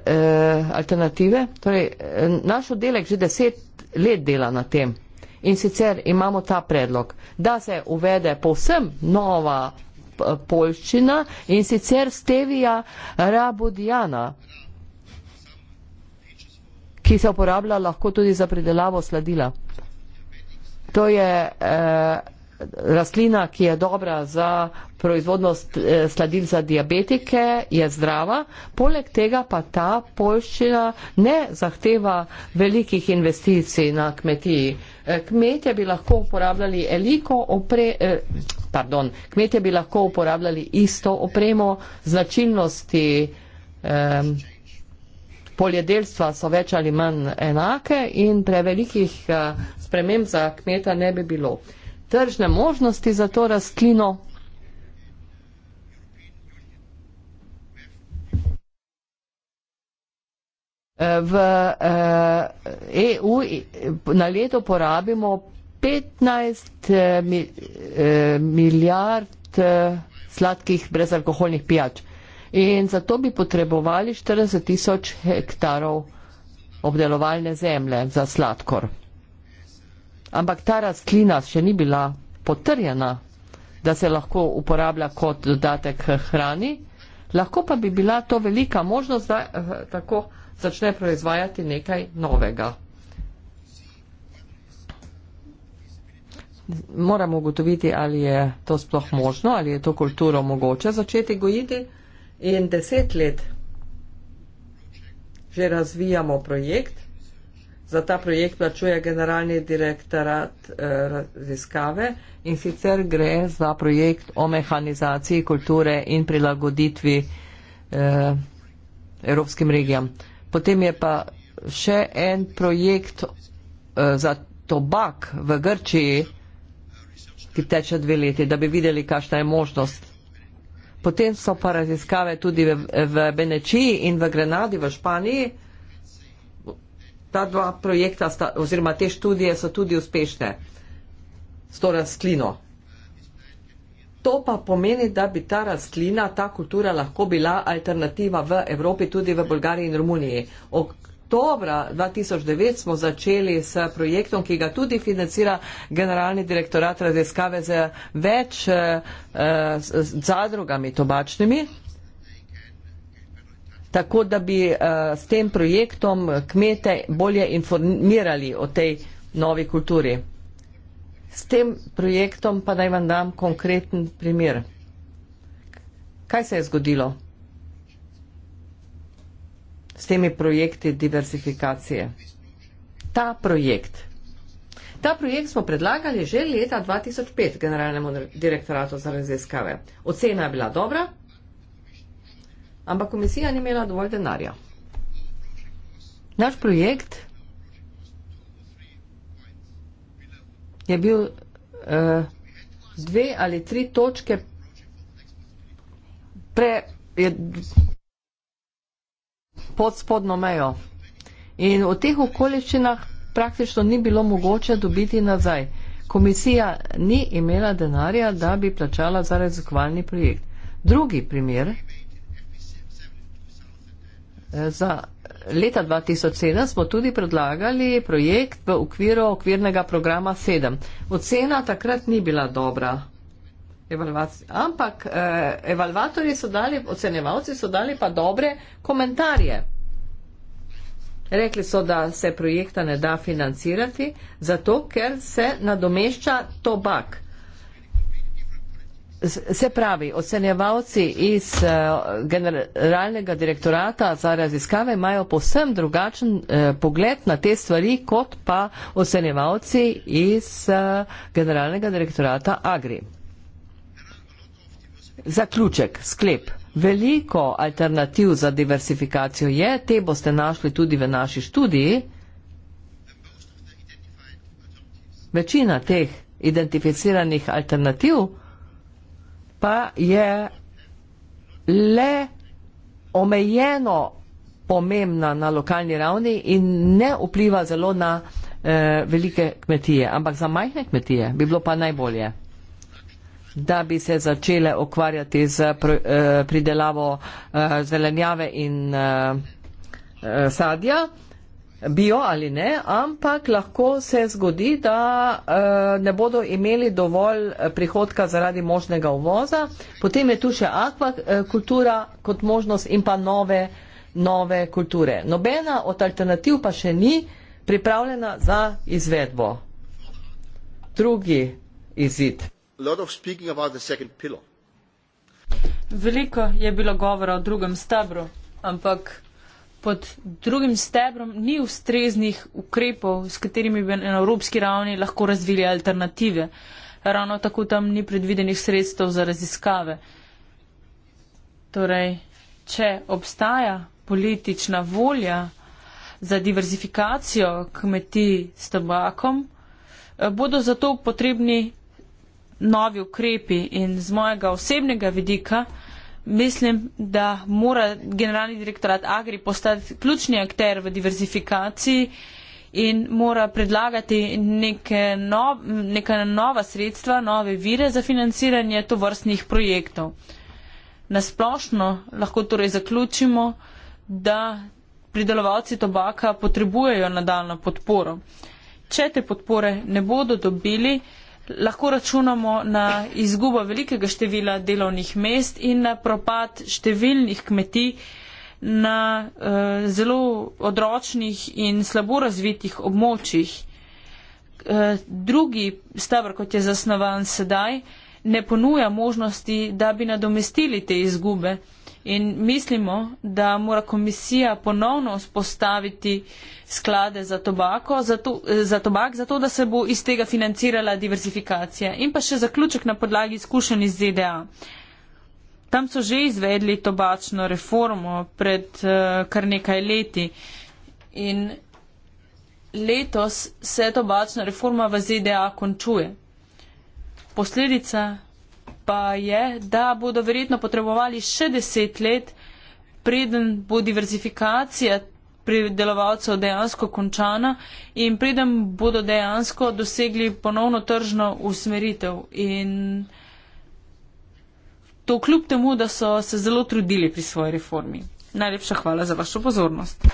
alternative, torej, eh, naš oddelek že deset let dela na tem. In sicer imamo ta predlog, da se uvede povsem nova polščina in sicer stevija rabudijana, ki se uporablja lahko tudi za pridelavo sladila. To je. Uh, rastlina, ki je dobra za proizvodnost eh, sladil za diabetike, je zdrava. Poleg tega pa ta polščina ne zahteva velikih investicij na kmetiji. Eh, kmetje bi lahko uporabljali eliko opre. Eh, pardon, kmetje bi lahko uporabljali isto opremo, značilnosti eh, poljedelstva so več ali manj enake in prevelikih eh, sprememb za kmeta ne bi bilo. Eh, tržne možnosti za to rastlino. V EU eh, e na leto porabimo 15 eh, eh, milijard sladkih brezalkoholnih pijač in zato bi potrebovali 40 tisoč hektarov obdelovalne zemlje za sladkor. Ampak ta rastlina še ni bila potrjena, da se lahko uporablja kot dodatek hrani, lahko pa bi bila to velika možnost, da eh, tako začne proizvajati nekaj novega. Moramo ugotoviti, ali je to sploh možno, ali je to kulturo mogoče začeti gojiti. In deset let že razvijamo projekt, Za ta projekt plačuje generalni direktorat eh, raziskave in sicer gre za projekt o mehanizaciji kulture in prilagoditvi eh, evropskim regijam. Potem je pa še en projekt eh, za tobak v Grčiji, ki teče dve leti, da bi videli, kakšna je možnost. Potem so pa raziskave tudi v, v Benečiji in v Grenadi v Španiji ta dva projekta sta, oziroma te študije so tudi uspešne s to rastlino. To pa pomeni, da bi ta rastlina, ta kultura lahko bila alternativa v Evropi, tudi v Bolgariji in Romuniji. Oktobra 2009 smo začeli s projektom, ki ga tudi financira generalni direktorat raziskave z več eh, z, z zadrugami tobačnimi tako da bi eh, s tem projektom kmete bolje informirali o tej novi kulturi. S tem projektom pa naj vam dam konkreten primer. Kaj se je zgodilo s temi projekti diversifikacije? Ta projekt. Ta projekt smo predlagali že leta 2005 generalnemu direktoratu za raziskave. Ocena je bila dobra, ampak komisija ni imela dovolj denarja. Naš projekt je bil uh, dve ali tri točke pre, je, pod spodno mejo. In v teh okoliščinah praktično ni bilo mogoče dobiti nazaj. Komisija ni imela denarja, da bi plačala za raziskovalni projekt. Drugi primer Za leta 2007 smo tudi predlagali projekt v okviru okvirnega programa FEDEM. Ocena takrat ni bila dobra. Evaluacij. Ampak eh, evalvatorji so dali, ocenjevalci so dali pa dobre komentarje. Rekli so, da se projekta ne da financirati, zato ker se nadomešča tobak. Se pravi, ocenjevalci iz eh, generalnega direktorata za raziskave imajo posem drugačen eh, pogled na te stvari, kot pa ocenjevalci iz eh, generalnega direktorata Agri. Zaključek, sklep. Veliko alternativ za diversifikacijo je, te boste našli tudi v naši študiji. Večina teh identificiranih alternativ pa je le omejeno pomembna na lokalni ravni in ne vpliva zelo na eh, velike kmetije, ampak za majhne kmetije bi bilo pa najbolje, da bi se začele okvarjati z pr, eh, pridelavo eh, zelenjave in eh, eh sadja, bio ali ne, ampak lahko se zgodi, da eh, ne bodo imeli dovolj eh, prihodka zaradi možnega uvoza. Potem je tu še akvakultura kot možnost in pa nove, nove kulture. Nobena od alternativ pa še ni pripravljena za izvedbo. Drugi izid. Veliko je bilo govora o drugem stebru, ampak pod drugim stebrom ni ustreznih ukrepov, s katerimi bi na evropski ravni lahko razvili alternative. Ravno tako tam ni predvidenih sredstev za raziskave. Torej, če obstaja politična volja za diverzifikacijo kmetij s tobakom, eh, bodo zato potrebni novi ukrepi in z mojega osebnega vidika mislim, da mora generalni direktorat Agri postati ključni akter v diverzifikaciji in mora predlagati neke nov, neka nova sredstva, nove vire za financiranje tovrstnih projektov. Nasplošno lahko torej zaključimo, da pridelovalci tobaka potrebujejo nadaljno podporo. Če te podpore ne bodo dobili, lahko računamo na izgubo velikega števila delovnih mest in na propad številnih kmetij na uh, zelo odročnih in slabo razvitih območjih. Uh, drugi stavr, kot je zasnovan sedaj, ne ponuja možnosti, da bi nadomestili te izgube. Uh, In mislimo, da mora komisija ponovno vzpostaviti sklade za, tobako, za, to, za tobak, zato da se bo iz tega financirala diversifikacija. In pa še zaključek na podlagi izkušenj iz ZDA. Tam so že izvedli tobačno reformo pred uh, kar nekaj leti. In letos se tobačna reforma v ZDA končuje. Posledica pa je, da bodo verjetno potrebovali še deset let, preden bo diverzifikacija pridelovalcev dejansko končana in preden bodo dejansko dosegli ponovno tržno usmeritev. In to kljub temu, da so se zelo trudili pri svoji reformi. Najlepša hvala za vašo pozornost.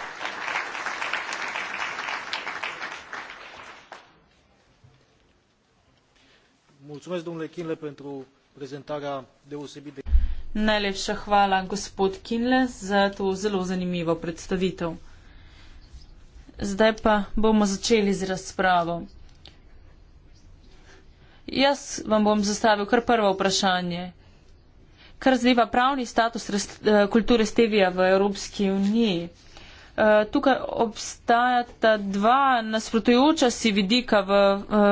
Mulțumesc, domnule Chinle, pentru prezentara deosebit. Najlepša hvala, gospod Kinle, za to zelo zanimivo predstavitev. Zdaj pa bomo začeli z razpravo. Jaz vam bom zastavil kar prvo vprašanje. Kar zdaj pa pravni status res, eh, kulture stevija v Evropski uniji? Eh, tukaj obstajata dva nasprotujoča si vidika v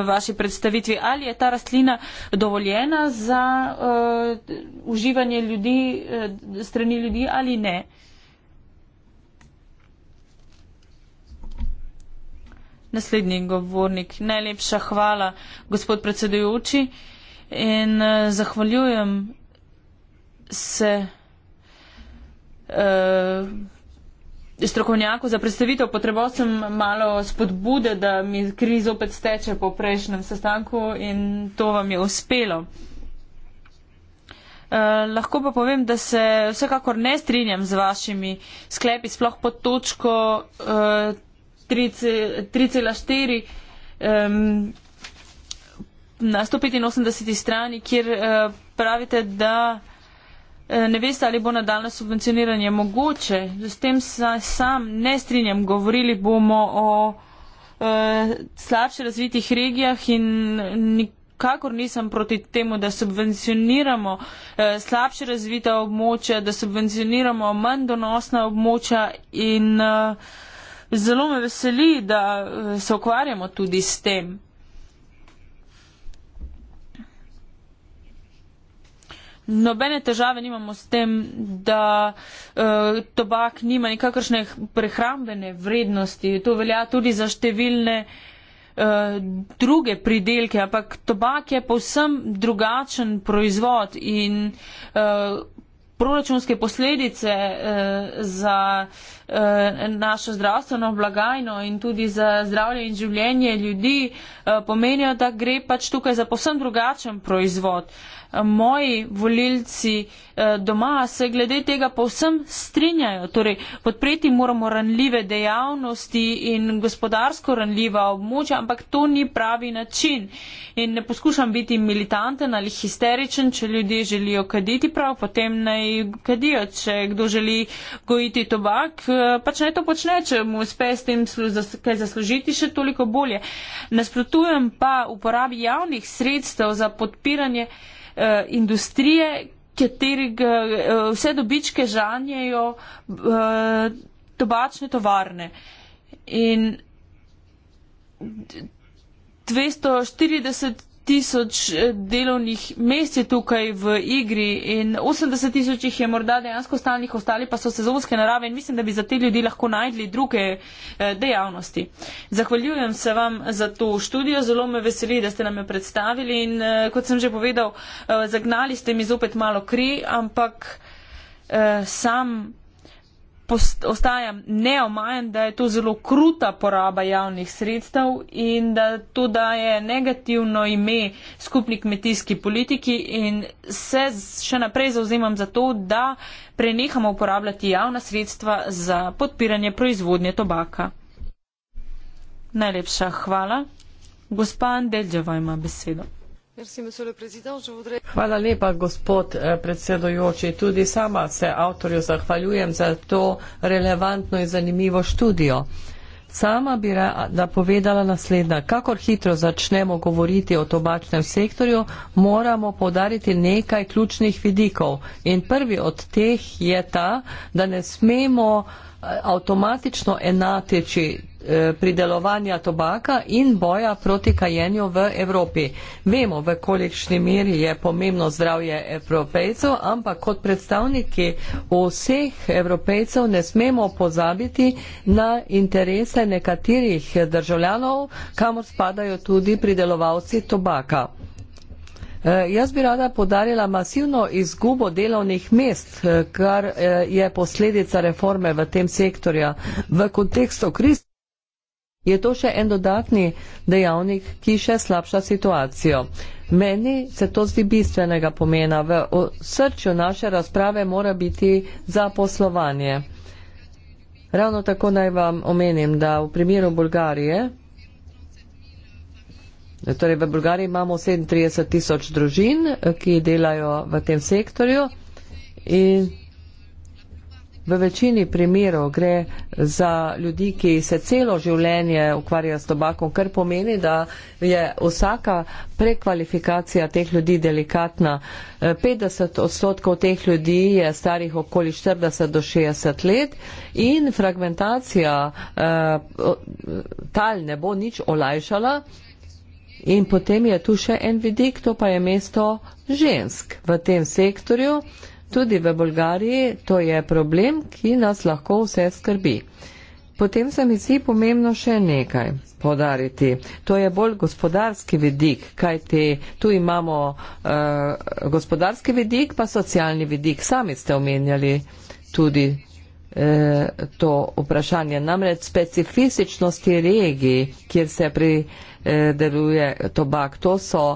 vaši predstavitvi. Ali je ta rastlina dovoljena za uh, uživanje ljudi, eh, strani ljudi ali ne? Naslednji govornik. Najlepša hvala, gospod predsedujoči. In uh, zahvaljujem se. Uh, strokovnjaku za predstavitev. Potreboval sem malo spodbude, da mi kriz opet steče po prejšnjem sestanku in to vam je uspelo. Eh, lahko pa povem, da se vsekakor ne strinjam z vašimi sklepi, sploh pod točko eh, 3,4 eh, na 185 strani, kjer eh, pravite, da. Eh, ne veste, ali bo nadaljno subvencioniranje mogoče. S tem sa, sam ne strinjam. Govorili bomo o eh, slabše razvitih regijah in nikakor nisem proti temu, da subvencioniramo eh, slabše razvita območja, da subvencioniramo manj donosna območja in eh, zelo me veseli, da eh, se okvarjamo tudi s tem. nobene težave nimamo s tem, da e, tobak nima nikakršne prehrambene vrednosti. To velja tudi za številne e, druge pridelke, ampak tobak je povsem drugačen proizvod in e, proračunske posledice e, za e, našo zdravstveno blagajno in tudi za zdravje in življenje ljudi e, pomenijo, da gre pač tukaj za povsem drugačen proizvod. E, moji volilci eh, doma se glede tega povsem strinjajo. Torej, podpreti moramo ranljive dejavnosti in gospodarsko ranljiva območja, ampak to ni pravi način. In ne poskušam biti militanten ali histeričen, če ljudje želijo kaditi prav, potem naj kadijo. Če kdo želi gojiti tobak, eh, pač naj to počne, če mu uspe s tem kaj zaslužiti, še toliko bolje. Nasprotujem pa uporabi javnih sredstev za podpiranje Eh, industrije, kateri ga, eh, vse dobičke žanjejo eh, tobačne tovarne. In 240 tisoč eh, delovnih mest je tukaj v igri in 80 tisoč jih je morda dejansko stalnih, ostali pa so sezonske narave in mislim, da bi za te ljudi lahko najdli druge eh, dejavnosti. Zahvaljujem se vam za to študijo, zelo me veseli, da ste nam jo predstavili in eh, kot sem že povedal, zagnali ste mi zopet malo kri, ampak sam ostajam neomajen, da je to zelo kruta poraba javnih sredstev in da to daje negativno ime skupni kmetijski politiki in se še naprej zauzemam za to, da prenehamo uporabljati javna sredstva za podpiranje proizvodnje tobaka. Najlepša hvala. Gospa Andeljeva ima besedo. Hvala lepa, gospod eh, predsedojoči. Tudi sama se avtorju zahvaljujem za to relevantno in zanimivo študijo. Sama bi rada povedala naslednja. Kakor hitro začnemo govoriti o tobačnem sektorju, moramo podariti nekaj ključnih vidikov. In prvi od teh je ta, da ne smemo eh, avtomatično enateči Eh, pridelovanja tobaka in boja proti kajenju v Evropi. Vemo, v kolikšni meri je pomembno zdravje evropejcev, ampak kot predstavniki vseh evropejcev ne smemo pozabiti na interese nekaterih državljanov, kamor spadajo tudi pridelovalci tobaka. Eh, jaz bi rada podarila masivno izgubo delovnih mest, eh, kar je posledica reforme v tem sektorju v kontekstu krize je to še en dodatni dejavnik, ki še slabša situacijo. Meni se to zdi bistvenega pomena. V srčju naše razprave mora biti zaposlovanje. Ravno tako naj vam omenim, da v primeru Bulgarije, torej v Bulgariji imamo 37 tisoč družin, ki delajo v tem sektorju in V večini primerov gre za ljudi, ki se celo življenje ukvarjajo s tobakom, kar pomeni, da je vsaka prekvalifikacija teh ljudi delikatna. 50 eh, odstotkov teh ljudi je starih okoli 40 do 60 let in fragmentacija eh, tal ne bo nič olajšala. In potem je tu še en vidik, to pa je mesto žensk v tem sektorju. Tudi v Bolgariji to je problem, ki nas lahko vse skrbi. Potem se mi zdi pomembno še nekaj podariti. To je bolj gospodarski vidik, kaj te tu imamo uh, gospodarski vidik, pa socialni vidik. Sami ste omenjali tudi eh, to vprašanje. Namreč specifičnosti regiji, kjer se prideluje eh, tobak, to so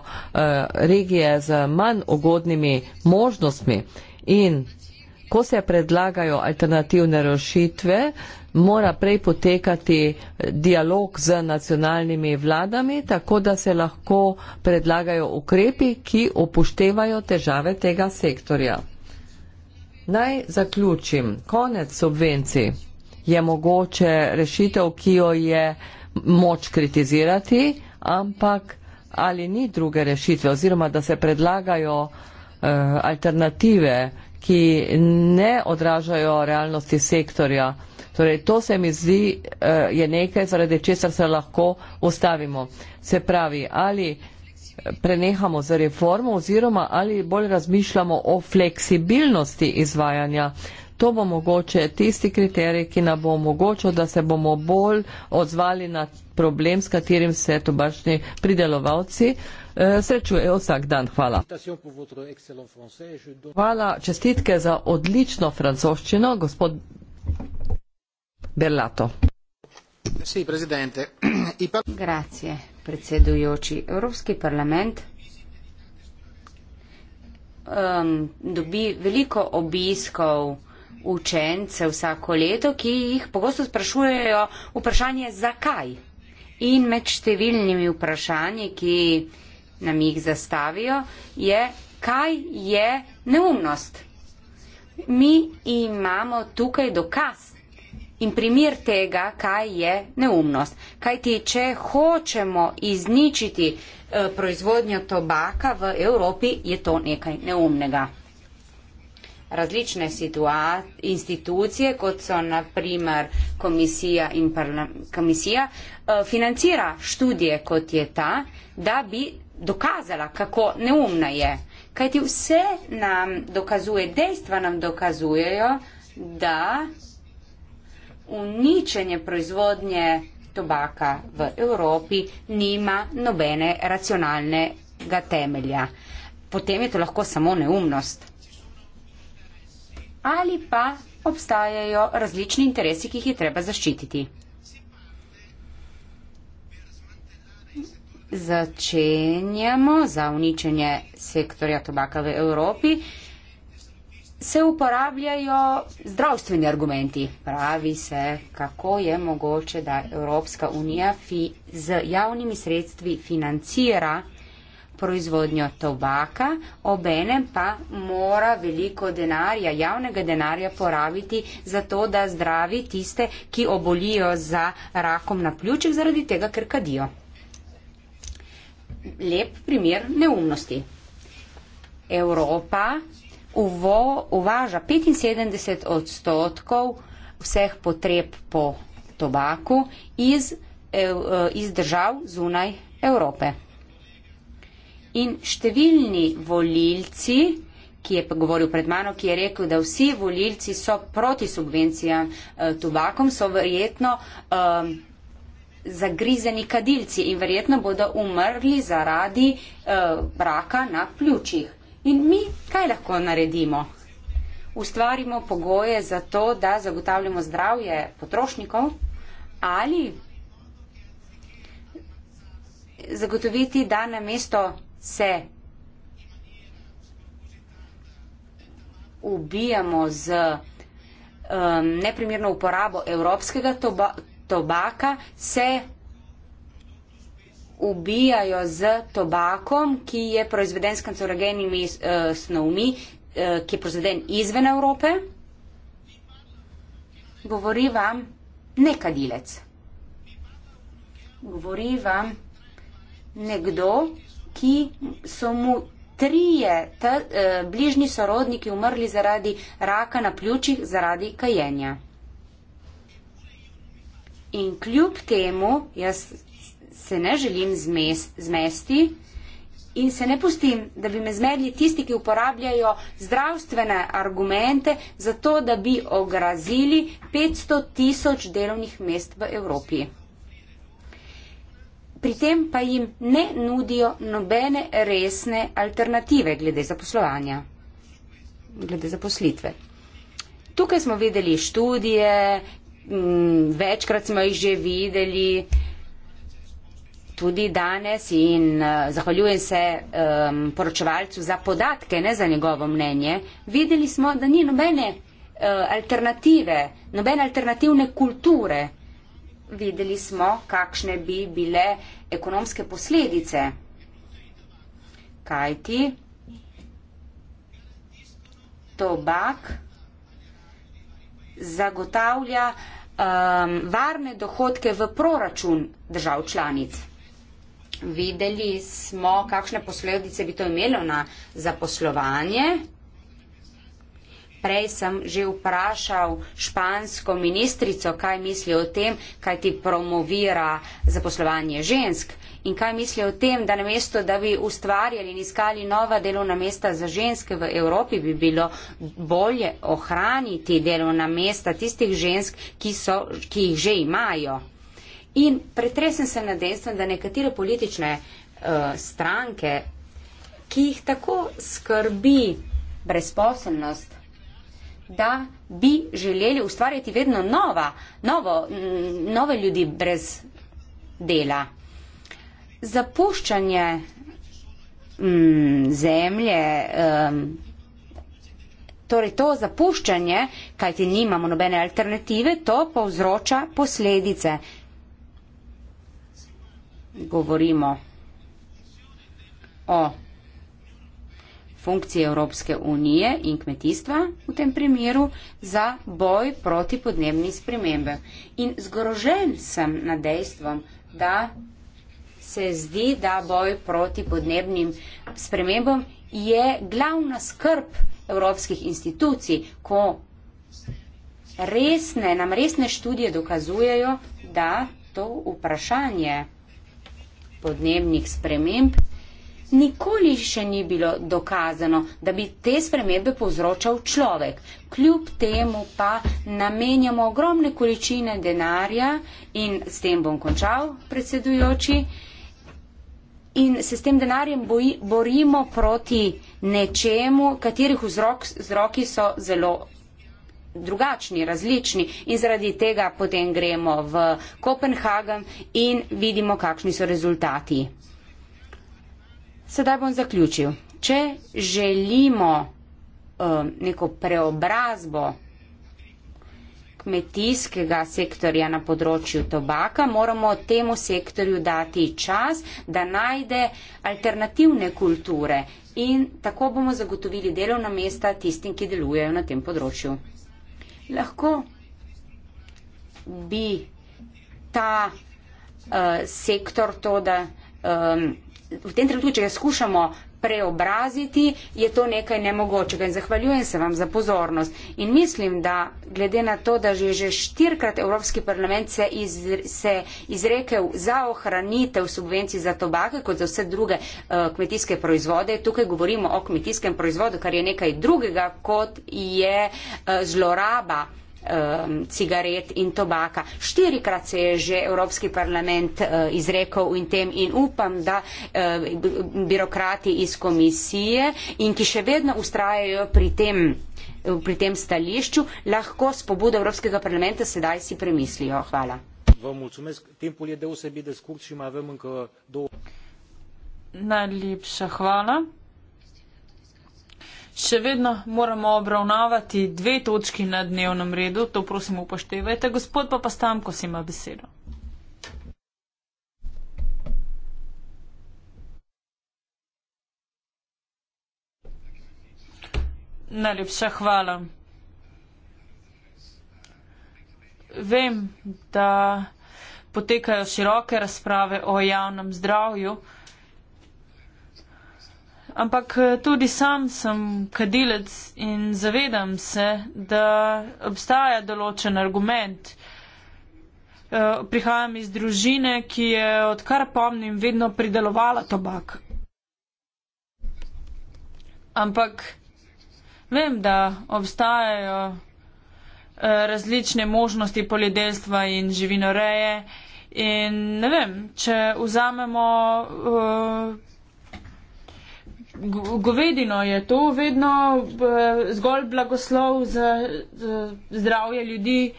regije z manj ugodnimi možnostmi. In ko se predlagajo alternativne rešitve, mora prej potekati dialog z nacionalnimi vladami, tako da se lahko predlagajo ukrepi, ki upoštevajo težave tega sektorja. Naj zaključim. Konec subvencij je mogoče rešitev, ki jo je moč kritizirati, ampak ali ni druge rešitve oziroma da se predlagajo uh, Eh, alternative, ki ne odražajo realnosti sektorja. Torej, to se mi zdi eh, je nekaj, zaradi česar se lahko ustavimo. Se pravi, ali prenehamo z reformo oziroma ali bolj razmišljamo o fleksibilnosti izvajanja. To bo mogoče tisti kriterij, ki nam bo omogočil, da se bomo bolj odzvali na problem, s katerim se tobačni pridelovalci uh, E, srečo, je vsak dan, hvala. Hvala, čestitke za odlično francoščino, gospod Berlato. Grazie, predsedujoči. Evropski parlament um, dobi veliko obiskov učence vsako leto, ki jih pogosto sprašujejo vprašanje zakaj. In med številnimi vprašanji, ki nam jih zastavijo, je, kaj je neumnost. Mi imamo tukaj dokaz in primer tega, kaj je neumnost. Kaj ti, če hočemo izničiti eh, proizvodnjo tobaka v Evropi, je to nekaj neumnega. Različne institucije, kot so naprimer komisija in parlament, komisija, eh, financira študije kot je ta, da bi dokazala, kako neumna je. Kaj ti vse nam dokazuje, dejstva nam dokazujejo, da uničenje proizvodnje tobaka v Evropi nima nobene racionalnega temelja. Potem je to lahko samo neumnost. Ali pa obstajajo različni interesi, ki jih je treba zaščititi. začenjamo za uničenje sektorja tobaka v Evropi, se uporabljajo zdravstveni argumenti. Pravi se, kako je mogoče, da Evropska unija fi, z javnimi sredstvi financira proizvodnjo tobaka, obenem pa mora veliko denarja, javnega denarja porabiti za to, da zdravi tiste, ki obolijo za rakom na pljučih zaradi tega, ker kadijo lep primer neumnosti. Evropa uvo, uvaža 75 odstotkov vseh potreb po tobaku iz, eh, iz držav zunaj Evrope. In številni volilci, ki je govoril pred mano, ki je rekel, da vsi volilci so proti subvencijam eh, tobakom, so verjetno eh, zagrizeni kadilci in verjetno bodo umrli zaradi uh, eh, raka na pljučih. In mi kaj lahko naredimo? Ustvarimo pogoje za to, da zagotavljamo zdravje potrošnikov ali zagotoviti, da na mesto se ubijamo z um, neprimerno uporabo evropskega toba, tobaka se ubijajo z tobakom, ki je proizveden s kancerogenimi uh, snovmi, uh, ki je proizveden izven Evrope. Govori vam nekadilec. Govori vam nekdo, ki so mu trije t, uh, bližnji sorodniki umrli zaradi raka na pljučih, zaradi kajenja. In kljub temu jaz se ne želim zmes, zmesti in se ne pustim, da bi me zmedli tisti, ki uporabljajo zdravstvene argumente za to, da bi ogrozili 500 tisoč delovnih mest v Evropi. Pri tem pa jim ne nudijo nobene resne alternative glede zaposlovanja, glede zaposlitve. Tukaj smo videli študije, m, mm, večkrat smo jih že videli tudi danes in uh, zahvaljujem se um, poročevalcu za podatke, ne za njegovo mnenje. Videli smo, da ni nobene uh, alternative, nobene alternativne kulture. Videli smo, kakšne bi bile ekonomske posledice. Kajti tobak zagotavlja uh, um, varne dohodke v proračun držav članic. Videli smo, kakšne posledice bi to imelo na zaposlovanje. Prej sem že vprašal špansko ministrico, kaj misli o tem, kaj ti promovira zaposlovanje žensk in kaj misli o tem, da namesto, da bi ustvarjali in iskali nova delovna mesta za ženske v Evropi, bi bilo bolje ohraniti delovna mesta tistih žensk, ki, so, ki jih že imajo. In pretresen sem na dejstvo, da nekatere politične uh, stranke, ki jih tako skrbi brezposobnost, da bi želeli ustvarjati vedno nova, novo, nove ljudi brez dela zapuščanje mm, zemlje, um, torej to zapuščanje, kajti nimamo nobene alternative, to povzroča posledice. Govorimo o funkciji Evropske unije in kmetijstva v tem primeru za boj proti podnebni spremembe. In zgrožen sem nad dejstvom, da se zdi, da boj proti podnebnim spremembam je glavna skrb evropskih institucij, ko resne, nam resne študije dokazujejo, da to vprašanje podnebnih sprememb nikoli še ni bilo dokazano, da bi te spremembe povzročal človek. Kljub temu pa namenjamo ogromne količine denarja in s tem bom končal, predsedujoči in se s tem denarjem boji, borimo proti nečemu, katerih vzrok, vzroki so zelo drugačni, različni in zaradi tega potem gremo v Kopenhagen in vidimo, kakšni so rezultati. Sedaj bom zaključil. Če želimo um, neko preobrazbo kmetijskega sektorja na področju tobaka, moramo temu sektorju dati čas, da najde alternativne kulture in tako bomo zagotovili delovna mesta tistim, ki delujejo na tem področju. Lahko bi ta uh, sektor to, da um, v tem trenutku, če ga skušamo preobraziti, je to nekaj nemogočega. In zahvaljujem se vam za pozornost. In mislim, da glede na to, da že, že štirkrat Evropski parlament se, iz, se izrekel za ohranitev subvencij za tobake, kot za vse druge uh, kmetijske proizvode, tukaj govorimo o kmetijskem proizvodu, kar je nekaj drugega, kot je uh, zloraba um, cigaret in tobaka. Štirikrat se je že Evropski parlament uh, izrekel in tem in upam, da uh, birokrati iz komisije in ki še vedno ustrajajo pri tem, uh, pri tem stališču, lahko s pobudo Evropskega parlamenta sedaj si premislijo. Hvala. E Najlepša hvala. Še vedno moramo obravnavati dve točki na dnevnem redu, to prosim upoštevajte. Gospod pa pa stam, ko si ima besedo. Najlepša hvala. Vem, da potekajo široke razprave o javnem zdravju ampak eh, tudi sam sem kadilec in zavedam se, da obstaja določen argument. Eh, prihajam iz družine, ki je odkar pomnim vedno pridelovala tobak. Ampak vem, da obstajajo eh, različne možnosti poljedelstva in živinoreje. In ne vem, če vzamemo uh, govedino je to vedno eh, zgolj blagoslov za zdravje ljudi.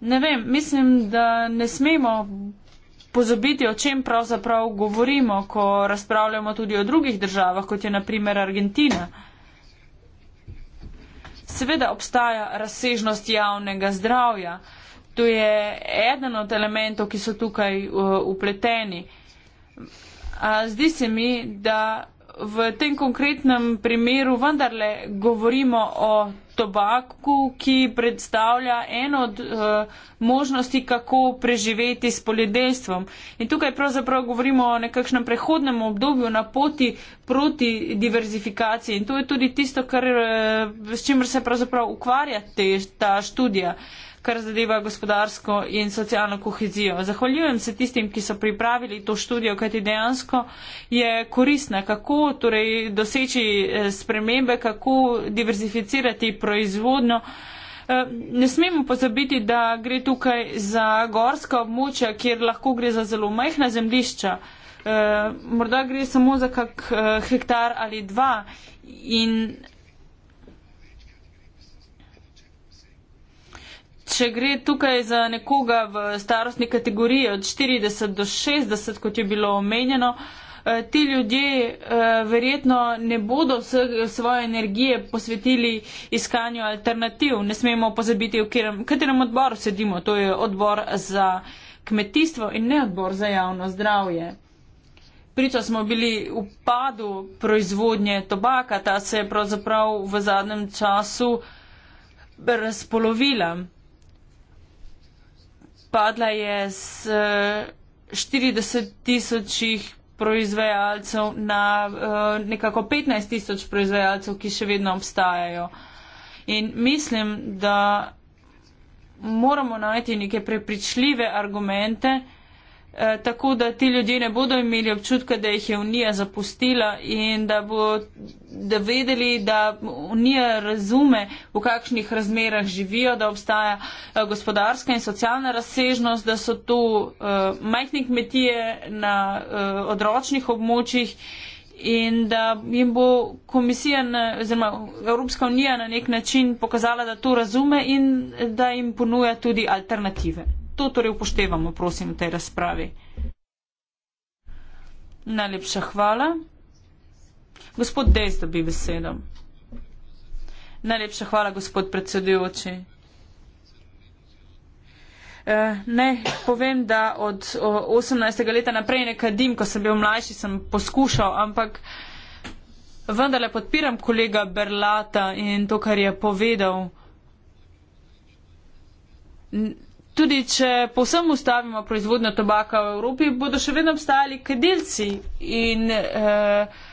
Ne vem, mislim, da ne smemo pozabiti, o čem pravzaprav govorimo, ko razpravljamo tudi o drugih državah, kot je naprimer Argentina. Seveda obstaja razsežnost javnega zdravja. To je eden od elementov, ki so tukaj upleteni. Eh, A, zdi se mi, da v tem konkretnem primeru vendarle govorimo o tobaku, ki predstavlja eno od e, možnosti, kako preživeti s poljedelstvom. In tukaj pravzaprav govorimo o nekakšnem prehodnem obdobju na poti proti diverzifikaciji. In to je tudi tisto, kar, e, s čimer se pravzaprav ukvarja te, ta študija. E, kar zadeva gospodarsko in socialno kohezijo. Zahvaljujem se tistim, ki so pripravili to študijo, kajti dejansko je koristna, kako torej doseči eh, spremembe, kako diverzificirati proizvodno. Eh, ne smemo pozabiti, da gre tukaj za gorska območja, kjer lahko gre za zelo majhna zemlišča. Eh, morda gre samo za kak hektar ali dva. In Če gre tukaj za nekoga v starostni kategoriji od 40 do 60, kot je bilo omenjeno, eh, ti ljudje eh, verjetno ne bodo vse svoje energije posvetili iskanju alternativ. Ne smemo pozabiti, v katerem, katerem odboru sedimo. To je odbor za kmetijstvo in ne odbor za javno zdravje. Priča smo bili v padu proizvodnje tobaka, ta se je pravzaprav v zadnjem času razpolovila izpadla je z 40 eh, tisočih proizvajalcev na eh, nekako 15 tisoč proizvajalcev, ki še vedno obstajajo. In mislim, da moramo najti neke prepričljive argumente, Eh, tako da ti ljudje ne bodo imeli občutka, da jih je Unija zapustila in da bo da vedeli, da Unija razume, v kakšnih razmerah živijo, da obstaja eh, gospodarska in socialna razsežnost, da so tu uh, eh, majhne kmetije na uh, odročnih območjih in da jim bo komisija, na, oziroma Evropska unija na nek način pokazala, da to razume in da jim ponuja tudi alternative. To torej upoštevamo, prosim, v tej razpravi. Najlepša hvala. Gospod Dejs dobi besedo. Najlepša hvala, gospod predsedujoči. Eh, ne, povem, da od 18. leta naprej nekaj dim, ko sem bil mlajši, sem poskušal, ampak vendarle podpiram kolega Berlata in to, kar je povedal tudi če povsem ustavimo proizvodnjo tobaka v Evropi, bodo še vedno obstajali kadilci. In eh,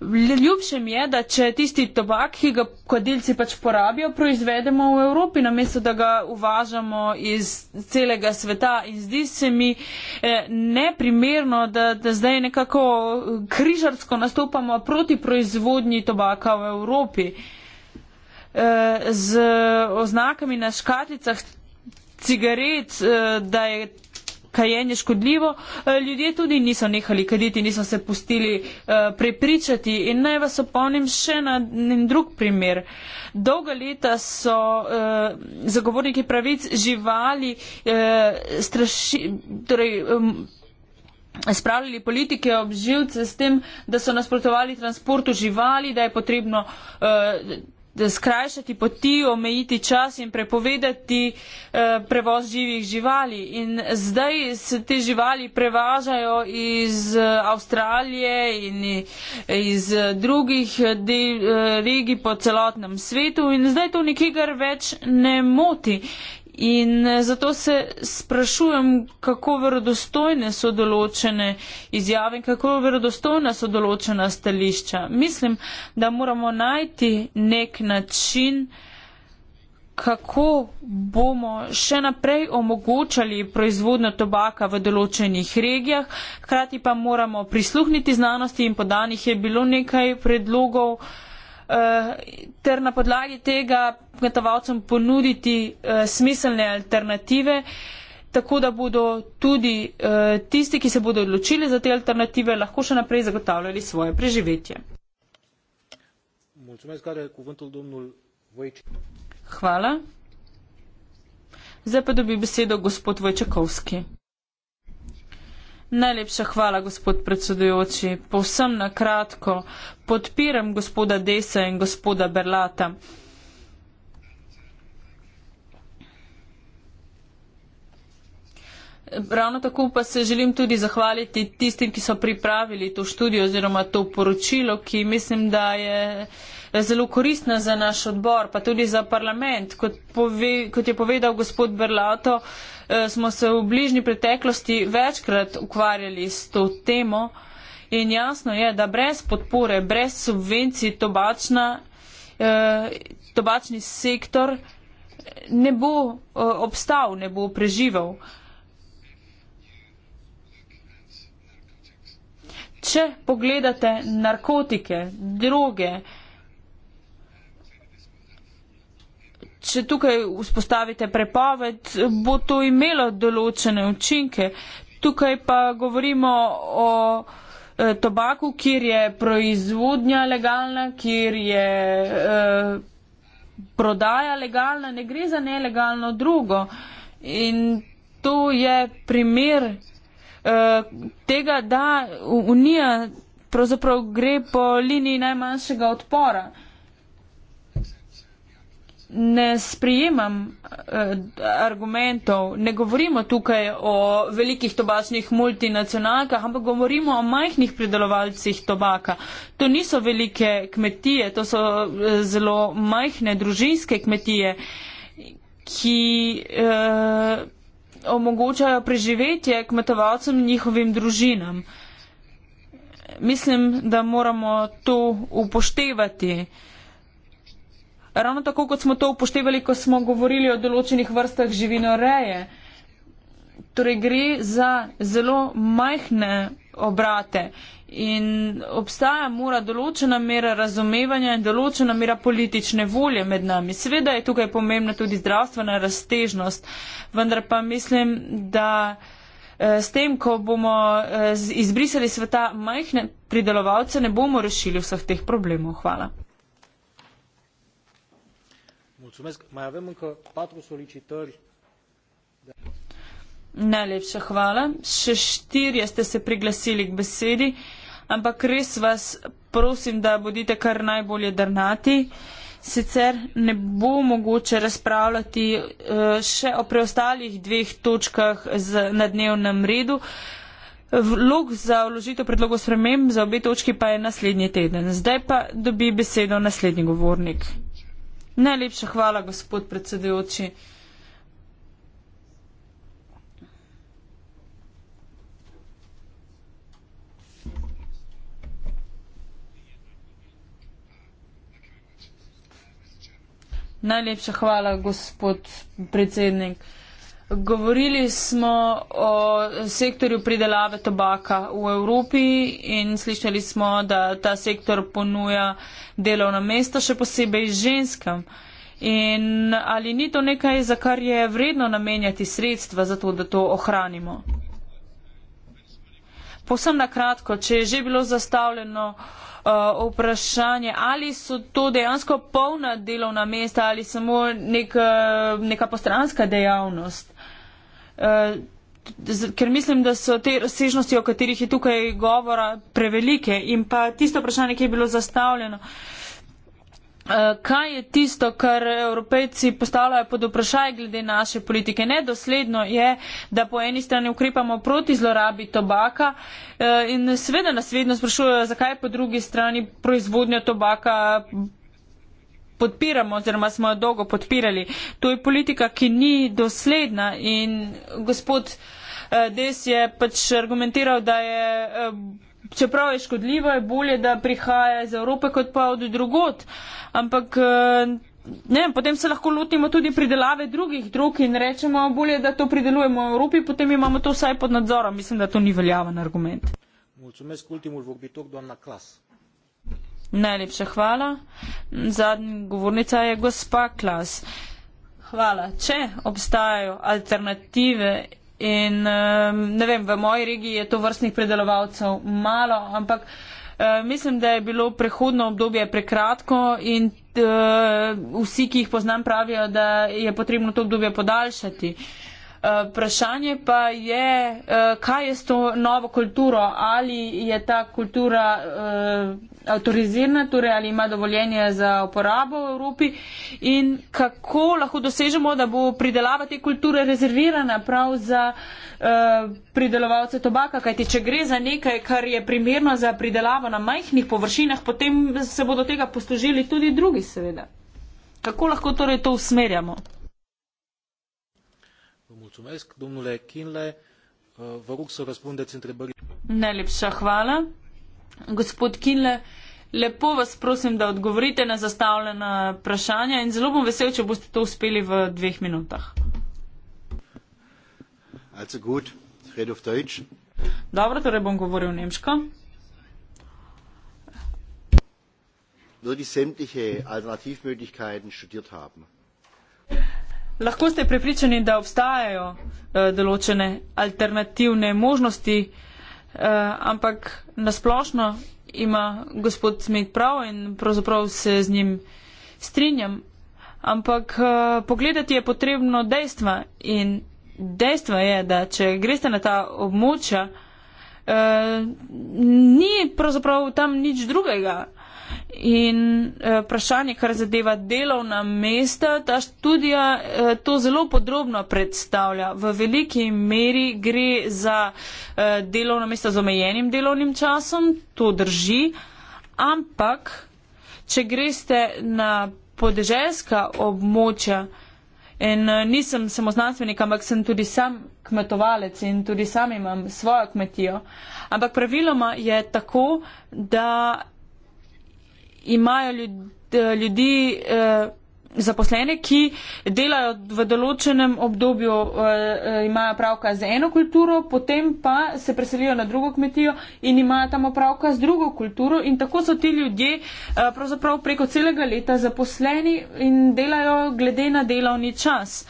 ljubšem je, da če tisti tobak, ki ga kadilci pač porabijo, proizvedemo v Evropi, namesto da ga uvažamo iz celega sveta. In zdi se mi eh, neprimerno, da, da zdaj nekako križarsko nastopamo proti proizvodnji tobaka v Evropi. Eh, z oznakami na škatlicah cigaret, eh, da je kajenje škodljivo, eh, ljudje tudi niso nehali kaditi, niso se pustili eh, prepričati in naj vas opomnim še na en drug primer. Dolga leta so zagovorniki pravic živali straši, torej, spravljali politike obživce s tem, da so nasprotovali transportu živali, da je potrebno skrajšati poti, omejiti čas in prepovedati eh, prevoz živih živali. In zdaj se te živali prevažajo iz eh, Avstralije in iz eh, drugih regij po celotnem svetu in zdaj to nikigar več ne moti. In eh, zato se sprašujem, kako verodostojne so določene izjave in kako verodostojna so določena stališča. Mislim, da moramo najti nek način, kako bomo še naprej omogočali proizvodno tobaka v določenih regijah, hkrati pa moramo prisluhniti znanosti in podanih je bilo nekaj predlogov. Eh, ter na podlagi tega kmetovalcem ponuditi eh, smiselne alternative, tako da bodo tudi eh, tisti, ki se bodo odločili za te alternative, lahko še naprej zagotavljali svoje preživetje. Hvala. Zdaj pa dobi besedo gospod Vojčakovski. Najlepša hvala, gospod predsedujoči. Povsem na kratko, podpiram gospoda Desa in gospoda Berlata. Ravno tako pa se želim tudi zahvaliti tistim, ki so pripravili to študijo oziroma to poročilo, ki mislim, da je zelo koristna za naš odbor, pa tudi za parlament. Kot, pove, kot je povedal gospod Berlato, eh, Eh, smo se v bližnji preteklosti večkrat ukvarjali s to temo in jasno je, da brez podpore, brez subvencij tobačna, eh, tobačni sektor ne bo eh, obstal, ne bo preživel. Če pogledate narkotike, droge, če tukaj vzpostavite prepoved, bo to imelo določene učinke. Tukaj pa govorimo o e, tobaku, kjer je proizvodnja legalna, kjer je e, prodaja legalna, ne gre za nelegalno drugo. In to je primer e, tega, da Unija pravzaprav gre po liniji najmanjšega odpora ne sprijemam eh, argumentov. Ne govorimo tukaj o velikih tobačnih multinacionalkah, ampak govorimo o majhnih pridelovalcih tobaka. To niso velike kmetije, to so eh, zelo majhne družinske kmetije, ki eh, omogočajo preživetje kmetovalcem in njihovim družinam. Mislim, da moramo to upoštevati. Eh, ravno tako, kot smo to upoštevali, ko smo govorili o določenih vrstah živinoreje. Torej gre za zelo majhne obrate in obstaja mora določena mera razumevanja in določena mera politične volje med nami. Sveda je tukaj pomembna tudi zdravstvena raztežnost, vendar pa mislim, da eh, s tem, ko bomo eh, izbrisali sveta majhne pridelovalce, ne bomo rešili vseh teh problemov. Hvala mai avem încă patru solicitări Najlepša hvala. Še štirje ste se priglasili k besedi, ampak res vas prosim, da bodite kar najbolje drnati. Sicer ne bo mogoče razpravljati eh, še o preostalih dveh točkah na dnevnem redu. Vlog za vložitev predlogov sprememb za obe točki pa je naslednji teden. Zdaj pa dobi besedo naslednji govornik. Najlepša hvala, gospod predsedujoči. Najlepša hvala, gospod predsednik. Govorili smo o sektorju pridelave tobaka v Evropi in slišali smo, da ta sektor ponuja delovna mesta, še posebej ženskam. In ali ni to nekaj, za kar je vredno namenjati sredstva, zato da to ohranimo? Posem na kratko, če je že bilo zastavljeno uh, vprašanje, ali so to dejansko polna delovna mesta ali samo nek, uh, neka postranska dejavnost. Eh, ker mislim, da so te razsežnosti, o katerih je tukaj govora, prevelike. In pa tisto vprašanje, ki je bilo zastavljeno. Eh, kaj je tisto, kar evropejci postavljajo pod vprašaj glede naše politike? Nedosledno je, da po eni strani ukrepamo proti zlorabi tobaka eh, in seveda nas vedno sprašujejo, zakaj po drugi strani proizvodnjo tobaka podpiramo oziroma smo jo dolgo podpirali. To je politika, ki ni dosledna in gospod eh, Des je pač argumentiral, da je, eh, čeprav je škodljiva, je bolje, da prihaja iz Evrope kot pa od drugot. Ampak eh, ne, potem se lahko lotimo tudi pridelave drugih drug in rečemo, bolje, da to pridelujemo v Evropi, potem imamo to vsaj pod nadzorom. Mislim, da to ni veljaven argument. Mulțumesc ultimul vorbitor, doamna Clas. Najlepša hvala. Zadnja govornica je gospa Klas. Hvala. Če obstajajo alternative in um, ne vem, v moji regiji je to vrstnih predelovalcev malo, ampak uh, mislim, da je bilo prehodno obdobje prekratko in uh, vsi, ki jih poznam, pravijo, da je potrebno to obdobje podaljšati. Eh, vprašanje pa je, eh, kaj je s to novo kulturo, ali je ta kultura eh, avtorizirana, torej ali ima dovoljenje za uporabo v Evropi in kako lahko dosežemo, da bo pridelava te kulture rezervirana prav za pridelovalce tobaka, kajti če gre za nekaj, kar je primerno za pridelavo na majhnih površinah, potem se bodo tega poslužili tudi drugi, seveda. Kako lahko torej to usmerjamo? mulțumesc. Domnule Kinle, vă rog să răspundeți întrebările. Nelipsa hvala. Gospod Kinle, lepo vas prosim, da odgovorite na zastavljena vprašanja in zelo bom vesel, če boste to uspeli v dveh minutah. Also gut, red auf Deutsch. Dobro, torej bom govoril nemško. Würde ich sämtliche Alternativmöglichkeiten studiert haben. Lahko ste prepričani, da obstajajo eh, določene alternativne možnosti, eh, ampak nasplošno ima gospod Smet prav in pravzaprav se z njim strinjam. Ampak eh, pogledati je potrebno dejstva in dejstva je, da če greste na ta območja, eh, ni pravzaprav tam nič drugega In eh, vprašanje, kar zadeva delovna mesta, ta študija eh, to zelo podrobno predstavlja. V veliki meri gre za eh, delovna mesta z omejenim delovnim časom, to drži, ampak če greste na podeželska območja, in nisem samo znanstvenik, ampak sem tudi sam kmetovalec in tudi sam imam svojo kmetijo, ampak praviloma je tako, da imajo eh, ljudi eh, zaposlene, ki delajo v določenem obdobju, eh, imajo pravka z eno kulturo, potem pa se preselijo na drugo kmetijo in imajo tam pravka z drugo kulturo in tako so ti ljudje pravzaprav preko celega leta zaposleni in delajo glede na delovni čas.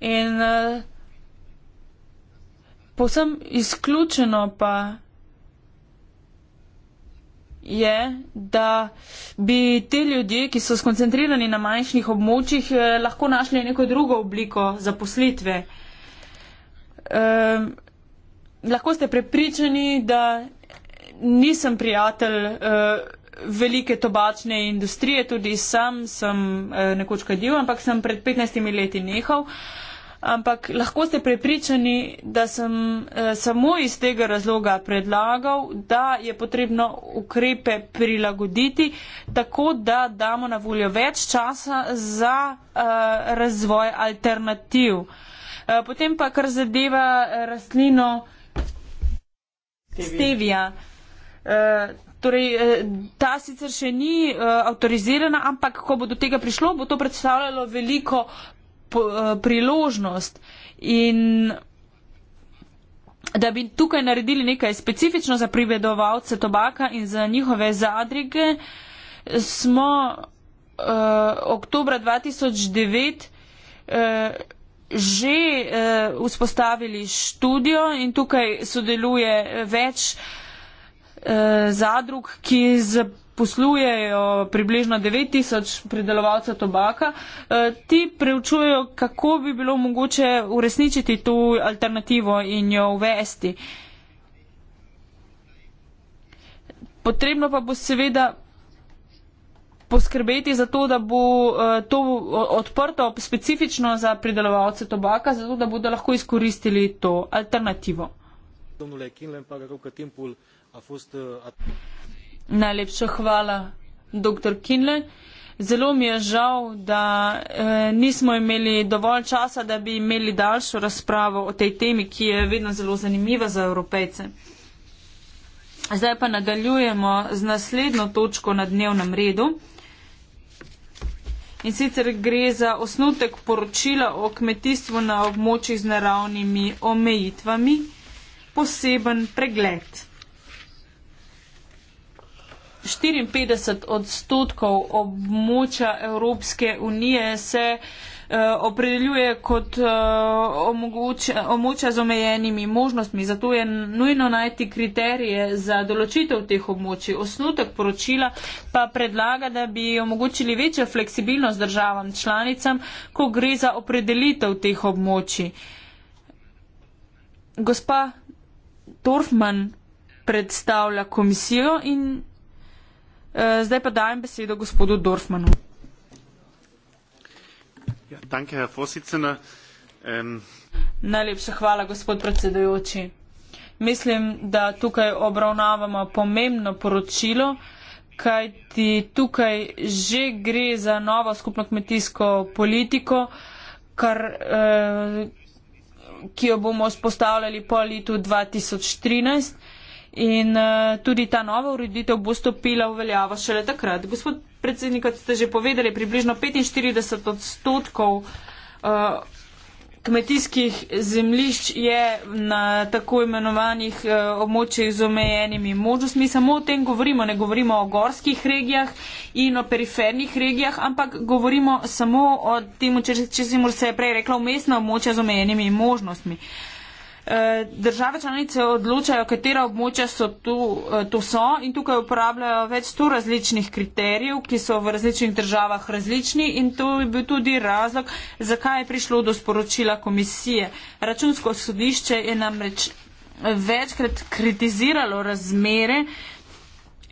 In uh, povsem izključeno pa je, da bi te ljudje, ki so skoncentrirani na manjših območjih, eh, lahko našli neko drugo obliko zaposlitve. Eh, lahko ste prepričani, da nisem prijatelj eh, velike tobačne industrije, tudi sam sem eh, nekoč kadil, ampak sem pred 15 leti nehal. Eh, ampak lahko ste prepričani, da sem eh, samo iz tega razloga predlagal, da je potrebno ukrepe prilagoditi, tako da damo na voljo več časa za eh, razvoj alternativ. Eh, potem pa, kar zadeva eh, rastlino stevija. Eh, torej, eh, ta sicer še ni uh, avtorizirana, ampak ko bo do tega prišlo, bo to predstavljalo veliko Eh, priložnost in da bi tukaj naredili nekaj specifično za privedovalce tobaka in za njihove zadrige, smo uh, oktobra 2009 uh, eh, že eh, vzpostavili študijo in tukaj sodeluje več eh, zadrug, ki z poslujejo približno 9000 pridelovalcev tobaka. E, ti preučujejo, kako bi bilo mogoče uresničiti to alternativo in jo uvesti. Potrebno pa bo seveda poskrbeti za to, da bo e, to odprto specifično za pridelovalce tobaka, zato da bodo lahko izkoristili to alternativo. Domnule Kinlen, pa kako Katimpul, a fost atent. Najlepša hvala, dr. Kinle. Zelo mi je žal, da eh, nismo imeli dovolj časa, da bi imeli daljšo razpravo o tej temi, ki je vedno zelo zanimiva za evropejce. Zdaj pa nadaljujemo z naslednjo točko na dnevnem redu. In sicer gre za osnutek poročila o kmetijstvu na območjih z naravnimi omejitvami, poseben pregled. 54 odstotkov območja Evropske unije se eh, opredeljuje kot eh, območja z omejenimi možnostmi. Zato je nujno najti kriterije za določitev teh območij. Osnutek poročila pa predlaga, da bi omogočili večjo fleksibilnost državam članicam, ko gre za opredelitev teh območij. Gospa Torfman predstavlja komisijo in Eh, zdaj pa dajem besedo gospodu Dorfmanu. Ja, danke, herr Vorsitzender. Um... Najlepša hvala, gospod predsedujoči. Mislim, da tukaj obravnavamo pomembno poročilo, kaj ti tukaj že gre za novo skupno kmetijsko politiko, kar, eh, ki jo bomo spostavljali po letu 2013 in uh, tudi ta nova ureditev bo stopila v veljavo šele takrat. Gospod predsednik, kot ste že povedali, približno 45 odstotkov uh, kmetijskih zemljišč je na tako imenovanih uh, območjih z omejenimi možnostmi. Samo o tem govorimo, ne govorimo o gorskih regijah in o perifernih regijah, ampak govorimo samo o tem, če, če se je prej rekla, omestna območja z omejenimi možnostmi. Uh, države članice odločajo, katera območja so tu, eh, tu so in tukaj uporabljajo več sto različnih kriterijev, ki so v različnih državah različni in to je bil tudi razlog, zakaj je prišlo do sporočila komisije. Računsko sodišče je namreč večkrat kritiziralo razmere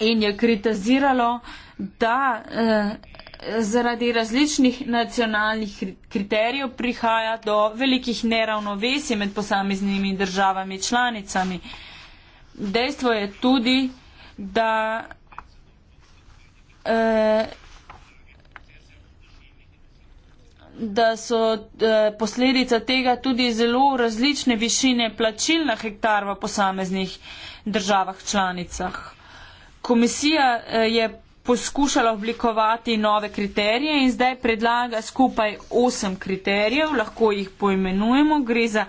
in je kritiziralo, da. Eh, zaradi različnih nacionalnih kriterijev prihaja do velikih neravnovesij med posameznimi državami članicami. Dejstvo je tudi, da eh, da so eh, posledica tega tudi zelo različne višine plačil na hektar v posameznih državah članicah. Komisija eh, je poskušala oblikovati nove kriterije in zdaj predlaga skupaj osem kriterijev, lahko jih poimenujemo. Gre za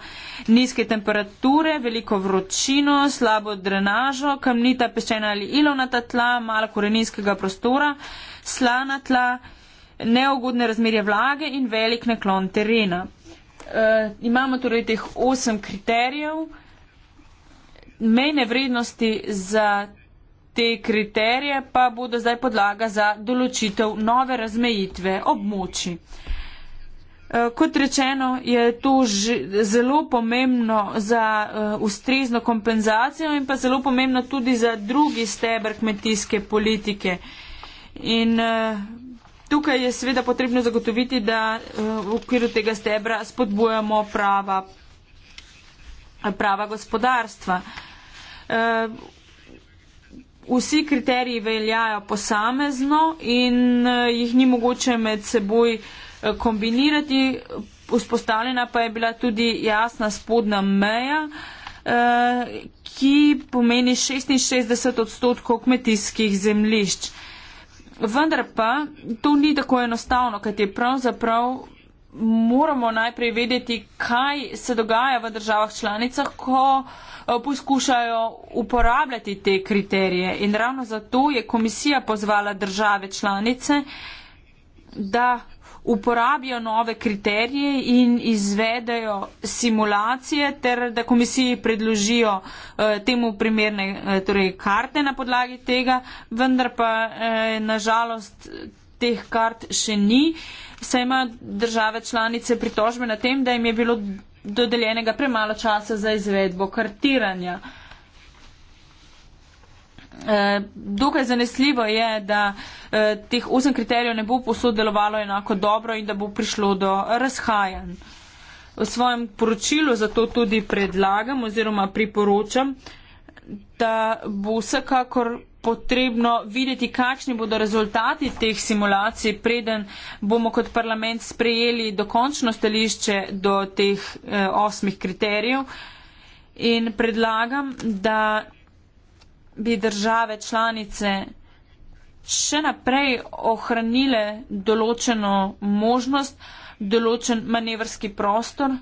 nizke temperature, veliko vročino, slabo drenažo, kamnita, peščena ali ilovnata tla, malo koreninskega prostora, slana tla, neugodne razmerje vlage in velik naklon terena. E, imamo torej teh osem kriterijev. Mejne vrednosti za Te kriterije pa bodo zdaj podlaga za določitev nove razmejitve območji. Eh, kot rečeno, je to zelo pomembno za eh, ustrezno kompenzacijo in pa zelo pomembno tudi za drugi steber kmetijske politike. In eh, tukaj je seveda potrebno zagotoviti, da v okviru tega stebra spodbujamo prava, prava gospodarstva vsi kriteriji veljajo posamezno in eh, jih ni mogoče med seboj eh, kombinirati. Vzpostavljena pa je bila tudi jasna spodna meja, eh, ki pomeni 66 odstotkov kmetijskih zemlišč. Vendar pa to ni tako enostavno, kajti pravzaprav moramo najprej vedeti, kaj se dogaja v državah članicah, ko eh, poskušajo uporabljati te kriterije. In ravno zato je komisija pozvala države članice, da uporabijo nove kriterije in izvedejo simulacije, ter da komisiji predložijo eh, temu primerne eh, torej karte na podlagi tega, vendar pa eh, nažalost teh kart še ni. Eh, saj imajo države članice pritožbe na tem, da jim je bilo dodeljenega premalo časa za izvedbo kartiranja. Eh, dokaj zanesljivo je, da eh, teh osem kriterijev ne bo posod delovalo enako dobro in da bo prišlo do razhajanj. V svojem poročilu zato tudi predlagam oziroma priporočam, da bo vsekakor potrebno videti, kakšni bodo rezultati teh simulacij, preden bomo kot parlament sprejeli dokončno stališče do teh eh, osmih kriterijev. In predlagam, da bi države članice še naprej ohranile določeno možnost, določen manevrski prostor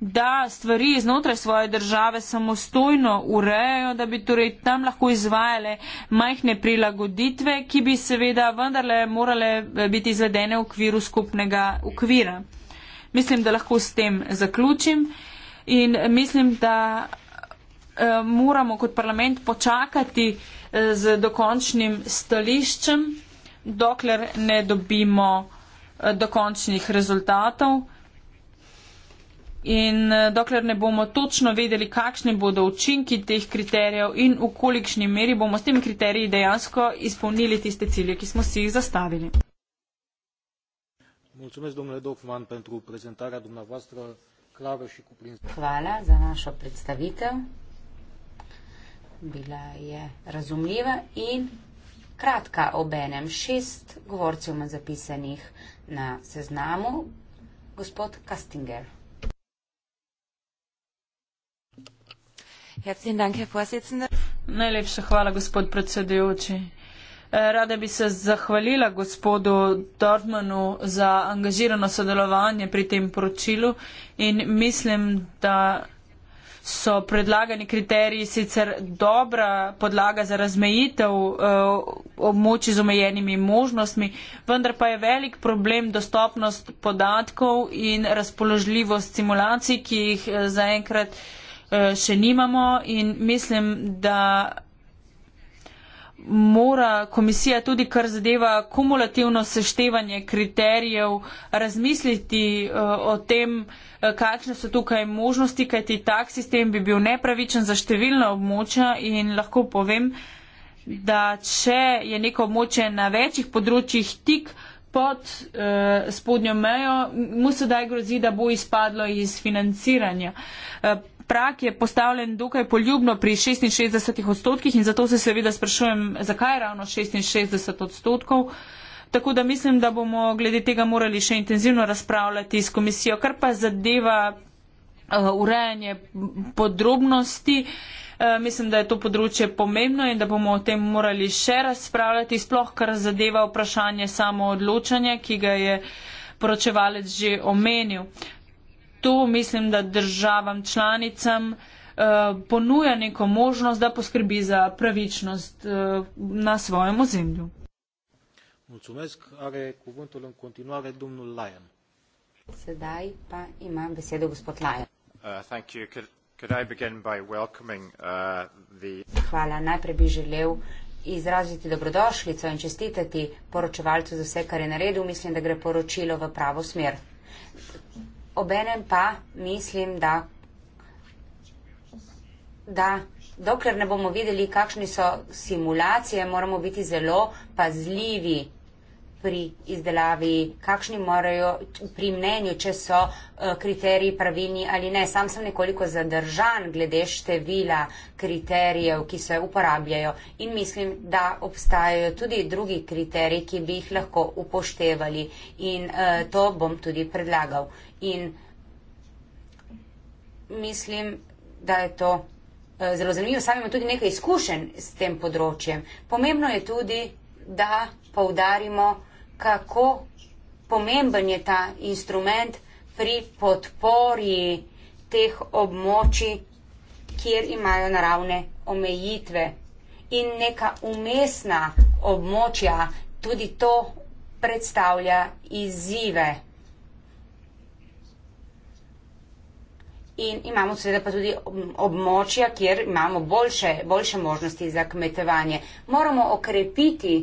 da stvari znotraj svoje države samostojno urejajo, da bi torej tam lahko izvajale majhne prilagoditve, ki bi seveda vendarle morale eh, biti izvedene v okviru skupnega okvira. Mislim, da lahko s tem zaključim in mislim, da eh, moramo kot parlament počakati eh, z dokončnim stališčem, dokler ne dobimo dokončnih rezultatov in eh, dokler ne bomo točno vedeli, kakšni bodo učinki teh kriterijev in v kolikšni meri bomo s temi kriteriji dejansko izpolnili tiste cilje, ki smo si jih zastavili. Hvala za našo predstavitev. Bila je razumljiva in kratka obenem. Šest govorcev ima zapisanih na seznamu. Gospod Kastinger. Herzlichen Dank, Herr Vorsitzender. Najlepša hvala, gospod predsedujoči. Eh, rada bi se zahvalila gospodu Dortmanu za angažirano sodelovanje pri tem poročilu in mislim, da so predlagani kriteriji sicer dobra podlaga za razmejitev eh, območij z omejenimi možnostmi, vendar pa je velik problem dostopnost podatkov in razpoložljivost simulacij, ki jih eh, zaenkrat. Eh, še nimamo in mislim, da mora komisija tudi, kar zadeva kumulativno seštevanje kriterijev, razmisliti eh, o tem, eh, kakšne so tukaj možnosti, kajti tak sistem bi bil nepravičen za številna območja in lahko povem, da če je neko območje na večjih področjih tik pod eh, spodnjo mejo, mu se daj grozi, da bo izpadlo iz financiranja. Eh, prak je postavljen dokaj poljubno pri 66 odstotkih in zato se seveda sprašujem, zakaj je ravno 66 odstotkov. Tako da mislim, da bomo glede tega morali še intenzivno razpravljati s komisijo, kar pa zadeva uh, urejanje podrobnosti. Eh, mislim, da je to področje pomembno in da bomo o tem morali še razpravljati, sploh kar zadeva vprašanje samo odločanja, ki ga je poročevalec že omenil. Uh, to mislim, da državam članicam eh, ponuja neko možnost, da poskrbi za pravičnost eh, na svojem ozemlju. Mulțumesc, are cuvântul în continuare domnul Lion. Sedai pa ima besedo gospod Lion. Uh, thank you. Could, could I begin by welcoming uh, the... Hvala, najprej bi želel izraziti dobrodošlico in čestitati poročevalcu za vse, kar je naredil. Mislim, da gre poročilo v pravo smer obenem pa mislim, da, da dokler ne bomo videli, kakšni so simulacije, moramo biti zelo pazljivi pri izdelavi, kakšni morajo pri mnenju, če so eh, kriteriji pravilni ali ne. Sam sem nekoliko zadržan glede števila kriterijev, ki se uporabljajo in mislim, da obstajajo tudi drugi kriteriji, ki bi jih lahko upoštevali in uh, to bom tudi predlagal. In mislim, da je to uh, zelo zanimivo. Sam imam tudi nekaj izkušenj s tem področjem. Pomembno je tudi, da poudarimo, kako pomemben je ta instrument pri podpori teh območij, kjer imajo naravne omejitve in neka umestna območja tudi to predstavlja izzive. In imamo seveda pa tudi območja, kjer imamo boljše, boljše možnosti za kmetovanje. Moramo okrepiti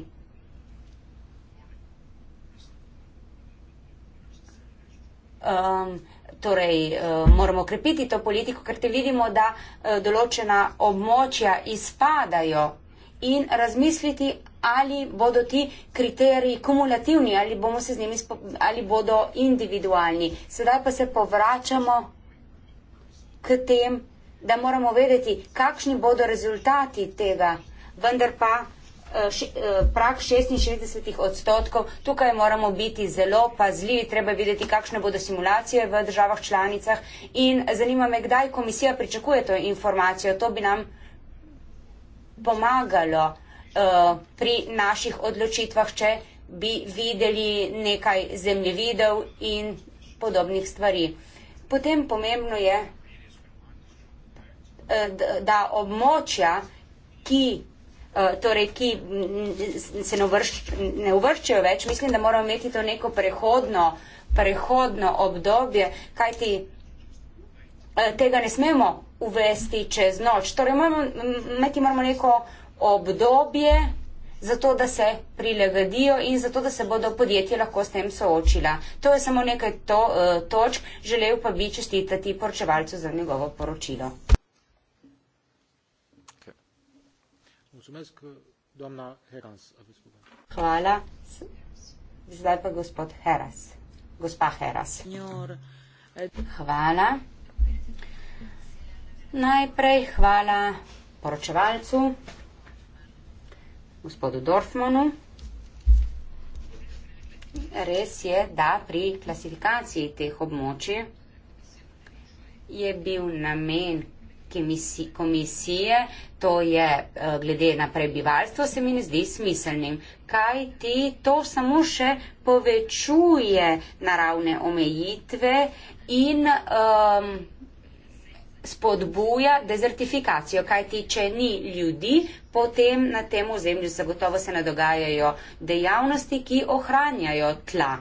um, torej uh, moramo krepiti to politiko, ker te vidimo, da uh, določena območja izpadajo in razmisliti, ali bodo ti kriteriji kumulativni, ali bomo se z njimi, ali bodo individualni. Sedaj pa se povračamo k tem, da moramo vedeti, kakšni bodo rezultati tega, vendar pa Eh, eh, prak 66 odstotkov. Tukaj moramo biti zelo pazljivi, treba videti, kakšne bodo simulacije v državah članicah. In zanima me, kdaj komisija pričakuje to informacijo. To bi nam pomagalo uh, pri naših odločitvah, če bi videli nekaj zemljevidov in podobnih stvari. Potem pomembno je, da območja, ki Eh, torej, ki se ne, uvrš, ne uvrščajo več. Mislim, da moramo imeti to neko prehodno, prehodno obdobje, kajti eh, tega ne smemo uvesti čez noč. Torej, moramo, imeti moramo neko obdobje zato da se prilagodijo in zato da se bodo podjetje lahko s tem soočila. To je samo nekaj to, uh, točk, želel pa bi čestitati poročevalcu za njegovo poročilo. Hvala. Zdaj pa gospod Heras. Gospa Heras. Hvala. Najprej hvala poročevalcu, gospodu Dorfmanu. Res je, da pri klasifikaciji teh območij je bil namen komisije, to je eh, glede na prebivalstvo, se mi ne zdi smiselnim, kaj ti to samo še povečuje naravne omejitve in um, spodbuja dezertifikacijo, kaj ti, če ni ljudi, potem na tem ozemlju zagotovo se ne dogajajo dejavnosti, ki ohranjajo tla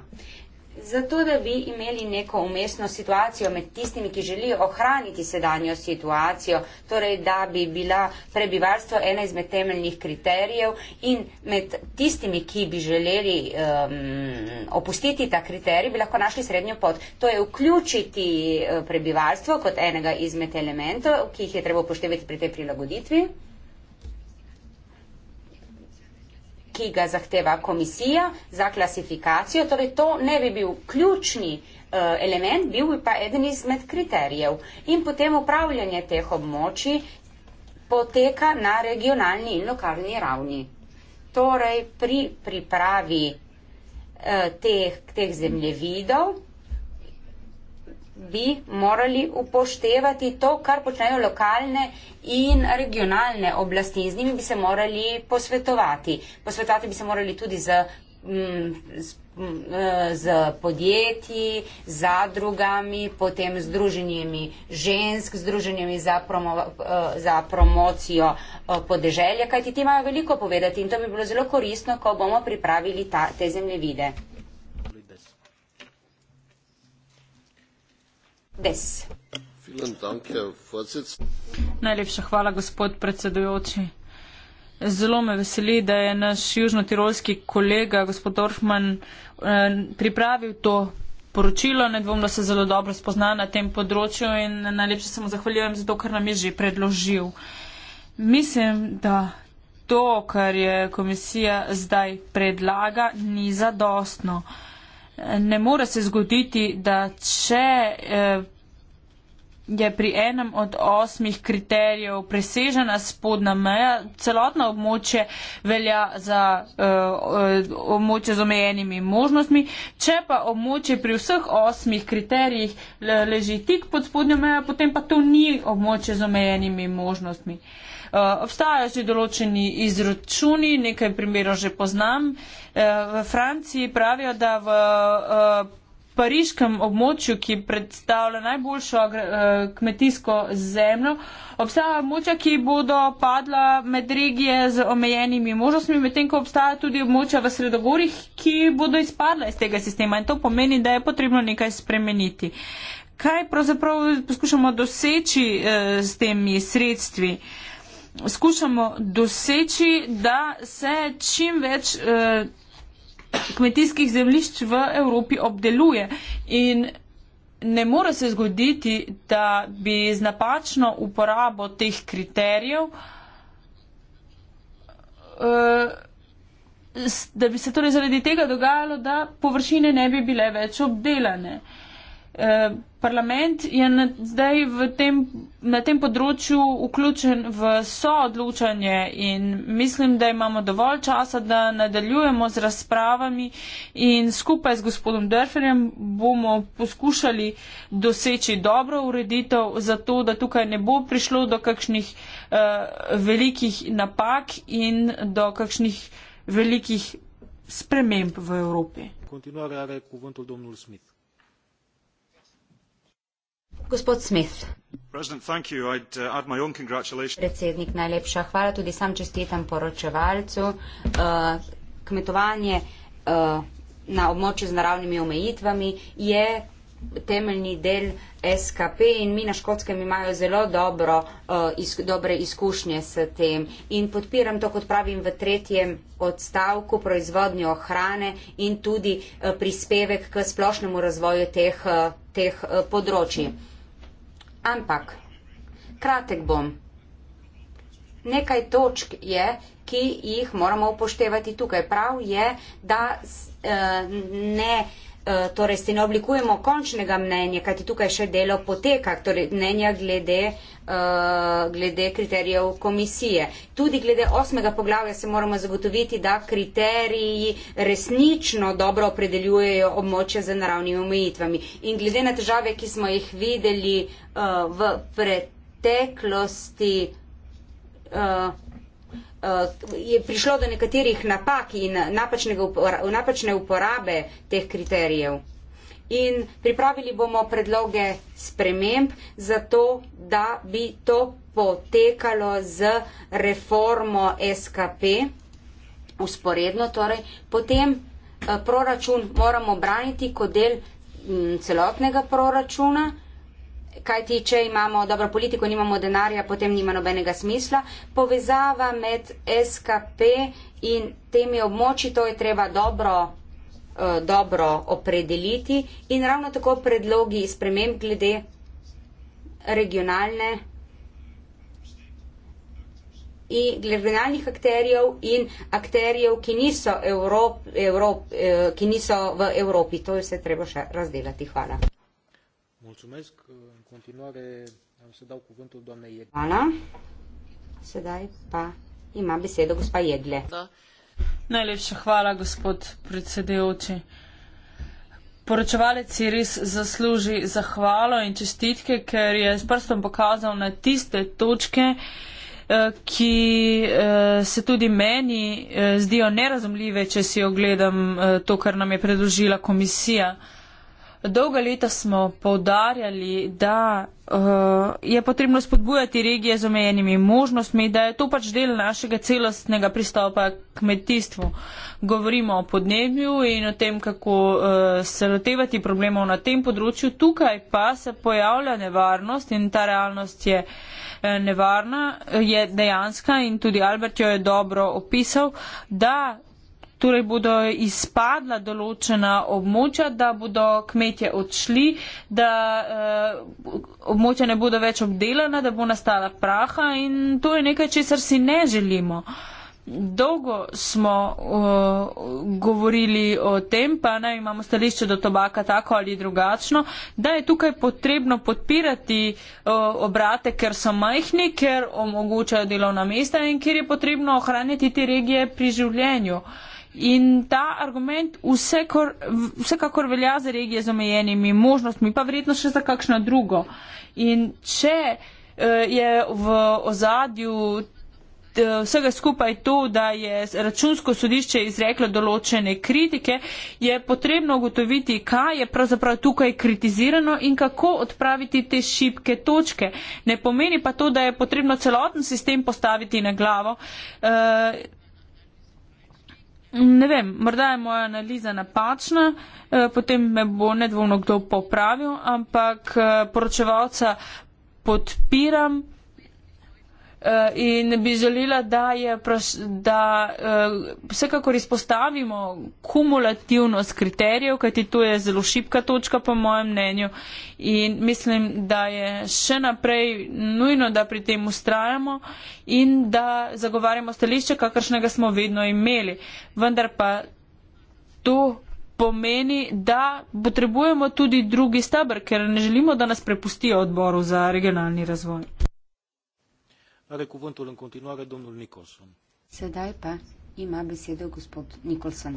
zato da bi imeli neko umestno situacijo med tistimi, ki želijo ohraniti sedanjo situacijo, torej da bi bila prebivalstvo ena izmed temeljnih kriterijev in med tistimi, ki bi želeli um, opustiti ta kriterij, bi lahko našli srednjo pot. To je vključiti eh, prebivalstvo kot enega izmed elementov, ki jih je treba upoštevati pri tej prilagoditvi. ki ga zahteva komisija za klasifikacijo. Torej, to ne bi bil ključni eh, element, bil bi pa eden izmed kriterijev. In potem upravljanje teh območij poteka na regionalni in lokalni ravni. Torej, pri pripravi eh, teh, teh zemljevidov, bi morali upoštevati to, kar počnejo lokalne in regionalne oblasti in z njimi bi se morali posvetovati. Posvetovati bi se morali tudi z, z, mm, mm, eh, z podjetji, zadrugami, potem združenjami žensk, združenjami za, promo, eh, za promocijo eh, podeželja, kajti ti imajo veliko povedati in to bi bilo zelo koristno, ko bomo pripravili ta, te zemljevide. Najlepša hvala, gospod predsedujoči. Zelo me veseli, da je naš južnotirolski kolega, gospod Orfman, eh, pripravil to poročilo. Nedvomno se zelo dobro spozna na tem področju in najlepše se mu zahvaljujem za to, kar nam je že predložil. Mislim, da to, kar je komisija zdaj predlaga, ni zadostno. Ne more se zgoditi, da če eh, je pri enem od osmih kriterijev presežena spodna meja, celotno območje velja za uh, območje z omejenimi možnostmi, če pa območje pri vseh osmih kriterijih leži tik pod spodnjo mejo, potem pa to ni območje z omejenimi možnostmi. Uh, obstajajo že določeni izračuni, nekaj primerov že poznam. Uh, v Franciji pravijo, da v uh, pariškem območju, ki predstavlja najboljšo uh, kmetijsko zemljo, obstajajo območja, ki bodo padla med regije z omejenimi možnostmi, medtem ko obstajajo tudi območja v sredogorjih, ki bodo izpadla iz tega sistema in to pomeni, da je potrebno nekaj spremeniti. Kaj pravzaprav poskušamo doseči uh, s temi sredstvi? Skušamo doseči, da se čim več. Uh, kmetijskih zemljišč v Evropi obdeluje. In ne more se zgoditi, da bi z napačno uporabo teh kriterijev, eh, da bi se torej zaradi tega dogajalo, da površine ne bi bile več obdelane. Eh, Parlament je na, zdaj tem, na tem področju vključen v soodločanje in mislim, da imamo dovolj časa, da nadaljujemo z razpravami in skupaj z gospodom Dörferjem bomo poskušali doseči dobro ureditev, zato da tukaj ne bo prišlo do kakšnih eh, velikih napak in do kakšnih velikih sprememb v Evropi. Continuare are cuvântul domnul Smith gospod Smith. Uh, Predsednik, najlepša hvala. Tudi sam čestitam poročevalcu. Uh, kmetovanje uh, na območju z naravnimi omejitvami je temeljni del SKP in mi na Škotskem imajo zelo dobro, iz, dobre izkušnje s tem. In podpiram to, kot pravim, v tretjem odstavku proizvodnjo hrane in tudi prispevek k splošnemu razvoju teh, teh področji. Mm. Ampak, kratek bom. Nekaj točk je, ki jih moramo upoštevati tukaj. Prav je, da eh, ne. Eh, torej se ne oblikujemo končnega mnenja, kajti tukaj še delo poteka, torej mnenja glede, eh, glede kriterijev komisije. Tudi glede osmega poglavja se moramo zagotoviti, da kriteriji resnično dobro opredeljujejo območje z naravnimi omejitvami. In glede na težave, ki smo jih videli eh, v preteklosti, Eh, je prišlo do nekaterih napak in napačnega, napačne uporabe teh kriterijev. In pripravili bomo predloge sprememb za to, da bi to potekalo z reformo SKP usporedno. Torej, potem eh, proračun moramo braniti kot del mm, celotnega proračuna kaj ti, če imamo dobro politiko, nimamo denarja, potem nima nobenega smisla. Povezava med SKP in temi območji, to je treba dobro, eh, dobro opredeliti in ravno tako predlogi sprememb glede regionalne in regionalnih akterjev in akterjev, ki niso, Evrop, Evrop, eh, ki niso v Evropi. To je vse treba še razdelati. Hvala. Mulțumesc continuare am să dau cuvântul doamnei Iegle. Ana, se dai pa ima besedo gospa Jegle. Da. Najlepša hvala, gospod predsedujoči. Poročevalec si res zasluži zahvalo in čestitke, ker je s prstom pokazal na tiste točke, eh, ki eh, se tudi meni eh, zdijo nerazumljive, če si ogledam to, kar nam je predložila komisija. Dolga leta smo povdarjali, da uh, je potrebno spodbujati regije z omejenimi možnostmi, da je to pač del našega celostnega pristopa k kmetijstvu. Govorimo o podnebju in o tem, kako uh, se lotevati problemov na tem področju. Tukaj pa se pojavlja nevarnost in ta realnost je eh, nevarna, je dejanska in tudi Albert jo je dobro opisal, da torej bodo izpadla določena območja, da bodo kmetje odšli, da eh, območja ne bodo več obdelana, da bo nastala praha in to je nekaj, česar si ne želimo. Dolgo smo uh, govorili o tem, pa naj imamo stališče do tobaka tako ali drugačno, da je tukaj potrebno podpirati uh, obrate, ker so majhni, ker omogočajo delovna mesta in ker je potrebno ohranjati te regije pri življenju. Uh, In ta argument vsekor, vsekakor velja za regije z omejenimi možnostmi, pa verjetno še za kakšno drugo. In če eh, je v ozadju eh, vsega skupaj to, da je računsko sodišče izreklo določene kritike, je potrebno ugotoviti, kaj je pravzaprav tukaj kritizirano in kako odpraviti te šibke točke. Ne pomeni pa to, da je potrebno celoten sistem postaviti na glavo. Uh, Ne vem, morda je moja analiza napačna, eh, potem me bo nedvomno kdo popravil, ampak eh, poročevalca podpiram, Eh, in bi želela, da, je, da eh, vsekakor izpostavimo kumulativnost kriterijev, kajti to je zelo šipka točka po mojem mnenju in mislim, da je še naprej nujno, da pri tem ustrajamo in da zagovarjamo stališče, kakršnega smo vedno imeli. Vendar pa to pomeni, da potrebujemo tudi drugi stabr, ker ne želimo, da nas prepustijo odboru za regionalni razvoj. Are cuvântul în continuare domnul Nicholson. Sedai pa, ima besedo gospod Nicholson.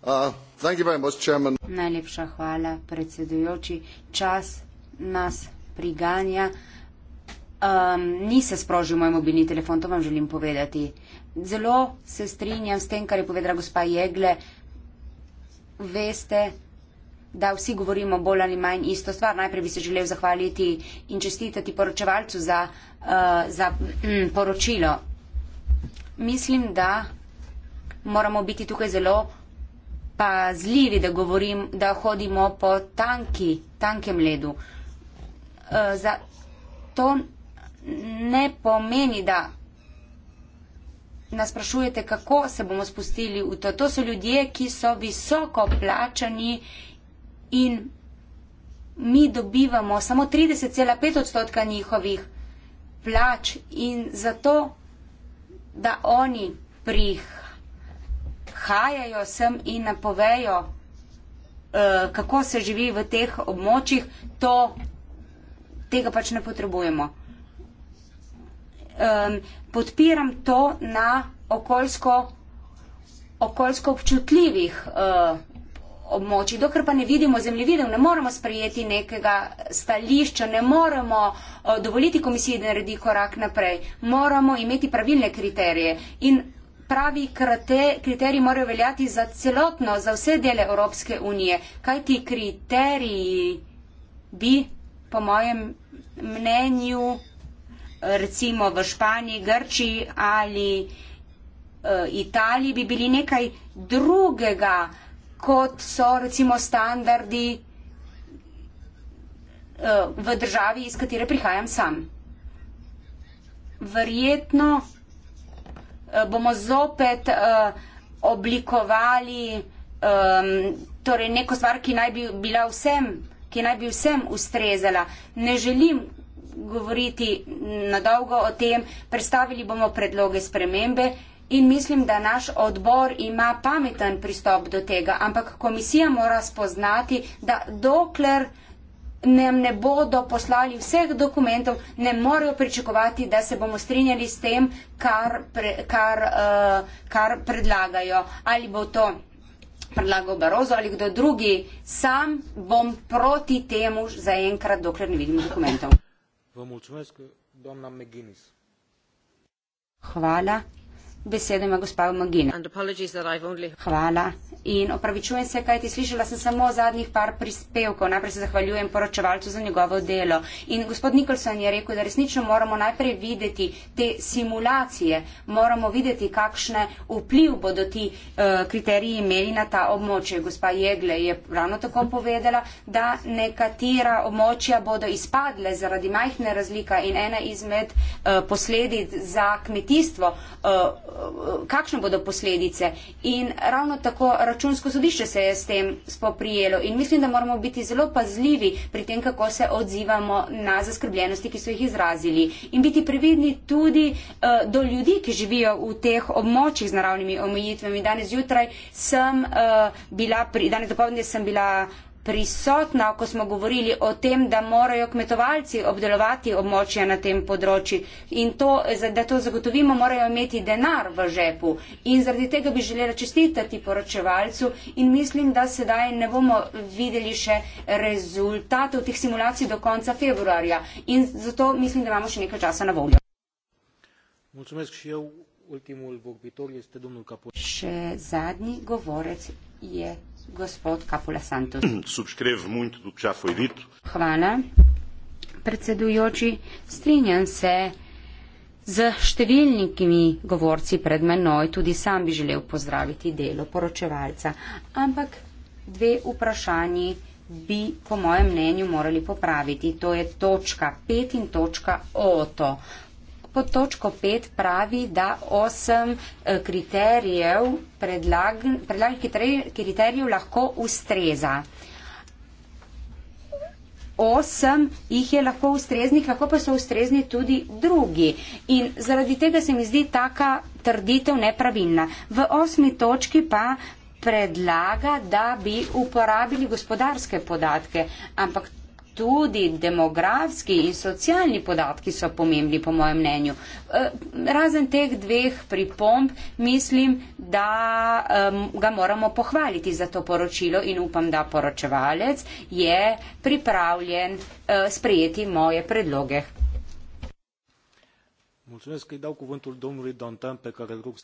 Uh, Najlepša hvala, predsedujoči. Čas nas priganja. Um, ni se sprožil moj mobilni telefon, to vam želim povedati. Zelo se strinjam s tem, kar je povedala gospa Jegle. Veste, da vsi govorimo bolj ali manj isto stvar. Najprej bi se želel zahvaliti in čestitati poročevalcu za, uh, za um, poročilo. Mislim, da moramo biti tukaj zelo pazljivi, da, govorim, da hodimo po tanki, tankem ledu. Uh, ne pomeni, da nas sprašujete, kako se bomo spustili v to. To so ljudje, ki so visoko plačani in mi dobivamo samo 30,5 odstotka njihovih plač in zato, da oni prihajajo sem in napovejo, eh, kako se živi v teh območjih, to, tega pač ne potrebujemo um, podpiram to na okoljsko, okoljsko občutljivih uh, območjih. Dokler pa ne vidimo zemljevidev, ne moremo sprejeti nekega stališča, ne moremo uh, dovoliti komisiji, da naredi korak naprej. Moramo imeti pravilne kriterije in pravi krate, kriteriji morajo veljati za celotno, za vse dele Evropske unije. Kaj ti kriteriji bi, po mojem mnenju, recimo v Španiji, Grčiji ali e, Italiji, bi bili nekaj drugega, kot so recimo standardi e, v državi, iz katere prihajam sam. Verjetno e, bomo zopet oblikovali torej neko stvar, ki naj bi bila vsem, ki naj bi vsem ustrezala. Ne želim govoriti na dolgo o tem, predstavili bomo predloge spremembe in mislim, da naš odbor ima pameten pristop do tega, ampak komisija mora spoznati, da dokler nam ne bodo poslali vseh dokumentov, ne morejo pričakovati, da se bomo strinjali s tem, kar, pre, kar, uh, kar predlagajo. Ali bo to predlagal Barozo ali kdo drugi, sam bom proti temu zaenkrat, dokler ne vidim dokumentov hvala in lep pozdrav vsem prisotnim. Besede ima gospa Magina. Hvala in opravičujem se, kajti slišala sem samo zadnjih par prispevkov. Najprej se zahvaljujem poročevalcu za njegovo delo. In gospod Nikolson je rekel, da resnično moramo najprej videti te simulacije, moramo videti, kakšne vpliv bodo ti uh, kriteriji imeli na ta območje. Gospa Jegle je ravno tako povedala, da nekatera območja bodo izpadle zaradi majhne razlika in ena izmed uh, posledic za kmetijstvo. Uh, kakšne bodo posledice. In ravno tako računsko sodišče se je s tem spoprijelo in mislim, da moramo biti zelo pazljivi pri tem, kako se odzivamo na zaskrbljenosti, ki so jih izrazili. In biti previdni tudi uh, do ljudi, ki živijo v teh območjih z naravnimi omejitvami. Danes zjutraj sem uh, bila, pri, danes dopovdne sem bila prisotna, ko smo govorili o tem, da morajo kmetovalci obdelovati območja na tem področju in to, da to zagotovimo, morajo imeti denar v žepu. In zaradi tega bi želela čestitati poročevalcu in mislim, da sedaj ne bomo videli še rezultatov teh simulacij do konca februarja. In zato mislim, da imamo še nekaj časa na voljo. Mulțumesc și eu. Še zadnji govorec je gospod Kapula Santos. Hvala, predsedujoči. Strinjam se z številnimi govorci pred menoj, tudi sam bi želel pozdraviti delo poročevalca, ampak dve vprašanji bi po mojem mnenju morali popraviti. To je točka pet in točka oto pod točko 5 pravi, da 8 eh, kriterijev predlag, predlag kriterijev lahko ustreza. 8 jih je lahko ustreznih, lahko pa so ustrezni tudi drugi. In zaradi tega se mi zdi taka trditev nepravilna. V 8. točki pa predlaga, da bi uporabili gospodarske podatke, ampak tudi demografski in socialni podatki so pomembni, po mojem mnenju. E, razen teh dveh pripomb, mislim, da ga moramo pohvaliti za to poročilo in upam, da poročevalec je pripravljen e, sprejeti moje predloge.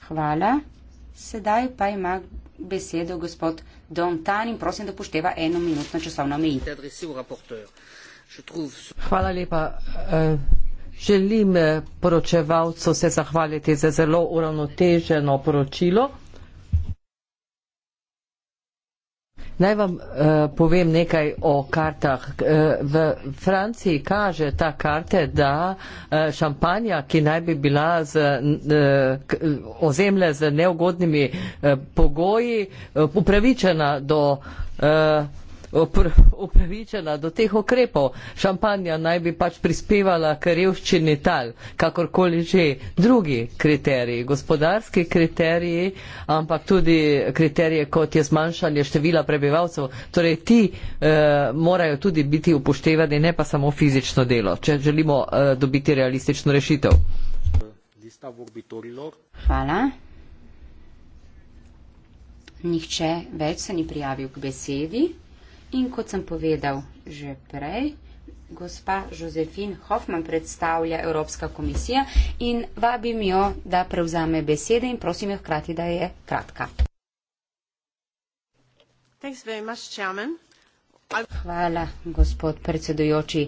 Hvala. Sedaj pa ima besedo gospod Dontan in prosim, da pošteva eno minutno časovno omejitev. Hvala lepa. Eh, želim eh, poročevalcu se zahvaliti za zelo uravnoteženo poročilo. Naj vam uh, povem nekaj o kartah. Uh, v Franciji kaže ta karte, da uh, šampanja, ki naj bi bila z, uh, k, ozemlje z neugodnimi uh, pogoji, uh, upravičena do uh, upravičena do teh ukrepov. Šampanja naj bi pač prispevala k revščini tal, kakorkoli že. Drugi kriteriji, gospodarski kriteriji, ampak tudi kriterije, kot je zmanjšanje števila prebivalcev, torej ti eh, morajo tudi biti upoštevani, ne pa samo fizično delo, če želimo eh, dobiti realistično rešitev. Hvala. Nihče več se ni prijavil k besedi. In kot sem povedal že prej, gospa Žozefin Hoffman predstavlja Evropska komisija in vabim jo, da prevzame besede in prosim jo hkrati, da je kratka. Hvala, gospod predsedujoči.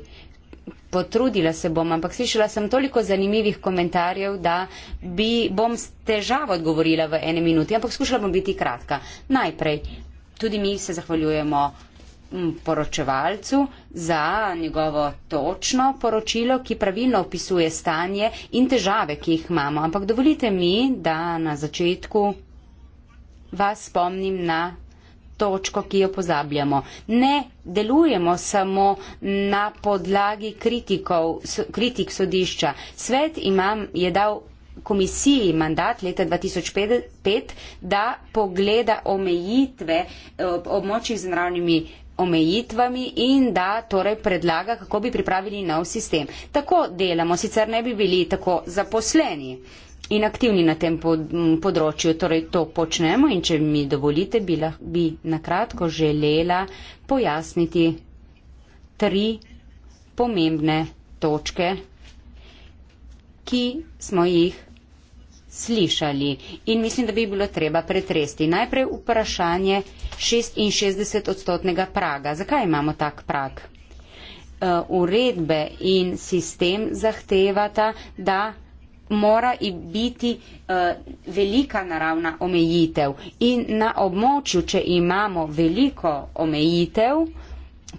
Potrudila se bom, ampak slišala sem toliko zanimivih komentarjev, da bi bom s težavo odgovorila v eni minuti, ampak skušala bom biti kratka. Najprej, tudi mi se zahvaljujemo poročevalcu za njegovo točno poročilo, ki pravilno opisuje stanje in težave, ki jih imamo. Ampak dovolite mi, da na začetku vas spomnim na točko, ki jo pozabljamo. Ne delujemo samo na podlagi kritikov, kritik sodišča. Svet imam, je dal komisiji mandat leta 2005, da pogleda omejitve eh, območjih z naravnimi omejitvami in da torej predlaga, kako bi pripravili nov sistem. Tako delamo, sicer ne bi bili tako zaposleni in aktivni na tem področju. Torej to počnemo in če mi dovolite, bi, bi nakratko želela pojasniti tri pomembne točke, ki smo jih slišali in mislim, da bi bilo treba pretresti. Najprej vprašanje, 66 odstotnega praga. Zakaj imamo tak prag? E, uredbe in sistem zahtevata, da mora biti e, velika naravna omejitev in na območju, če imamo veliko omejitev,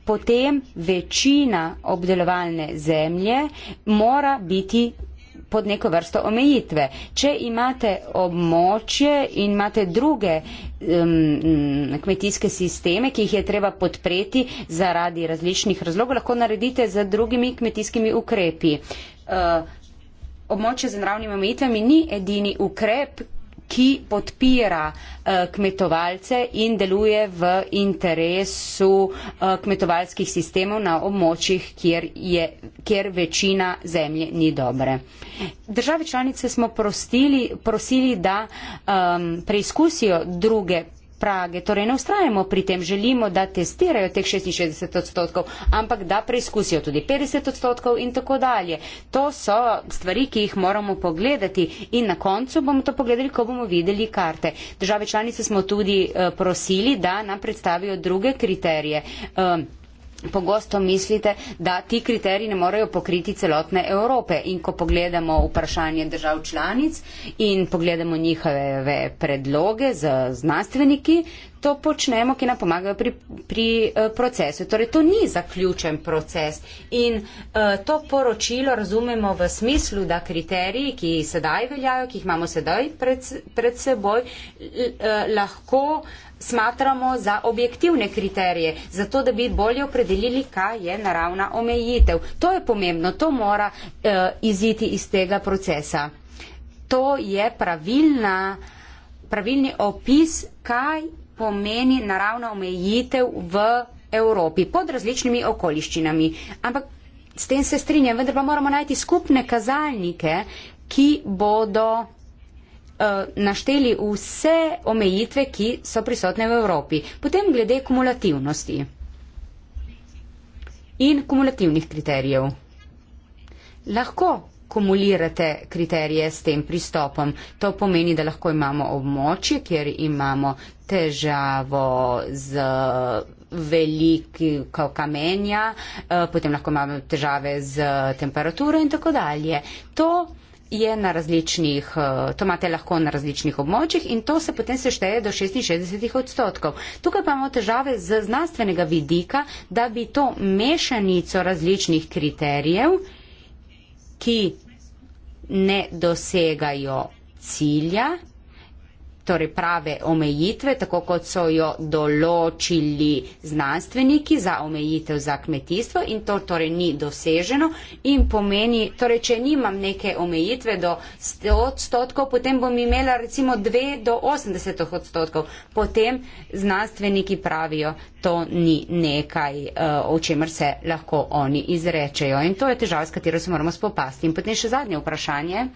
potem večina obdelovalne zemlje mora biti pod neko vrsto omejitve. Če imate območje in imate druge um, kmetijske sisteme, ki jih je treba podpreti zaradi različnih razlogov, lahko naredite z drugimi kmetijskimi ukrepi. Uh, Območje z naravnimi omejitvami ni edini ukrep, ki podpira eh, kmetovalce in deluje v interesu eh, kmetovalskih sistemov na območjih, kjer, je, kjer večina zemlje ni dobre. Države članice smo prostili, prosili, da um, preizkusijo druge prage. Torej, ne ustrajamo pri tem, želimo, da testirajo teh 66 odstotkov, ampak da preizkusijo tudi 50 odstotkov in tako dalje. To so stvari, ki jih moramo pogledati in na koncu bomo to pogledali, ko bomo videli karte. Države članice smo tudi uh, prosili, da nam predstavijo druge kriterije. Uh, pogosto mislite, da ti kriteriji ne morejo pokriti celotne Evrope. In ko pogledamo vprašanje držav članic in pogledamo njihove predloge z znanstveniki, to počnemo, ki nam pomagajo pri, pri eh, procesu. Torej, to ni zaključen proces in uh, to poročilo razumemo v smislu, da kriteriji, ki sedaj veljajo, ki jih imamo sedaj pred, pred seboj, l, uh, lahko uh, smatramo za objektivne kriterije, zato da bi bolje opredelili, kaj je naravna omejitev. To je pomembno, to mora uh, iziti iz tega procesa. To je pravilna, pravilni opis, kaj pomeni naravna omejitev v Evropi pod različnimi okoliščinami. Ampak s tem se strinjam, vendar pa moramo najti skupne kazalnike, ki bodo Eh, našteli vse omejitve, ki so prisotne v Evropi. Potem glede kumulativnosti in kumulativnih kriterijev. Lahko kumulirate kriterije s tem pristopom. To pomeni, da lahko imamo območje, kjer imamo težavo z velikega kamenja, eh, potem lahko imamo težave z temperaturo in tako dalje. To je na različnih, eh, to imate lahko na različnih območjih in to se potem sešteje do 66 odstotkov. Tukaj pa imamo težave z znanstvenega vidika, da bi to mešanico različnih kriterijev, ki ne dosegajo cilja, torej prave omejitve, tako kot so jo določili znanstveniki za omejitev za kmetijstvo in to torej ni doseženo in pomeni, torej če nimam neke omejitve do 100 odstotkov, potem bom imela recimo 2 do 80 odstotkov. Potem znanstveniki pravijo, to ni nekaj, eh, o čemer se lahko oni izrečejo in to je težava, s katero se moramo spopasti. In potem še zadnje vprašanje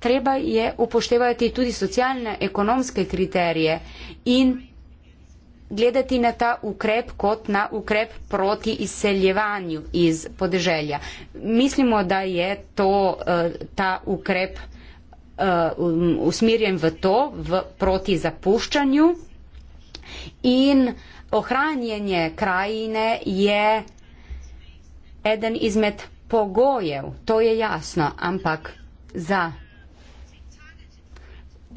treba je upoštevati tudi socialne, ekonomske kriterije in gledati na ta ukrep kot na ukrep proti izseljevanju iz podeželja. Mislimo, da je to, eh, ta ukrep eh, um, usmirjen v to, v proti zapuščanju in ohranjanje krajine je eden izmed pogojev, to je jasno, ampak za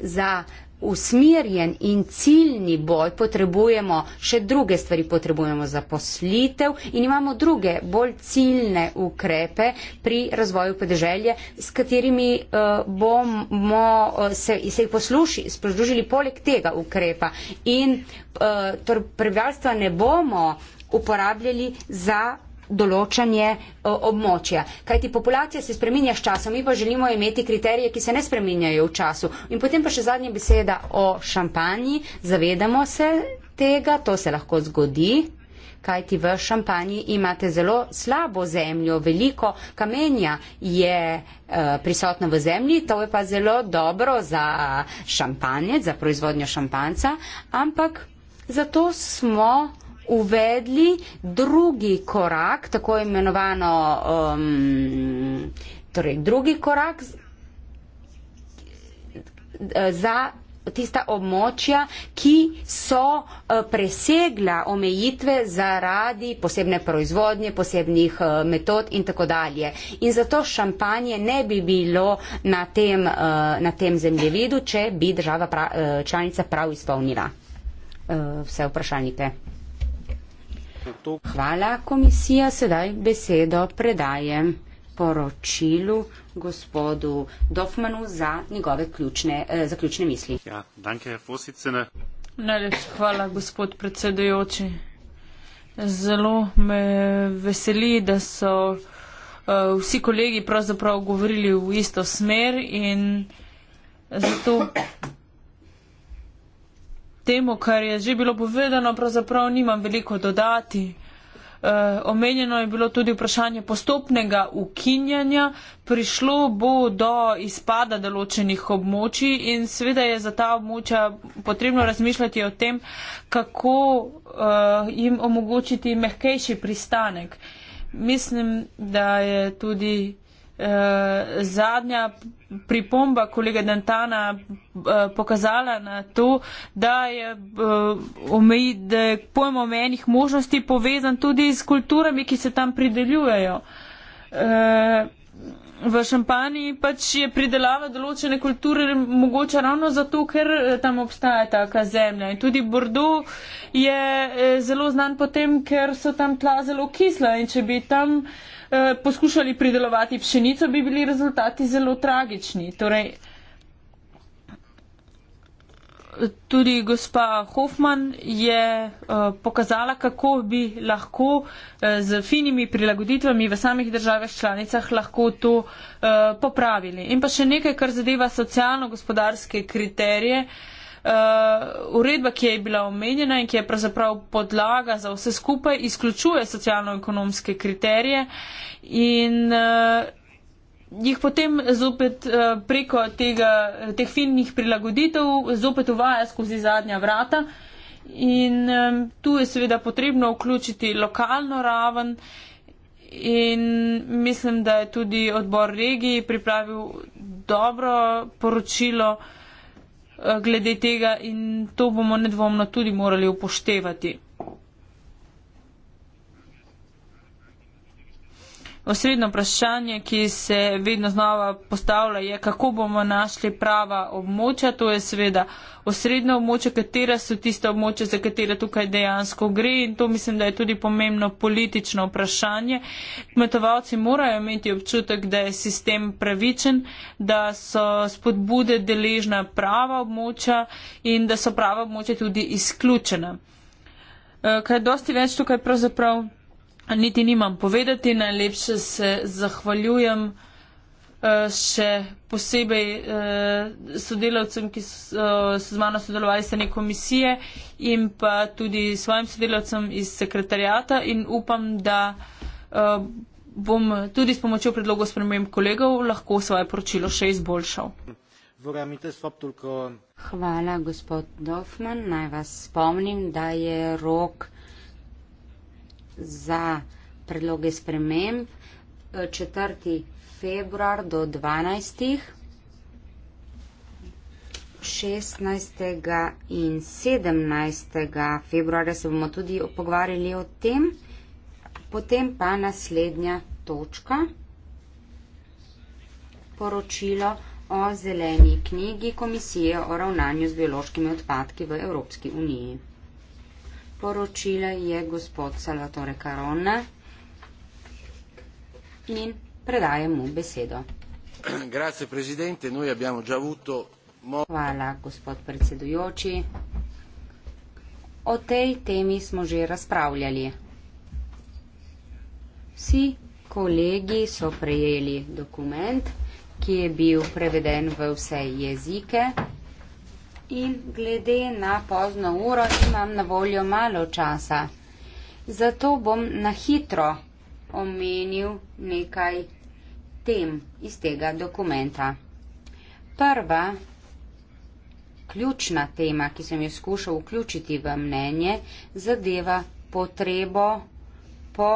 za usmerjen in ciljni boj potrebujemo še druge stvari, potrebujemo zaposlitev in imamo druge, bolj ciljne ukrepe pri razvoju podeželje, s katerimi uh, bomo eh, se, se jih posluši, poslužili poleg tega ukrepa in uh, torej prebivalstva ne bomo uporabljali za določanje eh, območja. Kajti populacija se spreminja s časom, mi pa želimo imeti kriterije, ki se ne spreminjajo v času. In potem pa še zadnja beseda o šampanji. Zavedamo se tega, to se lahko zgodi. Kajti v šampanji imate zelo slabo zemljo, veliko kamenja je e, prisotno v zemlji, to je pa zelo dobro za šampanje, za proizvodnjo šampanca, ampak zato smo uvedli drugi korak, tako imenovano um, torej drugi korak eh, za tista območja, ki so eh, presegla omejitve zaradi posebne proizvodnje, posebnih eh, metod in tako dalje. In zato šampanje ne bi bilo na tem, na tem zemljevidu, če bi država članica prav izpolnila vse vprašalnike. Hvala, komisija sedaj besedo predajem poročilu gospodu Dofmanu za njegove ključne, eh, zaključne misli. Ja, danke, Najlepša hvala, gospod predsedujoči. Zelo me veseli, da so eh, vsi kolegi pravzaprav govorili v isto smer in zato temu, kar je že bilo povedano, pravzaprav nimam veliko dodati. E, omenjeno je bilo tudi vprašanje postopnega ukinjanja. Prišlo bo do izpada določenih območij in seveda je za ta območja potrebno razmišljati o tem, kako e, jim omogočiti mehkejši pristanek. Mislim, da je tudi. Eh, zadnja pripomba kolega Dantana eh, pokazala na to, da je, eh, da je pojem omenih možnosti povezan tudi z kulturami, ki se tam pridelujejo. V šampanji pač je pridelava določene kulture mogoče ravno zato, ker tam obstaja taka zemlja. In tudi Bordeaux je zelo znan potem, ker so tam tla zelo kisla in če bi tam uh, Eh, poskušali pridelovati pšenico, bi bili rezultati zelo tragični. Torej, tudi gospa Hoffman je uh, pokazala, kako bi lahko uh, z finimi prilagoditvami v samih državah članicah lahko to uh, popravili. In pa še nekaj, kar zadeva socialno-gospodarske kriterije. Uh, Eh, uredba, ki je bila omenjena in ki je pravzaprav podlaga za vse skupaj, izključuje socialno-ekonomske kriterije in uh, jih potem zopet uh, preko tega, teh finnih prilagoditev zopet uvaja skozi zadnja vrata. In um, tu je seveda potrebno vključiti lokalno raven in mislim, da je tudi odbor regiji pripravil dobro poročilo uh, Eh, glede tega in to bomo nedvomno tudi morali upoštevati. Osrednje vprašanje, ki se vedno znova postavlja, je, kako bomo našli prava območja. To je seveda osrednje območje, katera so tiste območje, za katere tukaj dejansko gre. In to mislim, da je tudi pomembno politično vprašanje. Kmetovalci morajo imeti občutek, da je sistem pravičen, da so spodbude deležna prava območja in da so prava območja tudi izključena. Eh, kaj dosti več tukaj pravzaprav? niti nimam povedati, najlepše se zahvaljujem eh, še posebej eh, sodelavcem, ki so, eh, so z mano sodelovali se neko komisije in pa tudi svojim sodelavcem iz sekretarjata in upam, da bom tudi s pomočjo predlogov sprememb kolegov lahko svoje poročilo še izboljšal. Hvala, gospod Dofman. Naj vas spomnim, da je rok za predloge sprememb 4. februar do 12. 16. in 17. februarja se bomo tudi pogovarjali o tem. Potem pa naslednja točka. Poročilo o zeleni knjigi Komisije o ravnanju z biološkimi odpadki v Evropski uniji poročila je gospod Salvatore Carona in predajem mu besedo. Grazie, presidente, noi abbiamo già avuto... Hvala, gospod predsedujoči. O tej temi smo že razpravljali. Vsi kolegi so prejeli dokument, ki je bil preveden v vse jezike in glede na pozno uro imam na voljo malo časa. Zato bom na hitro omenil nekaj tem iz tega dokumenta. Prva ključna tema, ki sem jo skušal vključiti v mnenje, zadeva potrebo po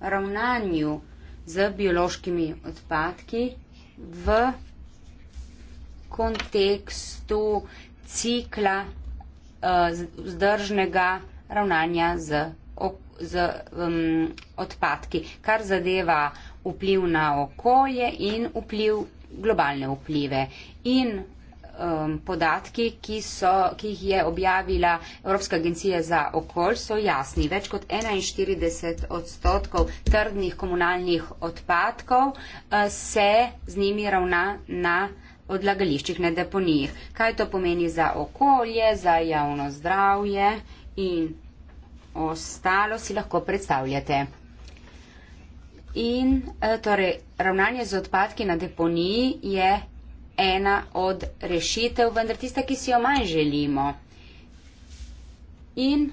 ravnanju z biološkimi odpadki v kontekstu cikla eh, vzdržnega uh, ravnanja z, ok, z um, odpadki, kar zadeva vpliv na okolje in vpliv globalne vplive. In um, podatki, ki, so, ki jih je objavila Evropska agencija za okolje, so jasni. Več kot 41 odstotkov trdnih komunalnih odpadkov uh, se z njimi ravna na odlagališčih, na deponijih. Kaj to pomeni za okolje, za javno zdravje in ostalo si lahko predstavljate. In eh, torej, ravnanje z odpadki na deponiji je ena od rešitev, vendar tista, ki si jo manj želimo. In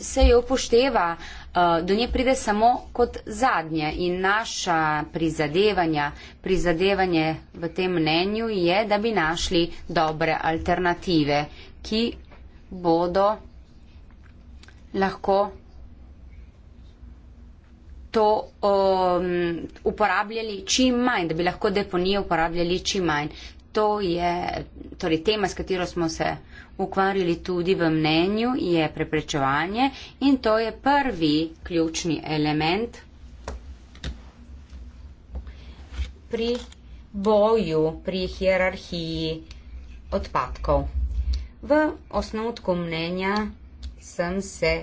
se jo upošteva uh, Eh, do nje pride samo kot zadnje in naša prizadevanja, prizadevanje v tem mnenju je, da bi našli dobre alternative, ki bodo lahko to um, uporabljali čim manj, da bi lahko deponije uporabljali čim manj to je, torej tema, s katero smo se ukvarjali tudi v mnenju, je preprečevanje in to je prvi ključni element pri boju, pri hierarhiji odpadkov. V osnutku mnenja sem se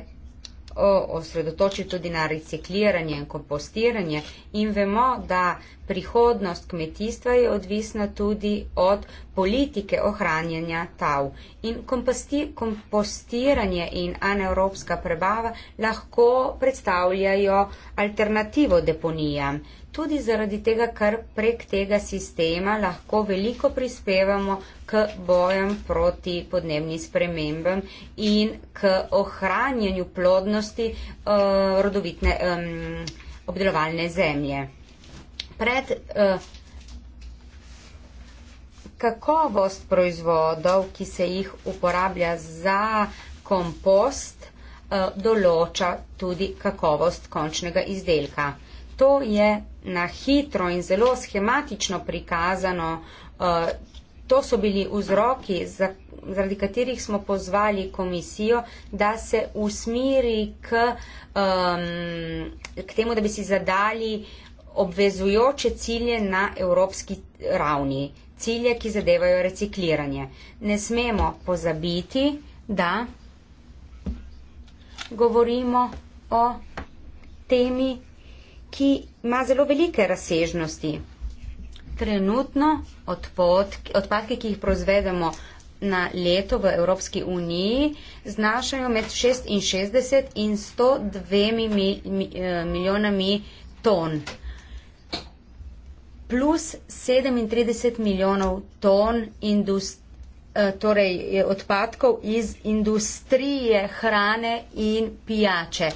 osredotočil tudi na recikliranje in kompostiranje in vemo, da prihodnost kmetijstva je odvisna tudi od politike ohranjanja tav. In komposti, kompostiranje in aneuropska prebava lahko predstavljajo alternativo deponijam tudi zaradi tega, ker prek tega sistema lahko veliko prispevamo k bojem proti podnebnim spremembam in k ohranjanju plodnosti uh, rodovitne um, obdelovalne zemlje. Pred, uh, kakovost proizvodov, ki se jih uporablja za kompost, eh, določa tudi kakovost končnega izdelka to je na hitro in zelo schematično prikazano, eh, to so bili vzroki, zaradi katerih smo pozvali komisijo, da se usmiri k, k temu, da bi si zadali obvezujoče cilje na evropski ravni, cilje, ki zadevajo recikliranje. Ne smemo pozabiti, da govorimo o temi ki ima zelo velike razsežnosti. Trenutno odpadki, odpadki ki jih proizvedemo na leto v Evropski uniji, znašajo med 66 in 102 eh, milijonami ton. Plus 37 milijonov ton indust, eh, torej odpadkov iz industrije hrane in pijače.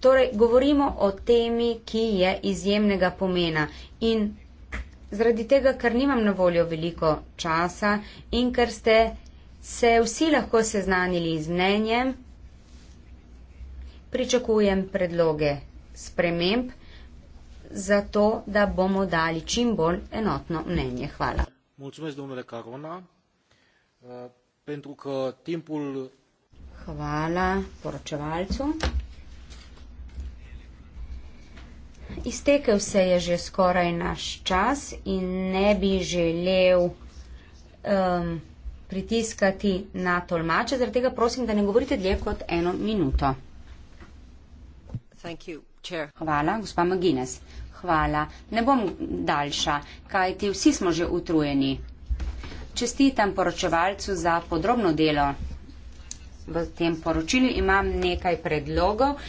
Torej, govorimo o temi, ki je izjemnega pomena in zaradi tega, ker nimam na voljo veliko časa in ker ste se vsi lahko seznanili z mnenjem, pričakujem predloge sprememb zato, da bomo dali čim bolj enotno mnenje. Hvala. Uh, Hvala poročevalcu iztekel se je že skoraj naš čas in ne bi želel um, pritiskati na tolmače, zaradi tega prosim, da ne govorite dlje kot eno minuto. You, hvala, gospa Magines. Hvala. Ne bom daljša, kaj ti vsi smo že utrujeni. Čestitam poročevalcu za podrobno delo v tem poročilu. Imam nekaj predlogov,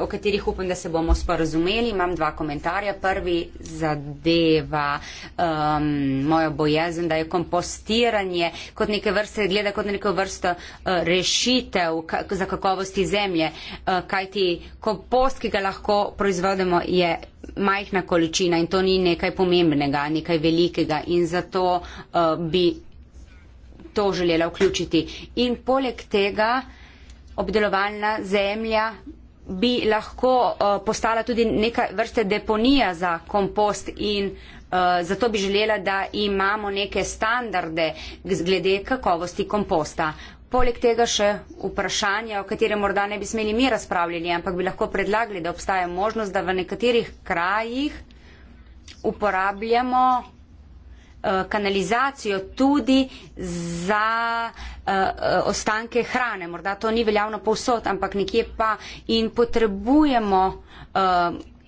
o katerih upam, da se bomo sporozumeli. Imam dva komentarja. Prvi zadeva um, mojo bojezen, da je kompostiranje kot neke vrste, gleda kot neko vrsto uh, rešitev ka, za kakovosti zemlje, uh, kajti kompost, ki ga lahko proizvodimo, je majhna količina in to ni nekaj pomembnega, nekaj velikega in zato uh, bi to želela vključiti. In poleg tega obdelovalna zemlja bi lahko uh, postala tudi neka vrste deponija za kompost in uh, zato bi želela, da imamo neke standarde glede kakovosti komposta. Poleg tega še vprašanje, o katerem morda ne bi smeli mi razpravljali, ampak bi lahko predlagali, da obstaja možnost, da v nekaterih krajih uporabljamo Eh, kanalizacijo tudi za eh, eh, ostanke hrane. Morda to ni veljavno povsod, ampak nekje pa in potrebujemo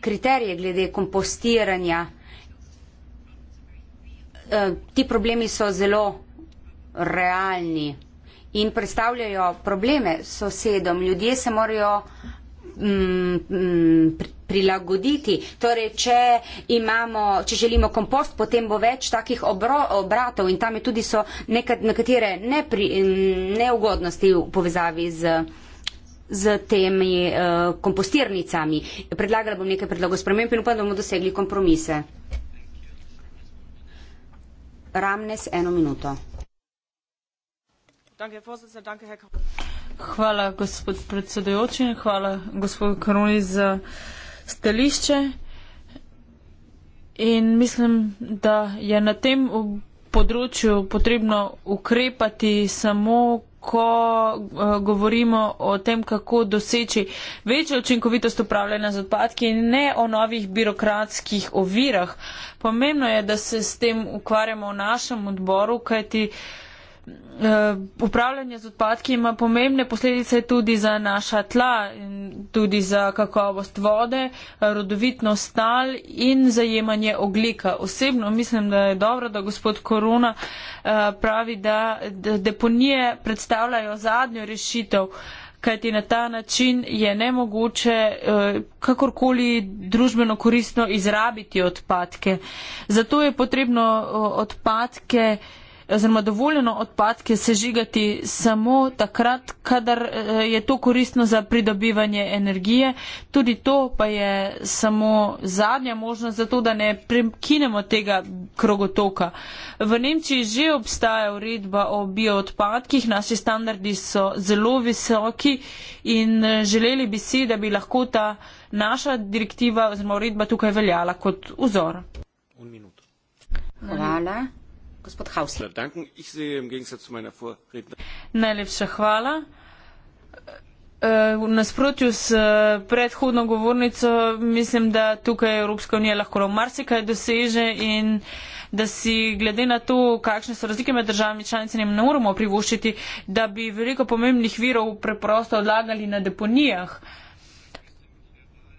kriterije glede kompostiranja. Ti problemi so zelo realni in predstavljajo probleme sosedom. Ljudje se morajo prilagoditi. Torej, če, imamo, če želimo kompost, potem bo več takih obro, obratov in tam je tudi so nekat, nekatere nepri, neugodnosti v povezavi z z temi uh, kompostirnicami. Predlagala bom nekaj predlogov sprememb in upam, da bomo dosegli kompromise. Ramnes, eno minuto. Danke, Hvala, gospod predsedujoči, hvala, gospod Karoli, za stališče. In mislim, da je na tem področju potrebno ukrepati samo, ko eh, govorimo o tem, kako doseči večjo učinkovitost upravljanja z odpadki in ne o novih birokratskih ovirah. Pomembno je, da se s tem ukvarjamo v našem odboru, kajti. Eh, upravljanje z odpadki ima pomembne posledice tudi za naša tla in tudi za kakovost vode, rodovitnost tal in zajemanje oglika. Osebno mislim, da je dobro, da gospod Korona eh, pravi, da deponije predstavljajo zadnjo rešitev kajti na ta način je nemogoče eh, kakorkoli družbeno koristno izrabiti odpadke. Zato je potrebno odpadke oziroma dovoljeno odpadke sežigati samo takrat, kadar eh, je to koristno za pridobivanje energije. Tudi to pa je samo zadnja možnost za to, da ne prekinemo tega krogotoka. V Nemčiji že obstaja uredba o bioodpadkih, naši standardi so zelo visoki in eh, želeli bi si, da bi lahko ta naša direktiva oziroma uredba tukaj veljala kot vzor. Hvala. Hvala. Najlepša hvala. E, v nasprotju s e, predhodno govornico mislim, da tukaj Evropska unija lahko marsikaj doseže in da si glede na to, kakšne so razlike med državami članicami, ne moremo privoščiti, da bi veliko pomembnih virov preprosto odlagali na deponijah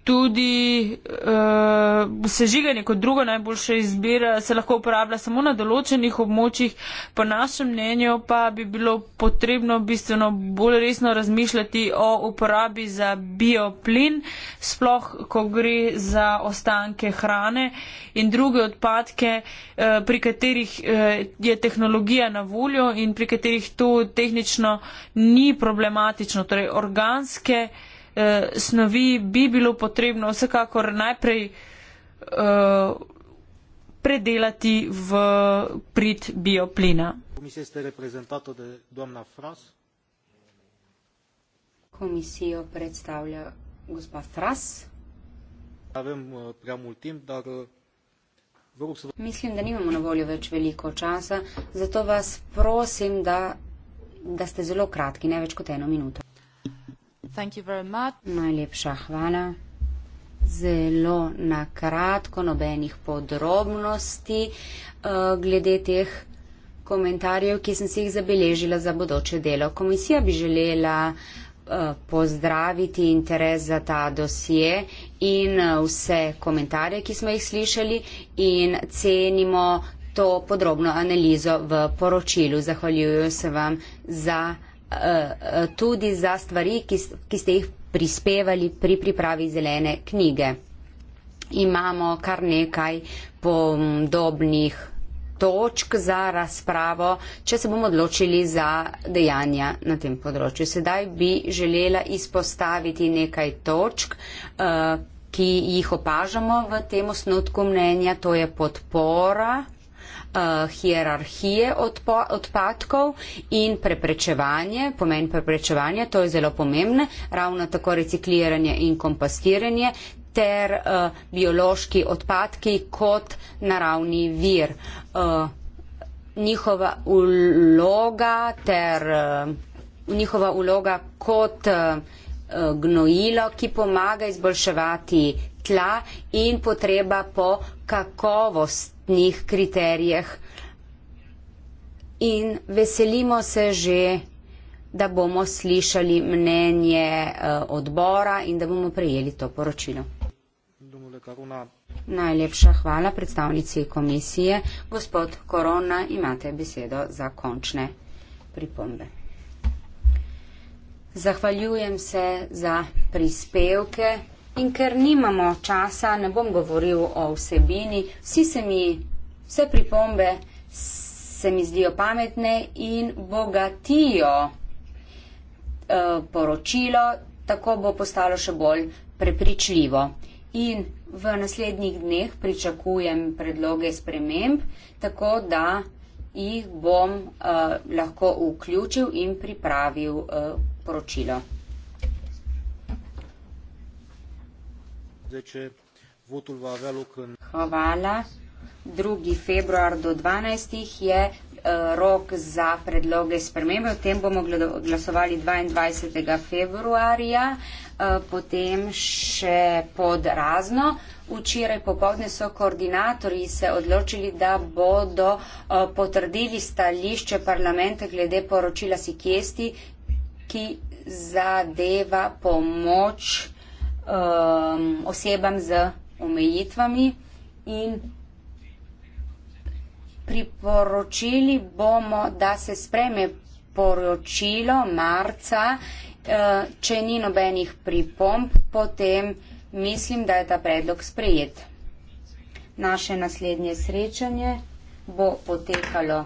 tudi uh, sežiganje kot druga najboljša izbira se lahko uporablja samo na določenih območjih. Po našem mnenju pa bi bilo potrebno bistveno bolj resno razmišljati o uporabi za bioplin, sploh ko gre za ostanke hrane in druge odpadke, uh, pri katerih uh, je tehnologija na voljo in pri katerih to tehnično ni problematično. Torej organske uh, eh, snovi bi bilo potrebno vsekakor najprej eh, predelati v prid bioplina. Komisijo predstavlja gospa Fras. Eh, eh, Mislim, da nimamo na voljo več veliko časa, zato vas prosim, da, da ste zelo kratki, ne več kot eno minuto. Najlepša hvala. Zelo na kratko, nobenih podrobnosti uh, glede teh komentarjev, ki sem si jih zabeležila za bodoče delo. Komisija bi želela eh, pozdraviti interes za ta dosje in eh, vse komentarje, ki smo jih slišali in cenimo to podrobno analizo v poročilu. Zahvaljujem se vam za pozornost. Eh, eh, tudi za stvari, ki, ki ste jih prispevali pri pripravi zelene knjige. Imamo kar nekaj podobnih točk za razpravo, če se bomo odločili za dejanja na tem področju. Sedaj bi želela izpostaviti nekaj točk, eh, ki jih opažamo v tem osnutku mnenja, to je podpora uh, hierarhije odpo, odpadkov in preprečevanje, pomen preprečevanja, to je zelo pomembno, ravno tako recikliranje in kompostiranje ter uh, biološki odpadki kot naravni vir. Uh, njihova uloga ter uh, njihova uloga kot uh, Eh, gnojilo, ki pomaga izboljševati tla in potreba po kakovostnih kriterijih. In veselimo se že, da bomo slišali mnenje eh, odbora in da bomo prejeli to poročilo. Najlepša hvala predstavnici komisije. Gospod Korona, imate besedo za končne pripombe. Zahvaljujem se za prispevke in ker nimamo časa, ne bom govoril o vsebini. Vsi se mi, vse pripombe se mi zdijo pametne in bogatijo e, poročilo, tako bo postalo še bolj prepričljivo. In v naslednjih dneh pričakujem predloge sprememb, tako da jih bom uh, lahko vključil in pripravil uh, poročilo. Zdaj, če votul va avea loc în... Hvala. 2. februar do 12. je eh, rok za predloge spremembe. O tem bomo glasovali 22. februarja, eh, potem še pod razno. Včeraj popovdne so koordinatorji se odločili, da bodo eh, potrdili stališče parlamenta glede poročila Sikesti ki zadeva pomoč um, osebam z omejitvami in priporočili bomo, da se spreme poročilo marca, uh, če ni nobenih pripomb, potem mislim, da je ta predlog sprejet. Naše naslednje srečanje bo potekalo.